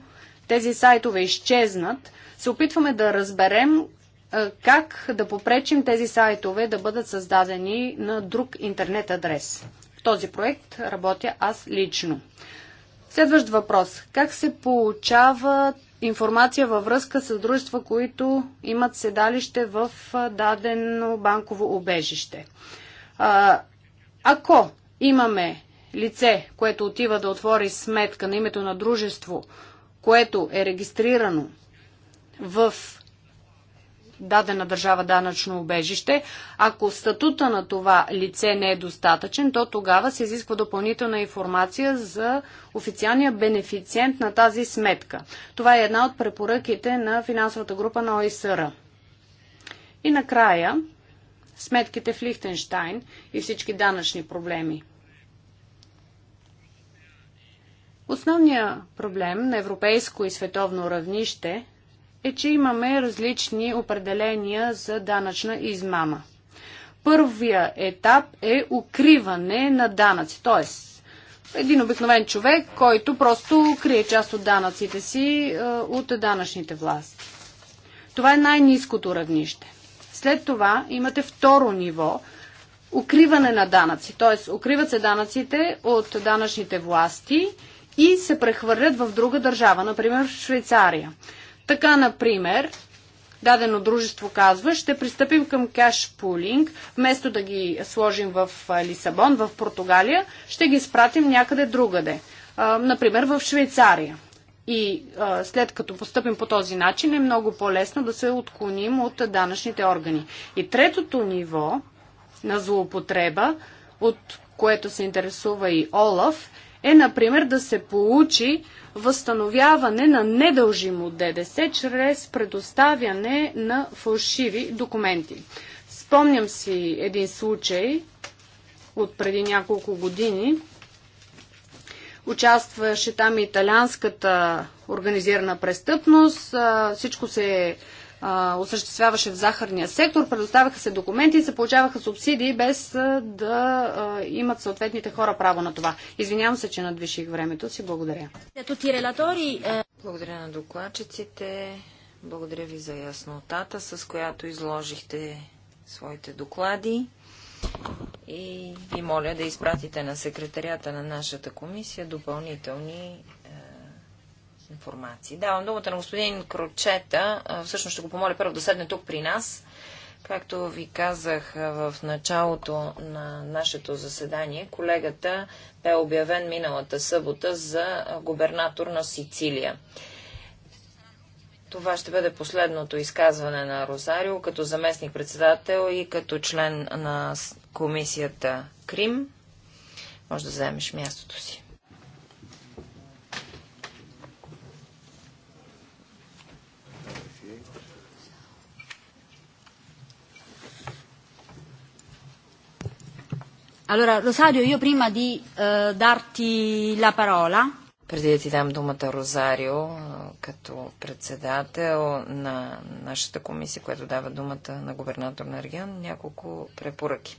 тези сайтове изчезнат, се опитваме да разберем е, как да попречим тези сайтове да бъдат създадени на друг интернет адрес. В този проект работя аз лично. Следващ въпрос. Как се получава информация във връзка с дружества, които имат седалище в дадено банково убежище? Ако имаме лице, което отива да отвори сметка на името на дружество, което е регистрирано в дадена държава данъчно убежище, ако статута на това лице не е достатъчен, то тогава се изисква допълнителна информация за официалния бенефициент на тази сметка. Това е една от препоръките на финансовата група на ОИСР. И накрая, сметките в Лихтенштайн и всички данъчни проблеми. Основният проблем на европейско и световно равнище е, че имаме различни определения за данъчна измама. Първия етап е укриване на данъци, т.е. един обикновен човек, който просто крие част от данъците си е, от данъчните власти. Това е най-низкото равнище. След това имате второ ниво укриване на данъци, т.е. укриват се данъците от данъчните власти и се прехвърлят в друга държава, например в Швейцария. Така, например, дадено дружество казва, ще пристъпим към кеш пулинг, вместо да ги сложим в Лисабон, в Португалия, ще ги спратим някъде другаде. Например, в Швейцария. И а, след като постъпим по този начин, е много по-лесно да се отклоним от данъчните органи. И третото ниво на злоупотреба, от което се интересува и Олаф, е, например, да се получи възстановяване на недължимо ДДС чрез предоставяне на фалшиви документи. Спомням си един случай от преди няколко години. Участваше там и италианската организирана престъпност. Всичко се е а, осъществяваше в захарния сектор, предоставяха се документи и се получаваха субсидии без а, да а, имат съответните хора право на това. Извинявам се, че надвиших времето си. Благодаря. Благодаря на е. докладчиците. Благодаря ви за яснотата, с която изложихте своите доклади. И ви моля да изпратите на секретарията на нашата комисия допълнителни информации. Давам думата на господин Крочета. Всъщност ще го помоля първо да седне тук при нас. Както ви казах в началото на нашето заседание, колегата бе обявен миналата събота за губернатор на Сицилия. Това ще бъде последното изказване на Розарио като заместник-председател и като член на комисията Крим. Може да вземеш мястото си. Allora, Rosario, io prima di eh, darti la parola... Преди да ти дам думата Розарио, като председател на нашата комисия, която дава думата на губернатор на регион, няколко препоръки.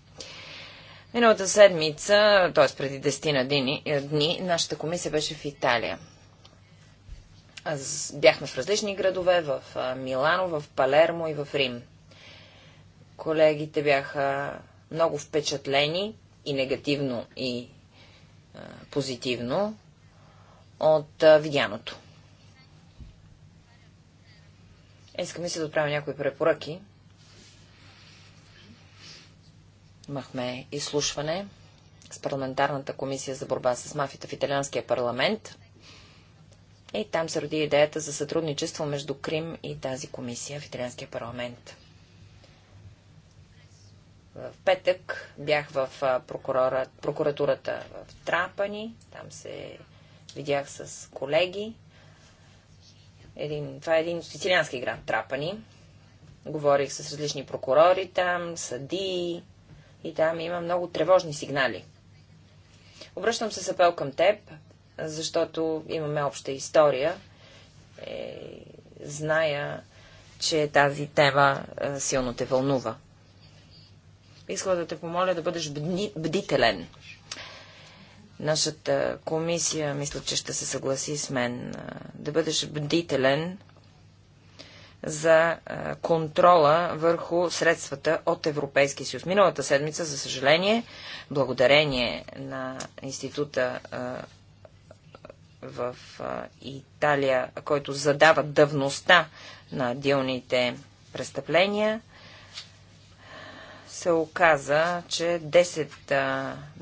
Миналата седмица, т.е. преди 10 дни, е, дни, нашата комисия беше в Италия. Аз бяхме в различни градове, в Милано, в Палермо и в Рим. Колегите бяха много впечатлени и негативно, и а, позитивно от а, видяното. Искаме се да отправя някои препоръки. Имахме изслушване с парламентарната комисия за борба с мафията в италианския парламент. И там се роди идеята за сътрудничество между Крим и тази комисия в италианския парламент. В петък бях в прокуратурата в Трапани. Там се видях с колеги. Един, това е един сицилиански град Трапани. Говорих с различни прокурори там, съдии и там има много тревожни сигнали. Обръщам се с апел към теб, защото имаме обща история. Е, зная, че тази тема силно те вълнува. Искам да те помоля да бъдеш бдителен. Нашата комисия, мисля, че ще се съгласи с мен, да бъдеш бдителен за контрола върху средствата от Европейския съюз. Миналата седмица, за съжаление, благодарение на института в Италия, който задава давността на дилните престъпления, се оказа, че 10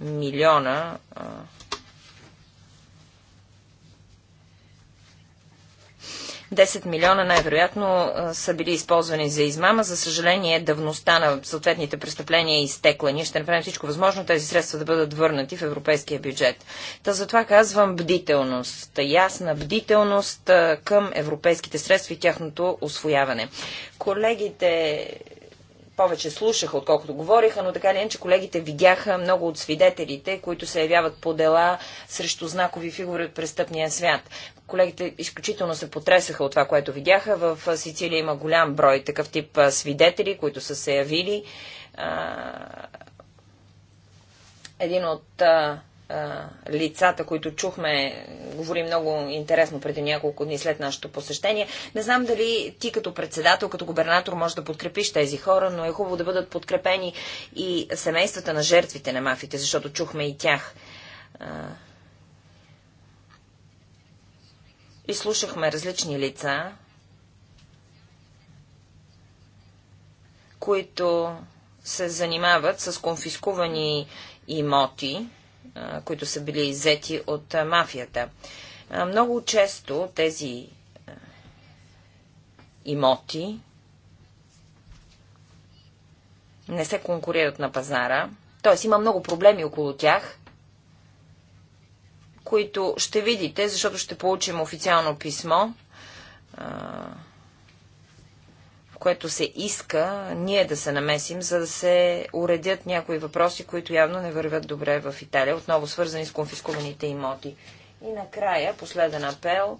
милиона а, Десет милиона най-вероятно са били използвани за измама. За съжаление, давността на съответните престъпления е изтекла. Ние ще направим всичко възможно тези средства да бъдат върнати в европейския бюджет. Та затова казвам бдителност. Ясна бдителност към европейските средства и тяхното освояване. Колегите повече слушаха, отколкото говориха, но така или че колегите видяха много от свидетелите, които се явяват по дела срещу знакови фигури от престъпния свят. Колегите изключително се потресаха от това, което видяха. В Сицилия има голям брой такъв тип свидетели, които са се явили. Един от лицата, които чухме, говори много интересно преди няколко дни след нашето посещение. Не знам дали ти като председател, като губернатор може да подкрепиш тези хора, но е хубаво да бъдат подкрепени и семействата на жертвите на мафите, защото чухме и тях. И слушахме различни лица, които се занимават с конфискувани имоти, които са били иззети от мафията. Много често тези имоти не се конкурират на пазара, т.е. има много проблеми около тях, които ще видите, защото ще получим официално писмо което се иска, ние да се намесим, за да се уредят някои въпроси, които явно не вървят добре в Италия, отново свързани с конфискуваните имоти. И накрая, последен апел.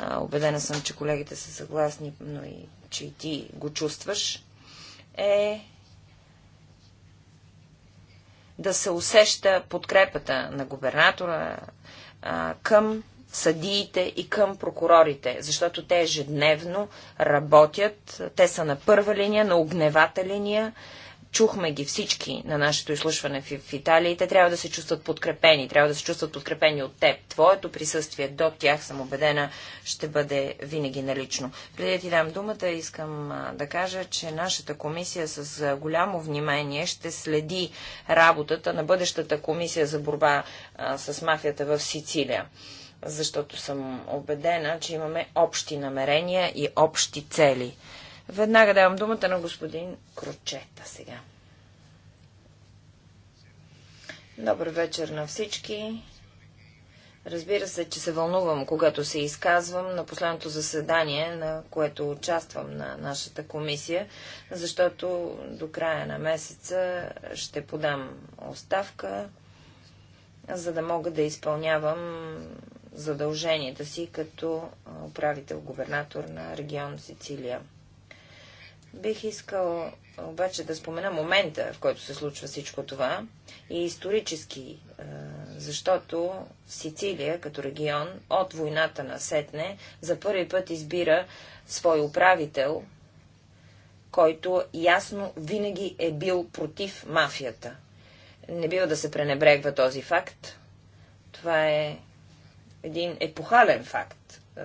А, убедена съм, че колегите са съгласни, но и че и ти го чувстваш. Е да се усеща подкрепата на губернатора а, към съдиите и към прокурорите, защото те ежедневно работят, те са на първа линия, на огневата линия. Чухме ги всички на нашето изслушване в, в Италия и те трябва да се чувстват подкрепени, трябва да се чувстват подкрепени от теб. Твоето присъствие до тях, съм убедена, ще бъде винаги налично. Преди да ти дам думата, искам да кажа, че нашата комисия с голямо внимание ще следи работата на бъдещата комисия за борба а, с мафията в Сицилия защото съм убедена, че имаме общи намерения и общи цели. Веднага давам думата на господин Крочета сега. Добър вечер на всички. Разбира се, че се вълнувам, когато се изказвам на последното заседание, на което участвам на нашата комисия, защото до края на месеца ще подам оставка, за да мога да изпълнявам задълженията си като управител-губернатор на регион Сицилия. Бих искал обаче да спомена момента, в който се случва всичко това и исторически, защото Сицилия като регион от войната на Сетне за първи път избира свой управител, който ясно винаги е бил против мафията. Не бива да се пренебрегва този факт. Това е един епохален факт. Е,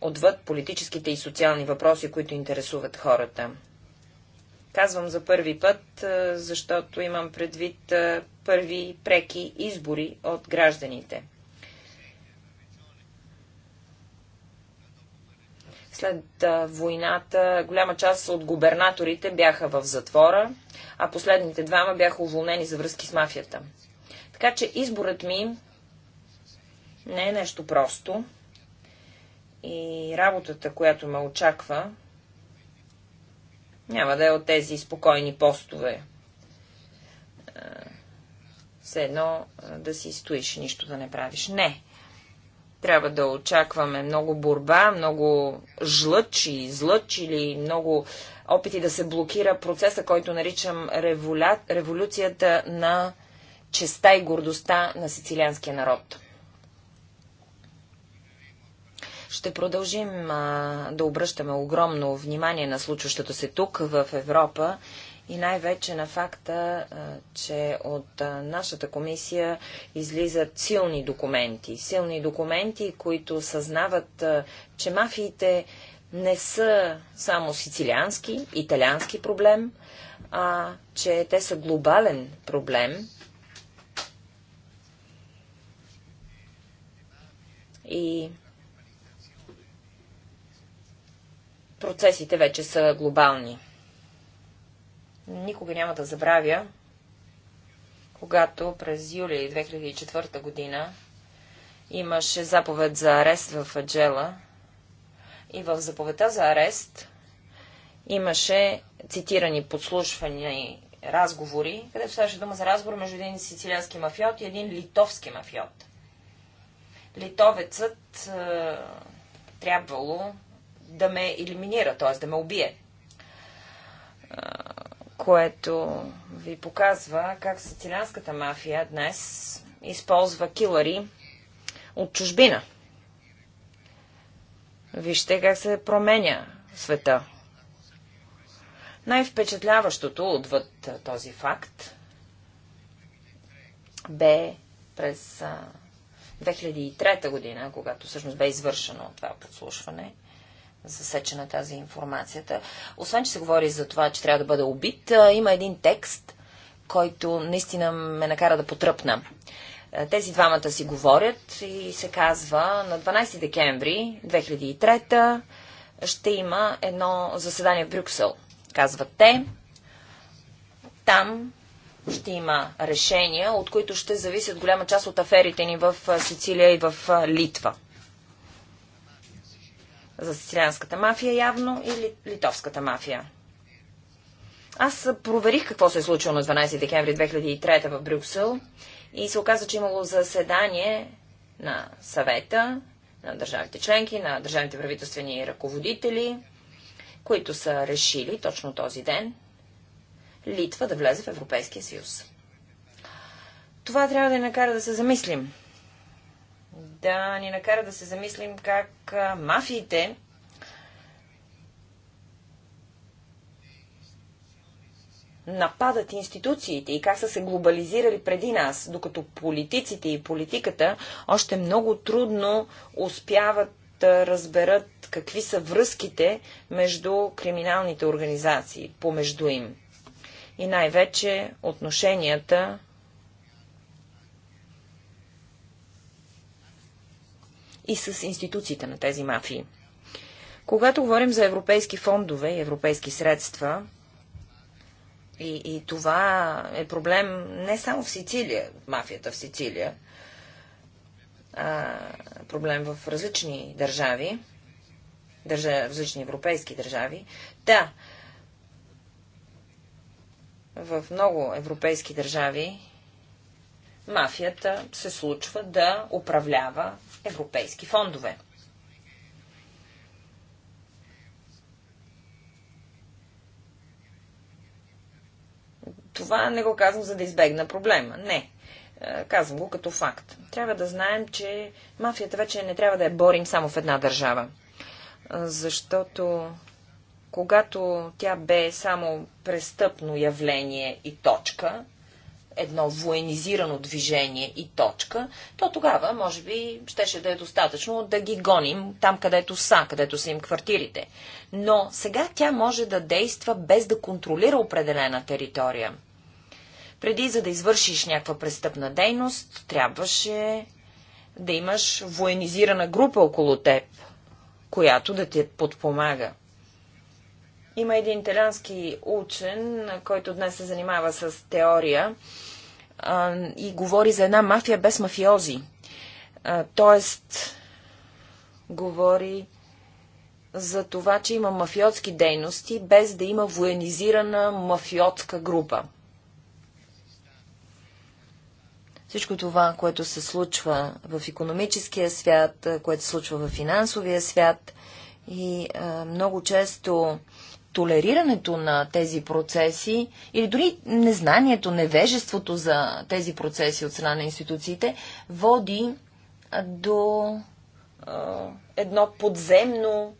отвъд политическите и социални въпроси, които интересуват хората. Казвам за първи път, е, защото имам предвид е, първи преки избори от гражданите. След войната голяма част от губернаторите бяха в затвора, а последните двама бяха уволнени за връзки с мафията. Така че изборът ми не е нещо просто и работата, която ме очаква, няма да е от тези спокойни постове. Все едно да си стоиш, нищо да не правиш. Не. Трябва да очакваме много борба, много жлъч и злъч или много опити да се блокира процеса, който наричам револя... революцията на честа и гордостта на сицилианския народ. Ще продължим а, да обръщаме огромно внимание на случващото се тук в Европа и най-вече на факта, а, че от а, нашата комисия излизат силни документи. Силни документи, които съзнават, а, че мафиите не са само сицилиански, италиански проблем, а че те са глобален проблем и процесите вече са глобални. Никога няма да забравя, когато през юли 2004 година имаше заповед за арест в Аджела и в заповедта за арест имаше цитирани подслушвания и разговори, където ставаше дума за разговор между един сицилиански мафиот и един литовски мафиот литовецът а, трябвало да ме елиминира, т.е. да ме убие. Което ви показва как сицилианската мафия днес използва килари от чужбина. Вижте как се променя света. Най-впечатляващото отвъд този факт бе през 2003 година, когато всъщност бе извършено това подслушване, засечена тази информацията. Освен, че се говори за това, че трябва да бъде убит, има един текст, който наистина ме накара да потръпна. Тези двамата си говорят и се казва на 12 декември 2003 ще има едно заседание в Брюксел. Казват те. Там ще има решения, от които ще зависят голяма част от аферите ни в Сицилия и в Литва. За сицилианската мафия явно и литовската мафия. Аз проверих какво се е случило на 12 декември 2003 в Брюксел и се оказа, че е имало заседание на съвета на държавите членки, на държавните правителствени ръководители, които са решили точно този ден, Литва да влезе в Европейския съюз. Това трябва да ни накара да се замислим. Да ни накара да се замислим как мафиите нападат институциите и как са се глобализирали преди нас, докато политиците и политиката още много трудно успяват да разберат какви са връзките между криминалните организации, помежду им и най-вече отношенията и с институциите на тези мафии. Когато говорим за европейски фондове и европейски средства, и, и това е проблем не само в Сицилия, мафията в Сицилия, а проблем в различни държави, държа, различни европейски държави. Да, в много европейски държави мафията се случва да управлява европейски фондове. Това не го казвам, за да избегна проблема. Не. Е, казвам го като факт. Трябва да знаем, че мафията вече не трябва да я е борим само в една държава. Защото когато тя бе само престъпно явление и точка, едно военизирано движение и точка, то тогава, може би, щеше да е достатъчно да ги гоним там, където са, където са им квартирите. Но сега тя може да действа без да контролира определена територия. Преди, за да извършиш някаква престъпна дейност, трябваше да имаш военизирана група около теб, която да те подпомага. Има един италиански учен, който днес се занимава с теория а, и говори за една мафия без мафиози. А, тоест, говори за това, че има мафиотски дейности, без да има военизирана мафиотска група. Всичко това, което се случва в економическия свят, което се случва в финансовия свят и а, много често толерирането на тези процеси или дори незнанието, невежеството за тези процеси от страна на институциите води до едно подземно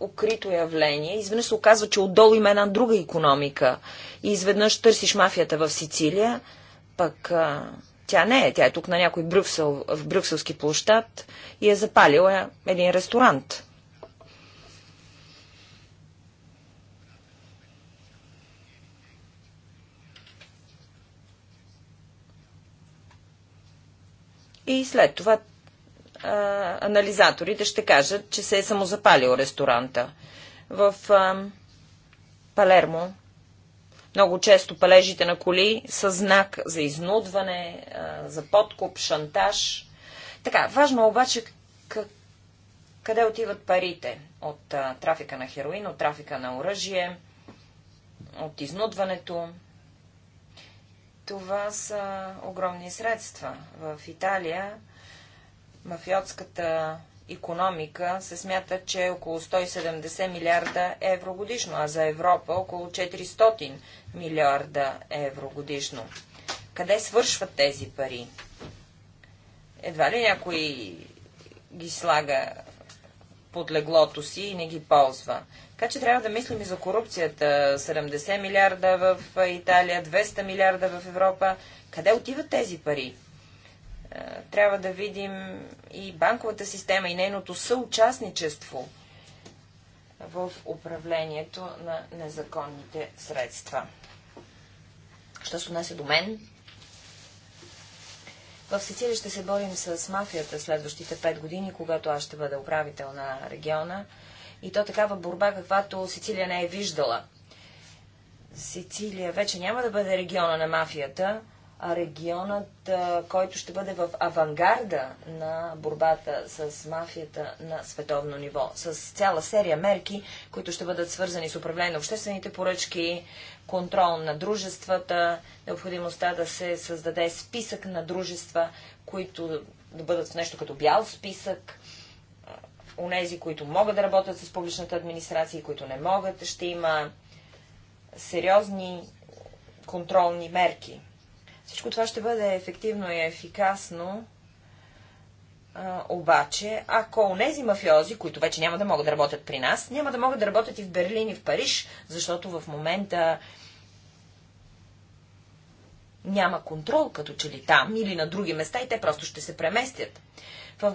укрито явление. Изведнъж се оказва, че отдолу има една друга економика. И изведнъж търсиш мафията в Сицилия, пък а, тя не е. Тя е тук на някой Брюксел, в брюкселски площад и е запалила един ресторант. и след това а, анализаторите ще кажат, че се е самозапалил ресторанта. В а, Палермо много често палежите на коли са знак за изнудване, а, за подкуп, шантаж. Така, важно е обаче къде отиват парите от а, трафика на хероин, от трафика на оръжие, от изнудването. Това са огромни средства. В Италия мафиотската економика се смята, че е около 170 милиарда евро годишно, а за Европа около 400 милиарда евро годишно. Къде свършват тези пари? Едва ли някой ги слага под леглото си и не ги ползва. Така че трябва да мислим и за корупцията. 70 милиарда в Италия, 200 милиарда в Европа. Къде отиват тези пари? Е, трябва да видим и банковата система и нейното съучастничество в управлението на незаконните средства. Що се отнася до мен? В Сицилия ще се борим с мафията следващите 5 години, когато аз ще бъда управител на региона. И то такава борба, каквато Сицилия не е виждала. Сицилия вече няма да бъде региона на мафията, а регионът, който ще бъде в авангарда на борбата с мафията на световно ниво. С цяла серия мерки, които ще бъдат свързани с управление на обществените поръчки, контрол на дружествата, необходимостта да се създаде списък на дружества, които да бъдат в нещо като бял списък, онези, които могат да работят с публичната администрация и които не могат, ще има сериозни контролни мерки. Всичко това ще бъде ефективно и ефикасно, а, обаче, ако онези мафиози, които вече няма да могат да работят при нас, няма да могат да работят и в Берлин и в Париж, защото в момента няма контрол като че ли там или на други места и те просто ще се преместят. В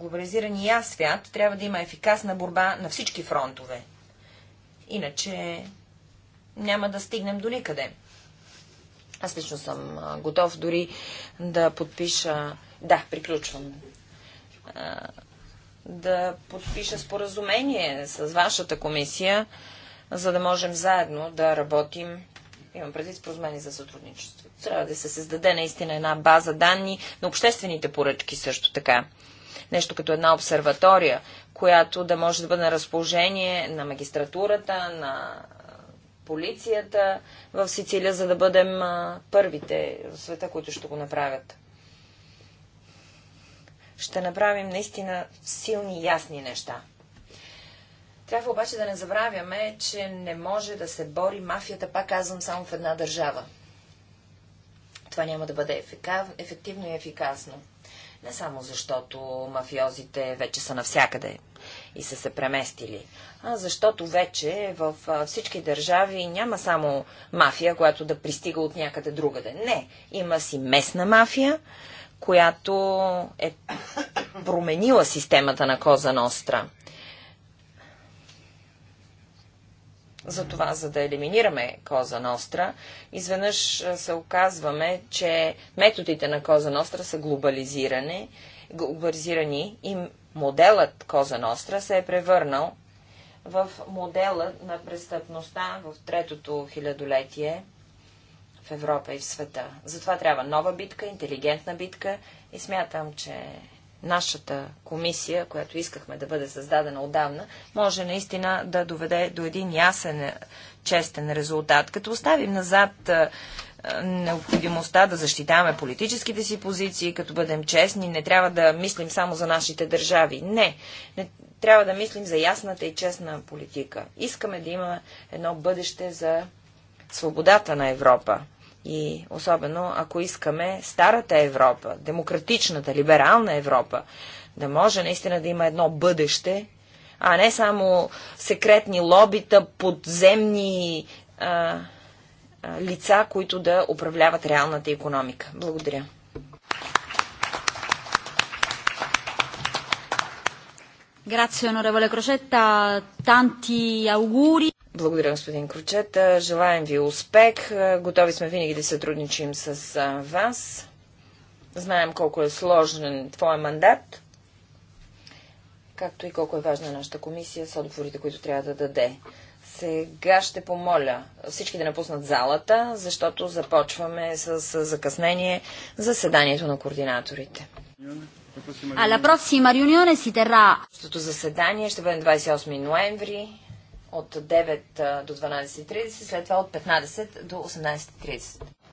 глобализирания свят трябва да има ефикасна борба на всички фронтове. Иначе няма да стигнем до никъде. Аз лично съм готов дори да подпиша... Да, приключвам. Да подпиша споразумение с вашата комисия, за да можем заедно да работим Имам преди споразумение за сътрудничество. Трябва да се създаде наистина една база данни на обществените поръчки също така. Нещо като една обсерватория, която да може да бъде на разположение на магистратурата, на полицията в Сицилия, за да бъдем първите в света, които ще го направят. Ще направим наистина силни, и ясни неща. Трябва обаче да не забравяме, че не може да се бори мафията, пак казвам, само в една държава. Това няма да бъде ефективно и ефикасно. Не само защото мафиозите вече са навсякъде и са се преместили, а защото вече в всички държави няма само мафия, която да пристига от някъде другаде. Не, има си местна мафия, която е променила системата на Коза Ностра. за това, за да елиминираме Коза Ностра, изведнъж се оказваме, че методите на Коза Ностра са глобализирани, глобализирани и моделът Коза Ностра се е превърнал в модела на престъпността в третото хилядолетие в Европа и в света. Затова трябва нова битка, интелигентна битка и смятам, че нашата комисия, която искахме да бъде създадена отдавна, може наистина да доведе до един ясен, честен резултат. Като оставим назад необходимостта да защитаваме политическите си позиции, като бъдем честни, не трябва да мислим само за нашите държави. Не, не трябва да мислим за ясната и честна политика. Искаме да има едно бъдеще за свободата на Европа. И особено ако искаме старата Европа, демократичната, либерална Европа, да може наистина да има едно бъдеще, а не само секретни лобита, подземни а, а, лица, които да управляват реалната економика. Благодаря. Grazie onorevole Crocetta, tanti auguri. Благодаря, господин Кручет. Желаем ви успех. Е, готови сме винаги да сътрудничим с е, вас. Знаем колко е сложен твоя мандат, както и колко е важна нашата комисия с отговорите, които трябва да даде. Сега ще помоля всички да напуснат залата, защото започваме с закъснение заседанието на координаторите. Alla prossima riunione si terrà. заседание ще бъде 28 ноември от 9 до 12.30, след това от 15 до 18.30.